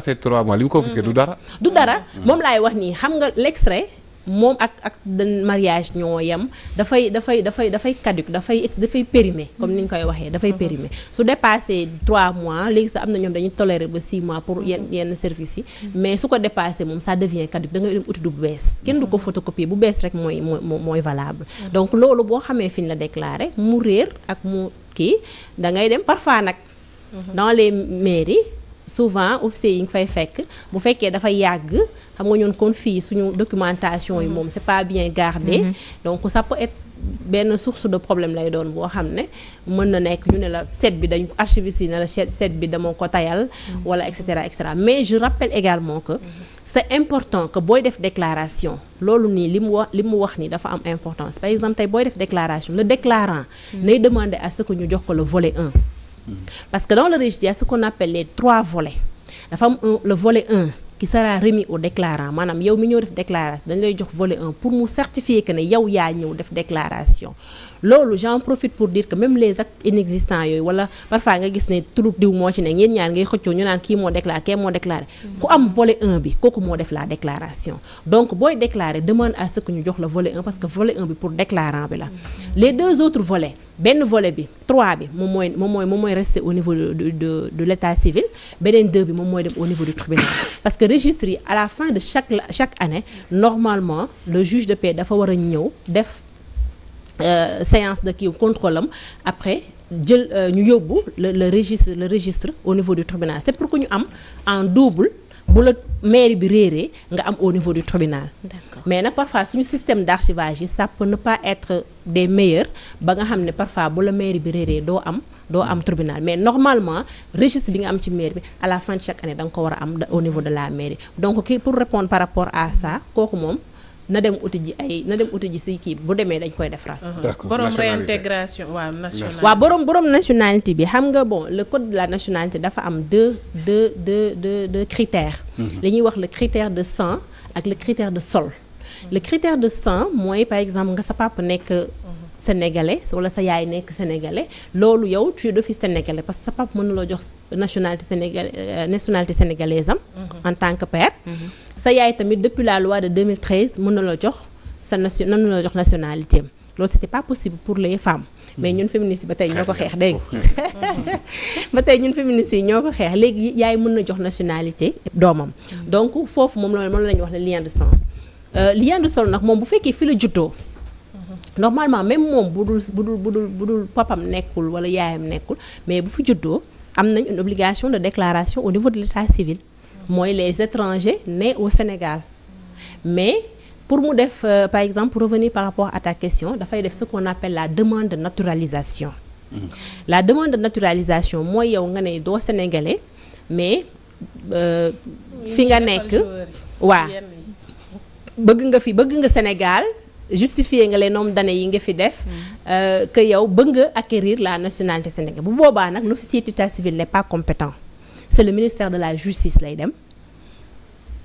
li mu confisqué du mm-hmm. mm-hmm. wax nii xam nga l'extrait moom ak ak mariage ñoo yem dafay dafay dafay dafay caduc dafay dafay périmé comme ni nga koy waxee dafay mm-hmm. périmer su dépassé 3 mois léegi sax am na ñoom dañuy toléré ba 6 mois pour mm-hmm. yenn yenn service yi mm-hmm. mais su ko dépassé moom sa devient caduc da ngay dem outil du bu bees kenn du ko photocopier bu bees rek mooy moo mooy valable donc loolu boo xamee fi ñu la déclaré mu réer ak mu kii da ngay dem parfois nag dans les mairies souvent officier yi nga fay fekk bu fekkee dafa yàgg xam nga ñun kon fii suñu documentation yi mm-hmm. moom c'est pas bien gardé mm-hmm. donc ça peut être benn source de problème lay doon boo xam ne mën na nekk ñu ne la set bi dañu archiviste yi ne la set bi dama ko tayal mm-hmm. wala et cetera et cetera mais je rappelle également que c'est important que booy def déclaration loolu nii li mu wax li mu wax nii dafa am importance par exemple tey booy def déclaration la déclarant nay demande à ñu jox ko le volet 1 parce que dans le registre il ko a trois volets dafa am le volet un qui sera remis au déclarant maanaam yow mi ñëw def déclaration dañ lay jox volet un pour mu certifier que ne yow yaa ñëw def déclaration loolu j'en profite pour dire que même les actes inexistants yooyu wala parfois nga gis ne troupe diw moo ci ne ngeen ñaar ngay xëccoo ñu naan kii moo déclaré kee moo déclaré ku am volet 1 bi kooku moo def la déclaration donc booy déclarer demande à ce ñu jox la volet 1 parce que volet 1 bi pour déclarant bi la les deux autres volets benn vole bi trois bi moom mooy moom mooy moom mooy rester au niveau de de de l' état civil beneen deux bi moom mooy dem au niveau du tribunal parce que registre yi à la fin de chaque chaque année normalement le de paix dafa war a ñëw def Euh, séance de kii contrôle am après jël euh, ñu yóbbu le le registre le régistre au niveau du tribunal c'est pour que ñu am en double bu la mairie bi réeree nga am au niveau du tribunal. mais nag parfois suñu système d'archivage yi ça peut ne pas être des meilleurs ba nga xam ne parfois bu la mairie bi réeree doo am. doo am tribunal mais normalement registre bi nga am ci mairie bi à la fin de chaque année ko war a am au niveau de la mairie donc kii pour répondre par rapport à ça kooku moom. na dem uti ji ay na dem uti ji si kii bu demee dañ koy defaraat. d'accord borom réintégration waaw nationalité. waaw borom borom bi xam nga bon le code la nationalité dafa am deux deux deux deux deux critères. Mhm. li ñuy wax le critère de sang ak le critère de sol. le critère de sang mooy par exemple nga sa papa nekk. sénégalais wala sa yaay nekk sénégalais loolu yow tu de d'office sénégalais parce que sa pap mën na loo jox nationalité sénégal euh, nationalité sénégalaise am mhm. en tant mhm. sa la loi de 2013 mën na loo jox yi ba tey ñoo ko xeex dégg mhm. ba na jox nationalité doomam donc foofu moom loolu moom la ñu wax ne lien de euh, de sang nag bu fekkee fi la juddoo normalement même moom bu dul bu dul bu dul bu dul papam nekkul wala yaayam nekkul mais bu fi juddoo am nañ une obligation de déclaration au niveau de l'état civil mooy les étrangers nés au Sénégal mais pour mu def euh, par exemple pour revenir par rapport à ta dafay def ce qu'on appelle la demande naturalisation mm. la demande naturalisation mooy yow nga ne doo sénégalais mais euh, mm. fi nga nekk waa bëgg nga fi bëgg nga Sénégal justifier nga leen nombre d'années yi nga fi def. Mm. Euh, que yow bëgg nga acquérir la nationalité sénégalaise bu boobaa nag l'officier d'état civil n'est pas compétent c'est le ministère de la justice lay dem.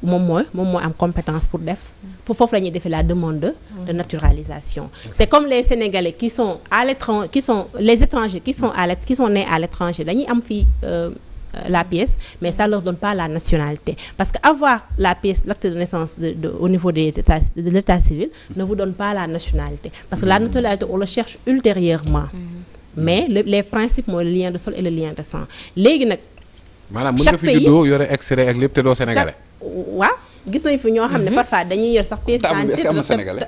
moom mooy moom mooy am compétence pour def mm. pour foofu la ñuy defee la demande mm. de, naturalisation c'est comme les sénégalais qui sont à l'étranger qui sont les étrangers qui son à qui sont nés à l'étranger dañuy am fii euh, Euh, la pièce, mais ça ne leur donne pas la nationalité. Parce qu'avoir la pièce, l'acte de naissance de, au niveau de, de l'état civil, ne vous donne pas nationalité. Parce que la mm-hmm. nationalité, on le cherche ultérieurement. Mm-hmm. mais le, les principes mooy le lien de sol et le lien de sang léegi nag. chaque pays maanaam mën nga fi juddoo yore extrait ak lépp te doo sénégalais. waaw. gis nañ fi ñoo xam ne mhm. parfois dañuy yor sax pièce d'identité est ce que am na sénégalais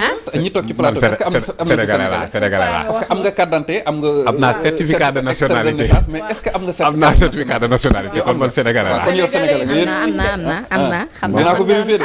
ah ñi toog ci na sénégalais la sénégalais la parce que am nga carte euh, am naa certificat de nationalité am naa certificat de nationalité kon man sénégalais la am na am na xam naa ah. ko vérifier de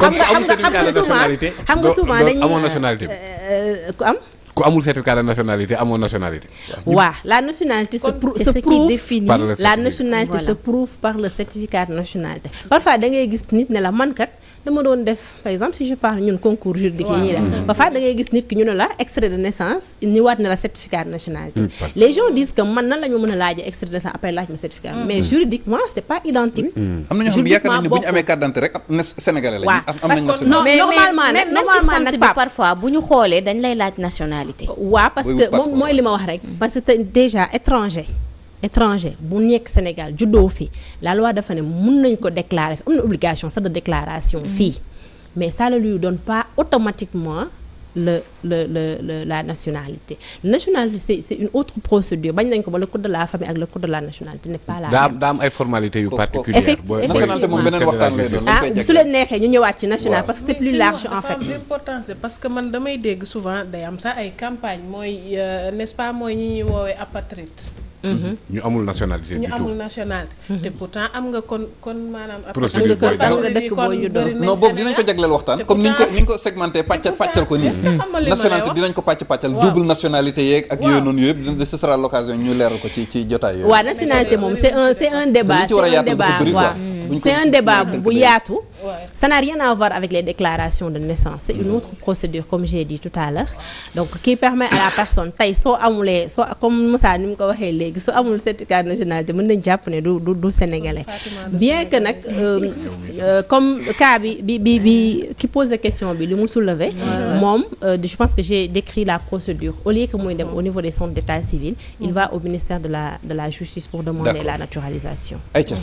comme amul certificat de nationalité xam nga souvent dañuy amoon nationalité euh, euh, ku am ku amul certificat de nationalité amoo nationalité. waaw ouais, la nationalité se sa se prouve définit la nationalité voilà. se prouve par le certificat de nationalité parfois da gis nit ne la man kat. dama doon def par exemple si je parle ñun concours juridique yi ñuy def ba mm-hmm. fa da gis nit ki ñu ne la extrait de naissance ñu waat ne la certificat nationalité mm, les gens man nan la ñu mën a laajee extrait de naissance après laaj ma certificat mm. mais mm. juridiquement c'est pas identique am na ñoo xam yaakaar nañ ne bu ñu amee carte rek am na sénégalais la am nañ nationalité normalement nag bi parfois bu ñu xoolee dañ lay laaj nationalité waaw parce que moom mooy li ma wax rek étranger bu nekk Sénégal juddoo fi la loi dafa ne mun nañ ko déclarer am na obligation sax de déclaration mm. fii mais ça ne doon donne pas automatiquement le le le, le la nationalité nationalité c'est une autre procédure bañ nañ ko ba le code la famille ak le code la nationalité n'est pas la même. daa am ay formalités yu particulières. effectivement ah, su leen neexee ñu ñëwaat ci national parce que c'est plus large en fait. parce que man damay dégg souvent day am sax ay campagne mooy euh, n'est-ce pas mooy ñuy woowee apatride. Mm-hmm. Mm-hmm. ñu amul nationalité. ñu amul nationalité. Mm-hmm. te pourtant am nga kon kon maanaam. procédure dinañ ko jagleel waxtaan comme niñ ko ko segmenté pàccal ko nii. nationalité dinañ ko pàcc pàccal. double nationalité yeeg ak yooyu noonu yëpp dina ce sera l'occasion ñu leeral ko ci ci jotaay yooyu. waaw nationalité moom c'est un c'est un débat. c'est un débat waaw mm. c'est un débat bu yaatu ça n'a rien à voir avec les déclarations de naissance c'est une mm. autre procédure comme j'ai dit tout à l'heure donc qui permet à la personne tey soo amulee soo comme Moussa ni mu ko waxee léegi soo amul certificat de nationalité mën nañ jàpp ne du sénégale sénégalais bien que nag euh, euh, comme cas bi bi bi bi qui pose question bi li mu soulever moom euh, je pense que j'ai décrit la procédure au lieu que muy dem au niveau des centres d'état civil il mm. va la de la justice pour demander la naturalisation Aïcha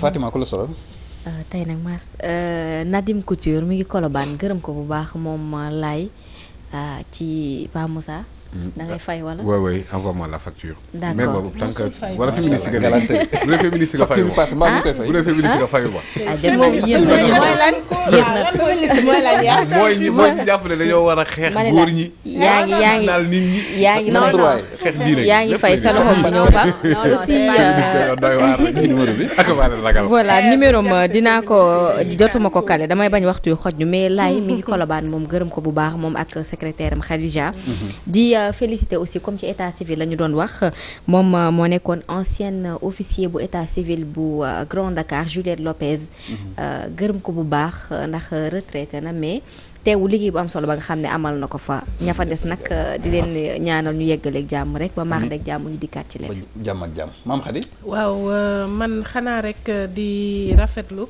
Euh, tey nag mas euh, Nadim Couture mi ngi Colobane gërëm ko bu baax moom euh, laay ci Pa Moussa Mm-hmm. da ngay fay wala. oui oui envoie-moi la facture. d'accord que wala féministe nga bu ah? ah? ah, a yaa ngi yaa ngi naal yaa ngi non yaa ngi fay sa ba ñëw ba. aussi. Euh, ak waa ragal. voilà ma dinaa ko jotuma ko kale damay bañ waxtu yu xoj ñu mais laay mi ngi kolobaan moom gërëm ko bu baax moom ak secrétaire am Khadija mm-hmm. di euh, féliciter aussi comme ci état civil la ñu doon wax moom euh, moo nekkoon ancien euh, officier bu état civil bu euh, Grand Dakar Juliette Lopez. Mhm. gërëm ko bu baax ndax retraité na mais teewu liggéey bu am solo ba nga xam ne amal na ko fa ña fa des nag di leen ñaanal ñu yeggaleeg jàmm rek ba maax ak jàmm ñu dikkaat ci leen. jàmm ak jàmm maam Khady. waaw man xanaa rek di rafetlu.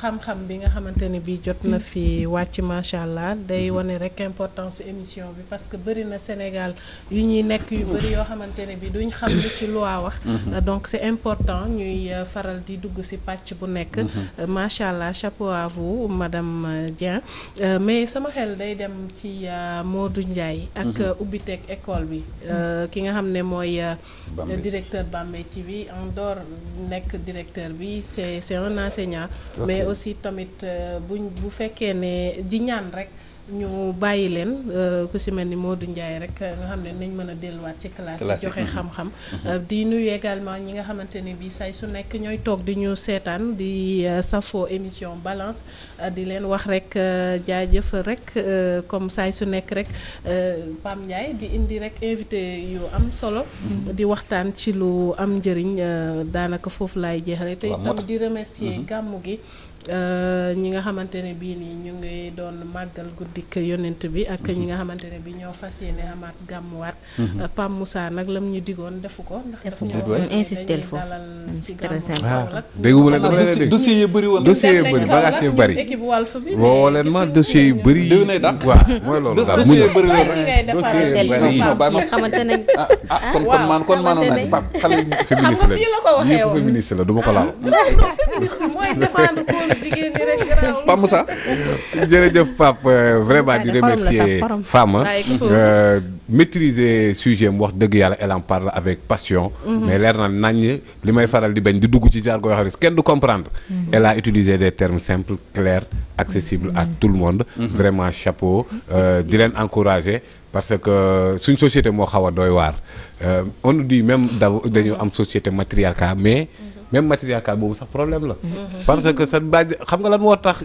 xam-xam bi nga xamante ni bi jot na fi wàcc macha allah day mhm. wane rek importance su émission bi parce que bëri na Sénégal yu ñuy nekk yu bëri yoo xamante ne bi duñ xam lu ci loi wax mhm. donc c'est important ñuy euh, faral di dugg ci pàcc bu nekk mhm. euh, macha allah chapeau à vous madame euh, Dieng mais sama xel day dem ci Modou Ndiaye ak ubbiteeg école bi ki nga xam ne mooy directeur Bambey TV en dehors nekk directeur bi c'est c'est en enseignant mais aussi tamit euh, buñ bu fekkee ne di ñaan rek ñu bàyyi leen euh, ku si mel ni du Ndiaye rek euh, nga xam ne nañ mën a delluwaat ci classe yi joxe mm-hmm. xam-xam mm-hmm. Euh, di nuyu également ñi nga xamante ni bi say su nekk ñooy toog di ñu seetaan di safo émission balance di leen wax rek jaajëf rek comme say su nekk rek Pam Ndiaye di indi rek invité yu am solo mm-hmm. di waxtaan ci lu am njëriñ daanaka foofu lay jeexale te itam di remercier gàmmu gi Euh, ñi nga xamante ne bii nii ñu ngi doon màggal guddik yonent bi ak ñi nga xamante ne bii ñoo fas yéene amaat gàmmuwaat. Mhm. Euh, Pam Moussa nag lam ñu digoon defu ko. def ko insister foofu ci gàmmu ah. dossier yu bëri woon dossier yu bëri bagaas yu bëri. woo leen ma dossier yu bëri. déwén ay dàq waaw mooy loolu daal dossier yu bëri la dossier yu bëri yi xamante ne ah, ah, ah kon kon man kon maanoon nañ Pape xale féministe la yëpp féministe la du ma ko laal jigéen sax rek garaawul Pa Moussa jërëjëf Pape euh, vraiment di remercier Fama euh, maîtriser sujet mu wax dëgg yàlla elle en avec passion mhm. mais leer na nañ li may faral di bañ di dugg ci jargon yoo xam ne kenn du comprendre mhm. elle a des termes simples clairs accessibles à mhm. tout le monde vraiment chapeau euh, di leen encourager parce que suñ société moo xaw a doy waar on nous dit même dañu am société matriarcat mais même matriarcat boobu sax problème la. Mhm. Mhm. parce que sa baaj xam nga lan moo tax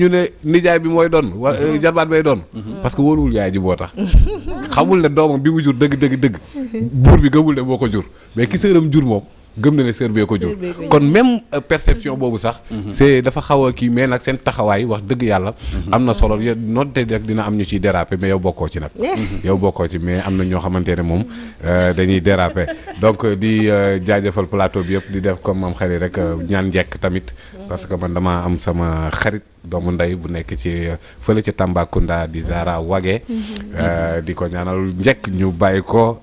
ñu ne nijaay bi mooy doon. wa mhm. jarbaat bay doon. parce que wóoruwul yaay ji moo tax. xamul ne doomam bi mu jur dëgg dëgg dëgg. buur bi gëmul ne boo ko jur mais ki sëram jur moom. gëm na ne sër bee ko jur kon même euh, perception boobu sax mhm. c'est dafa xaw kii mais nag seen taxawaay wax dëgg yàlla mhm. am na solo yo noonte rek dina am ñu ciy déraper mais yow bokkoo ci nag mhm. yow bokkoo ci mais am na ñoo xamante ne moom euh, dañuy déraper donc euh, di jaajëfal plateau bi yëpp di def comme am xarit rek ñaan njekk tamit parce que man damaa am sama xarit doomu ndey bu nekk ci fële ci Tambacounda di Zara Wage di ko ñaanal njekk ñu bàyyi ko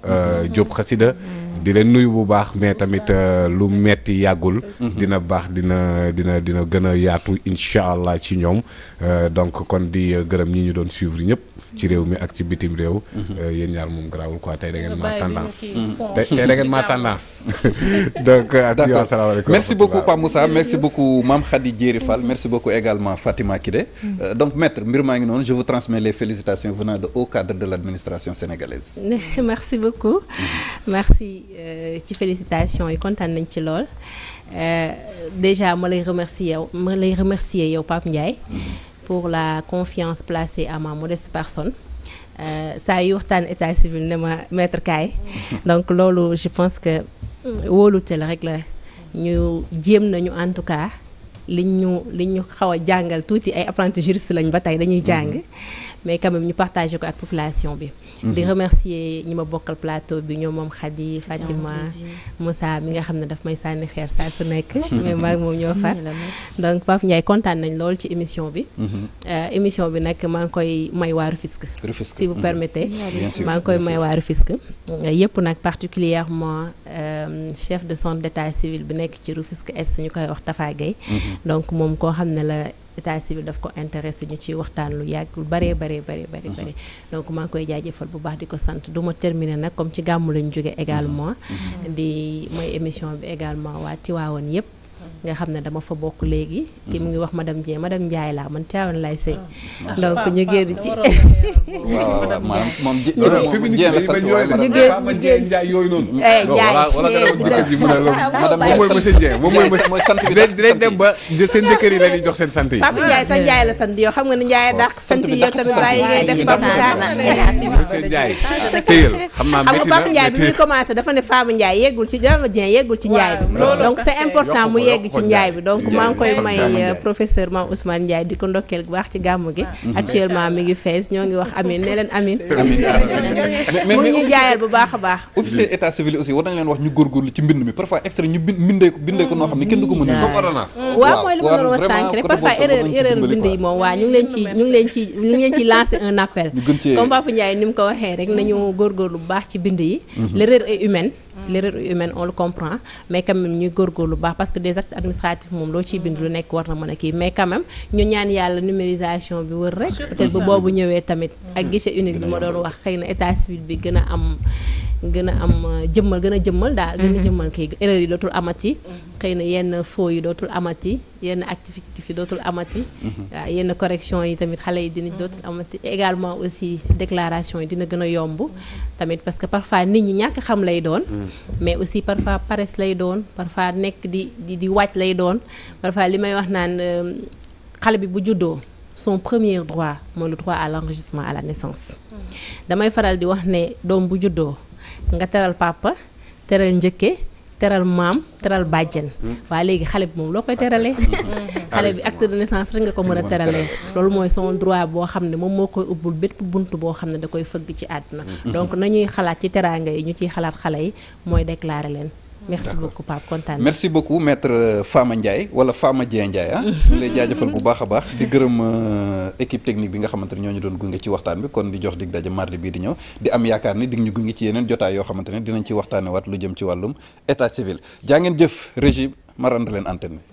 Diop xasida di leen nuyu bu baax mais tamit euh, lu metti yàggul. Mhm. dina baax dina dina dina gën a yaatu incha allah ci ñoom euh, donc kon di euh, gërëm ñi ñu doon suivre ñëpp. ci réew mi ak ci bitim réew. Euh, yéen ñaar moom garaawul quoi tey da ngeen maa tendance. tey da ngeen maa tendance. donc euh, d'accord asalaamaaleykum. merci beaucoup Pape Moussa merci beaucoup Mame Khady Diéry Fall merci beaucoup également Fatima Kidé. Mm. Euh, donc maître mbir maa ngi noonu je vous transmets les félicitations venant de haut cadre de l'administration sénégalaise. merci beaucoup. Mm-hmm. merci ci félicitations yi kontaan nañ ci lool déjà ma lay remercier yow ma lay remercier yow Pape Ndiaye. Mm-hmm. pour la confiance placée à ma modeste personne euh, saa yu waxtaan état civil ne ma maître kaay donc loolu je pense que euh, wóolute la rek la ñu jéem nañu en tout cas liñ ñu li ñu xaw a jàngal tuuti ay apprenti juriste lañ ba tey dañuy jàng mm-hmm. mais quand même ñu partagé ko ak population bi. Mhm. di remercier ñu ma bokkal plateau bi ñoo moom Khady Fatima Moussa mi nga xam ne dafa may sànni xeer saa su nekk. Mhm. mais maag moom ñoo far donc Pape Ndiaye kontaan nañ lool ci émission bi. Mhm. Euh, émission bi nag maa ngi koy may waa Rufisque. si vous permettez. maa ngi koy may waa Rufisque. Euh, yëpp nag particulièrement euh, chef de centre d'état civil bi nekk ci Rufisque Est ñu koy wax Tafa donc moom koo xam ne la. état civil daf ko intéressé ñu ciy waxtaan lu yàgg lu baree baree baree baree mhm. baree donc maa ngi koy jaajëfal bu baax di ko sant du ma terminer nag comme ci gàmmu lañu jóge également mhm. di mooy émission bi également waa Tiwaawoon yëpp nga xam ne dama fa bokk léegi. ki mu ngi wax ma dem madame Ndiaye laa man Thiawane lay sëy ah. donc ñu moom ji. yooyu noonu. mooy sant bi dinañ dem ba seen jëkkër yi la jox seen sant yi. Papa sa xam nga ni Ndiaye dàq sant yi xam naa métti na dafa ne Fama Ndiaye yeggul ci Dieng yeggul ci Ndiaye donc c'est important mu yegg ci njaay bi donc maa ngi koy may euh, professeur Mame Ousmane Ndiaye di ko ndokkeel bu baax ci gàmm gi mm-hmm. Mm-hmm. actuellement mi ngi fees ñoo ngi wax amin ne leen amin mu ngi jaayal bu baax a baax officier état civil aussi war nañ leen wax ñu góorgóorlu ci mbind mi parfois extrait ñu bind bindee ko bindee ko noo xam ne kenn du ko mën a mm-hmm. parfois erreur erreur bind yi moom waa ñu ngi leen ci ñu ngi leen ci ñu ngi leen ci lancer un appel comme Papa Ndiaye ni mu ko waxee rek nañu góorgóorlu bu baax ci bind yi l'erreur est l'erreur humaine on le comprend mais quand même ñuy lu baax parce que des actes administratifs moom loo ciy bind lu nekk war na mën a kii mais quand même ñu ñaan yàlla numérisation bi wër rek peut-être ba boobu ñëwee tamit mm. ak guichet unique bi ma doon wax xëy na état civil bi gën a am gën a am euh, jëmmal gën a jëmmal daal gën a mm-hmm. jëmmal kii erreur yi dootul amati mm-hmm. xëy na yenn faux yi dootul amati yenn activité fi dootul amati. Mhm. waaw yenn correction yi tamit xale yi dina mhm. dootul amati également aussi déclaration yi dina gën a yomb. Mhm. tamit parce que parfois nit ñi ñàkk xam lay doon. mais aussi parfois paresse lay doon parfois nekk di di di wàcc lay doon parfois li may wax naan euh, xale bi bu juddoo. son premier droit mooy le droit à l'enregistrement à la naissance damay faral di wax ne doom bu juddoo nga teral papa teral njëkke teral maam teral bàjjen hmm. waaye léegi xale bi moom loo koy teralee hmm. xale bi acte de naissance rek nga ko mën a teralee loolu mooy son droit boo xam ne moom moo koy ubbul bépp bunt boo xam ne da koy fëgg ci àdduna hmm. donc nañuy xalaat ci teraanga yi ñu ciy xalaat xale yi mooy déclarer leen merci beaucoup Pape kontaan merci beaucoup maître euh, Fama Ndiaye wala Fama Dieng Ndiaye ah. Mhm. lay jaajëfal bu baax a baax. di gërëm euh, équipe technique bi nga xamante ne ñoo ñu doon gunge ci waxtaan bi kon di jox dig daje mardi bii di ñëw di am yaakaar ni dig ñu gunge ci yeneen jotaay yoo xamante ne dinañ ci waxtaane waat lu jëm ci wàllum état civil jaa ngeen jëf régie marand leen antenne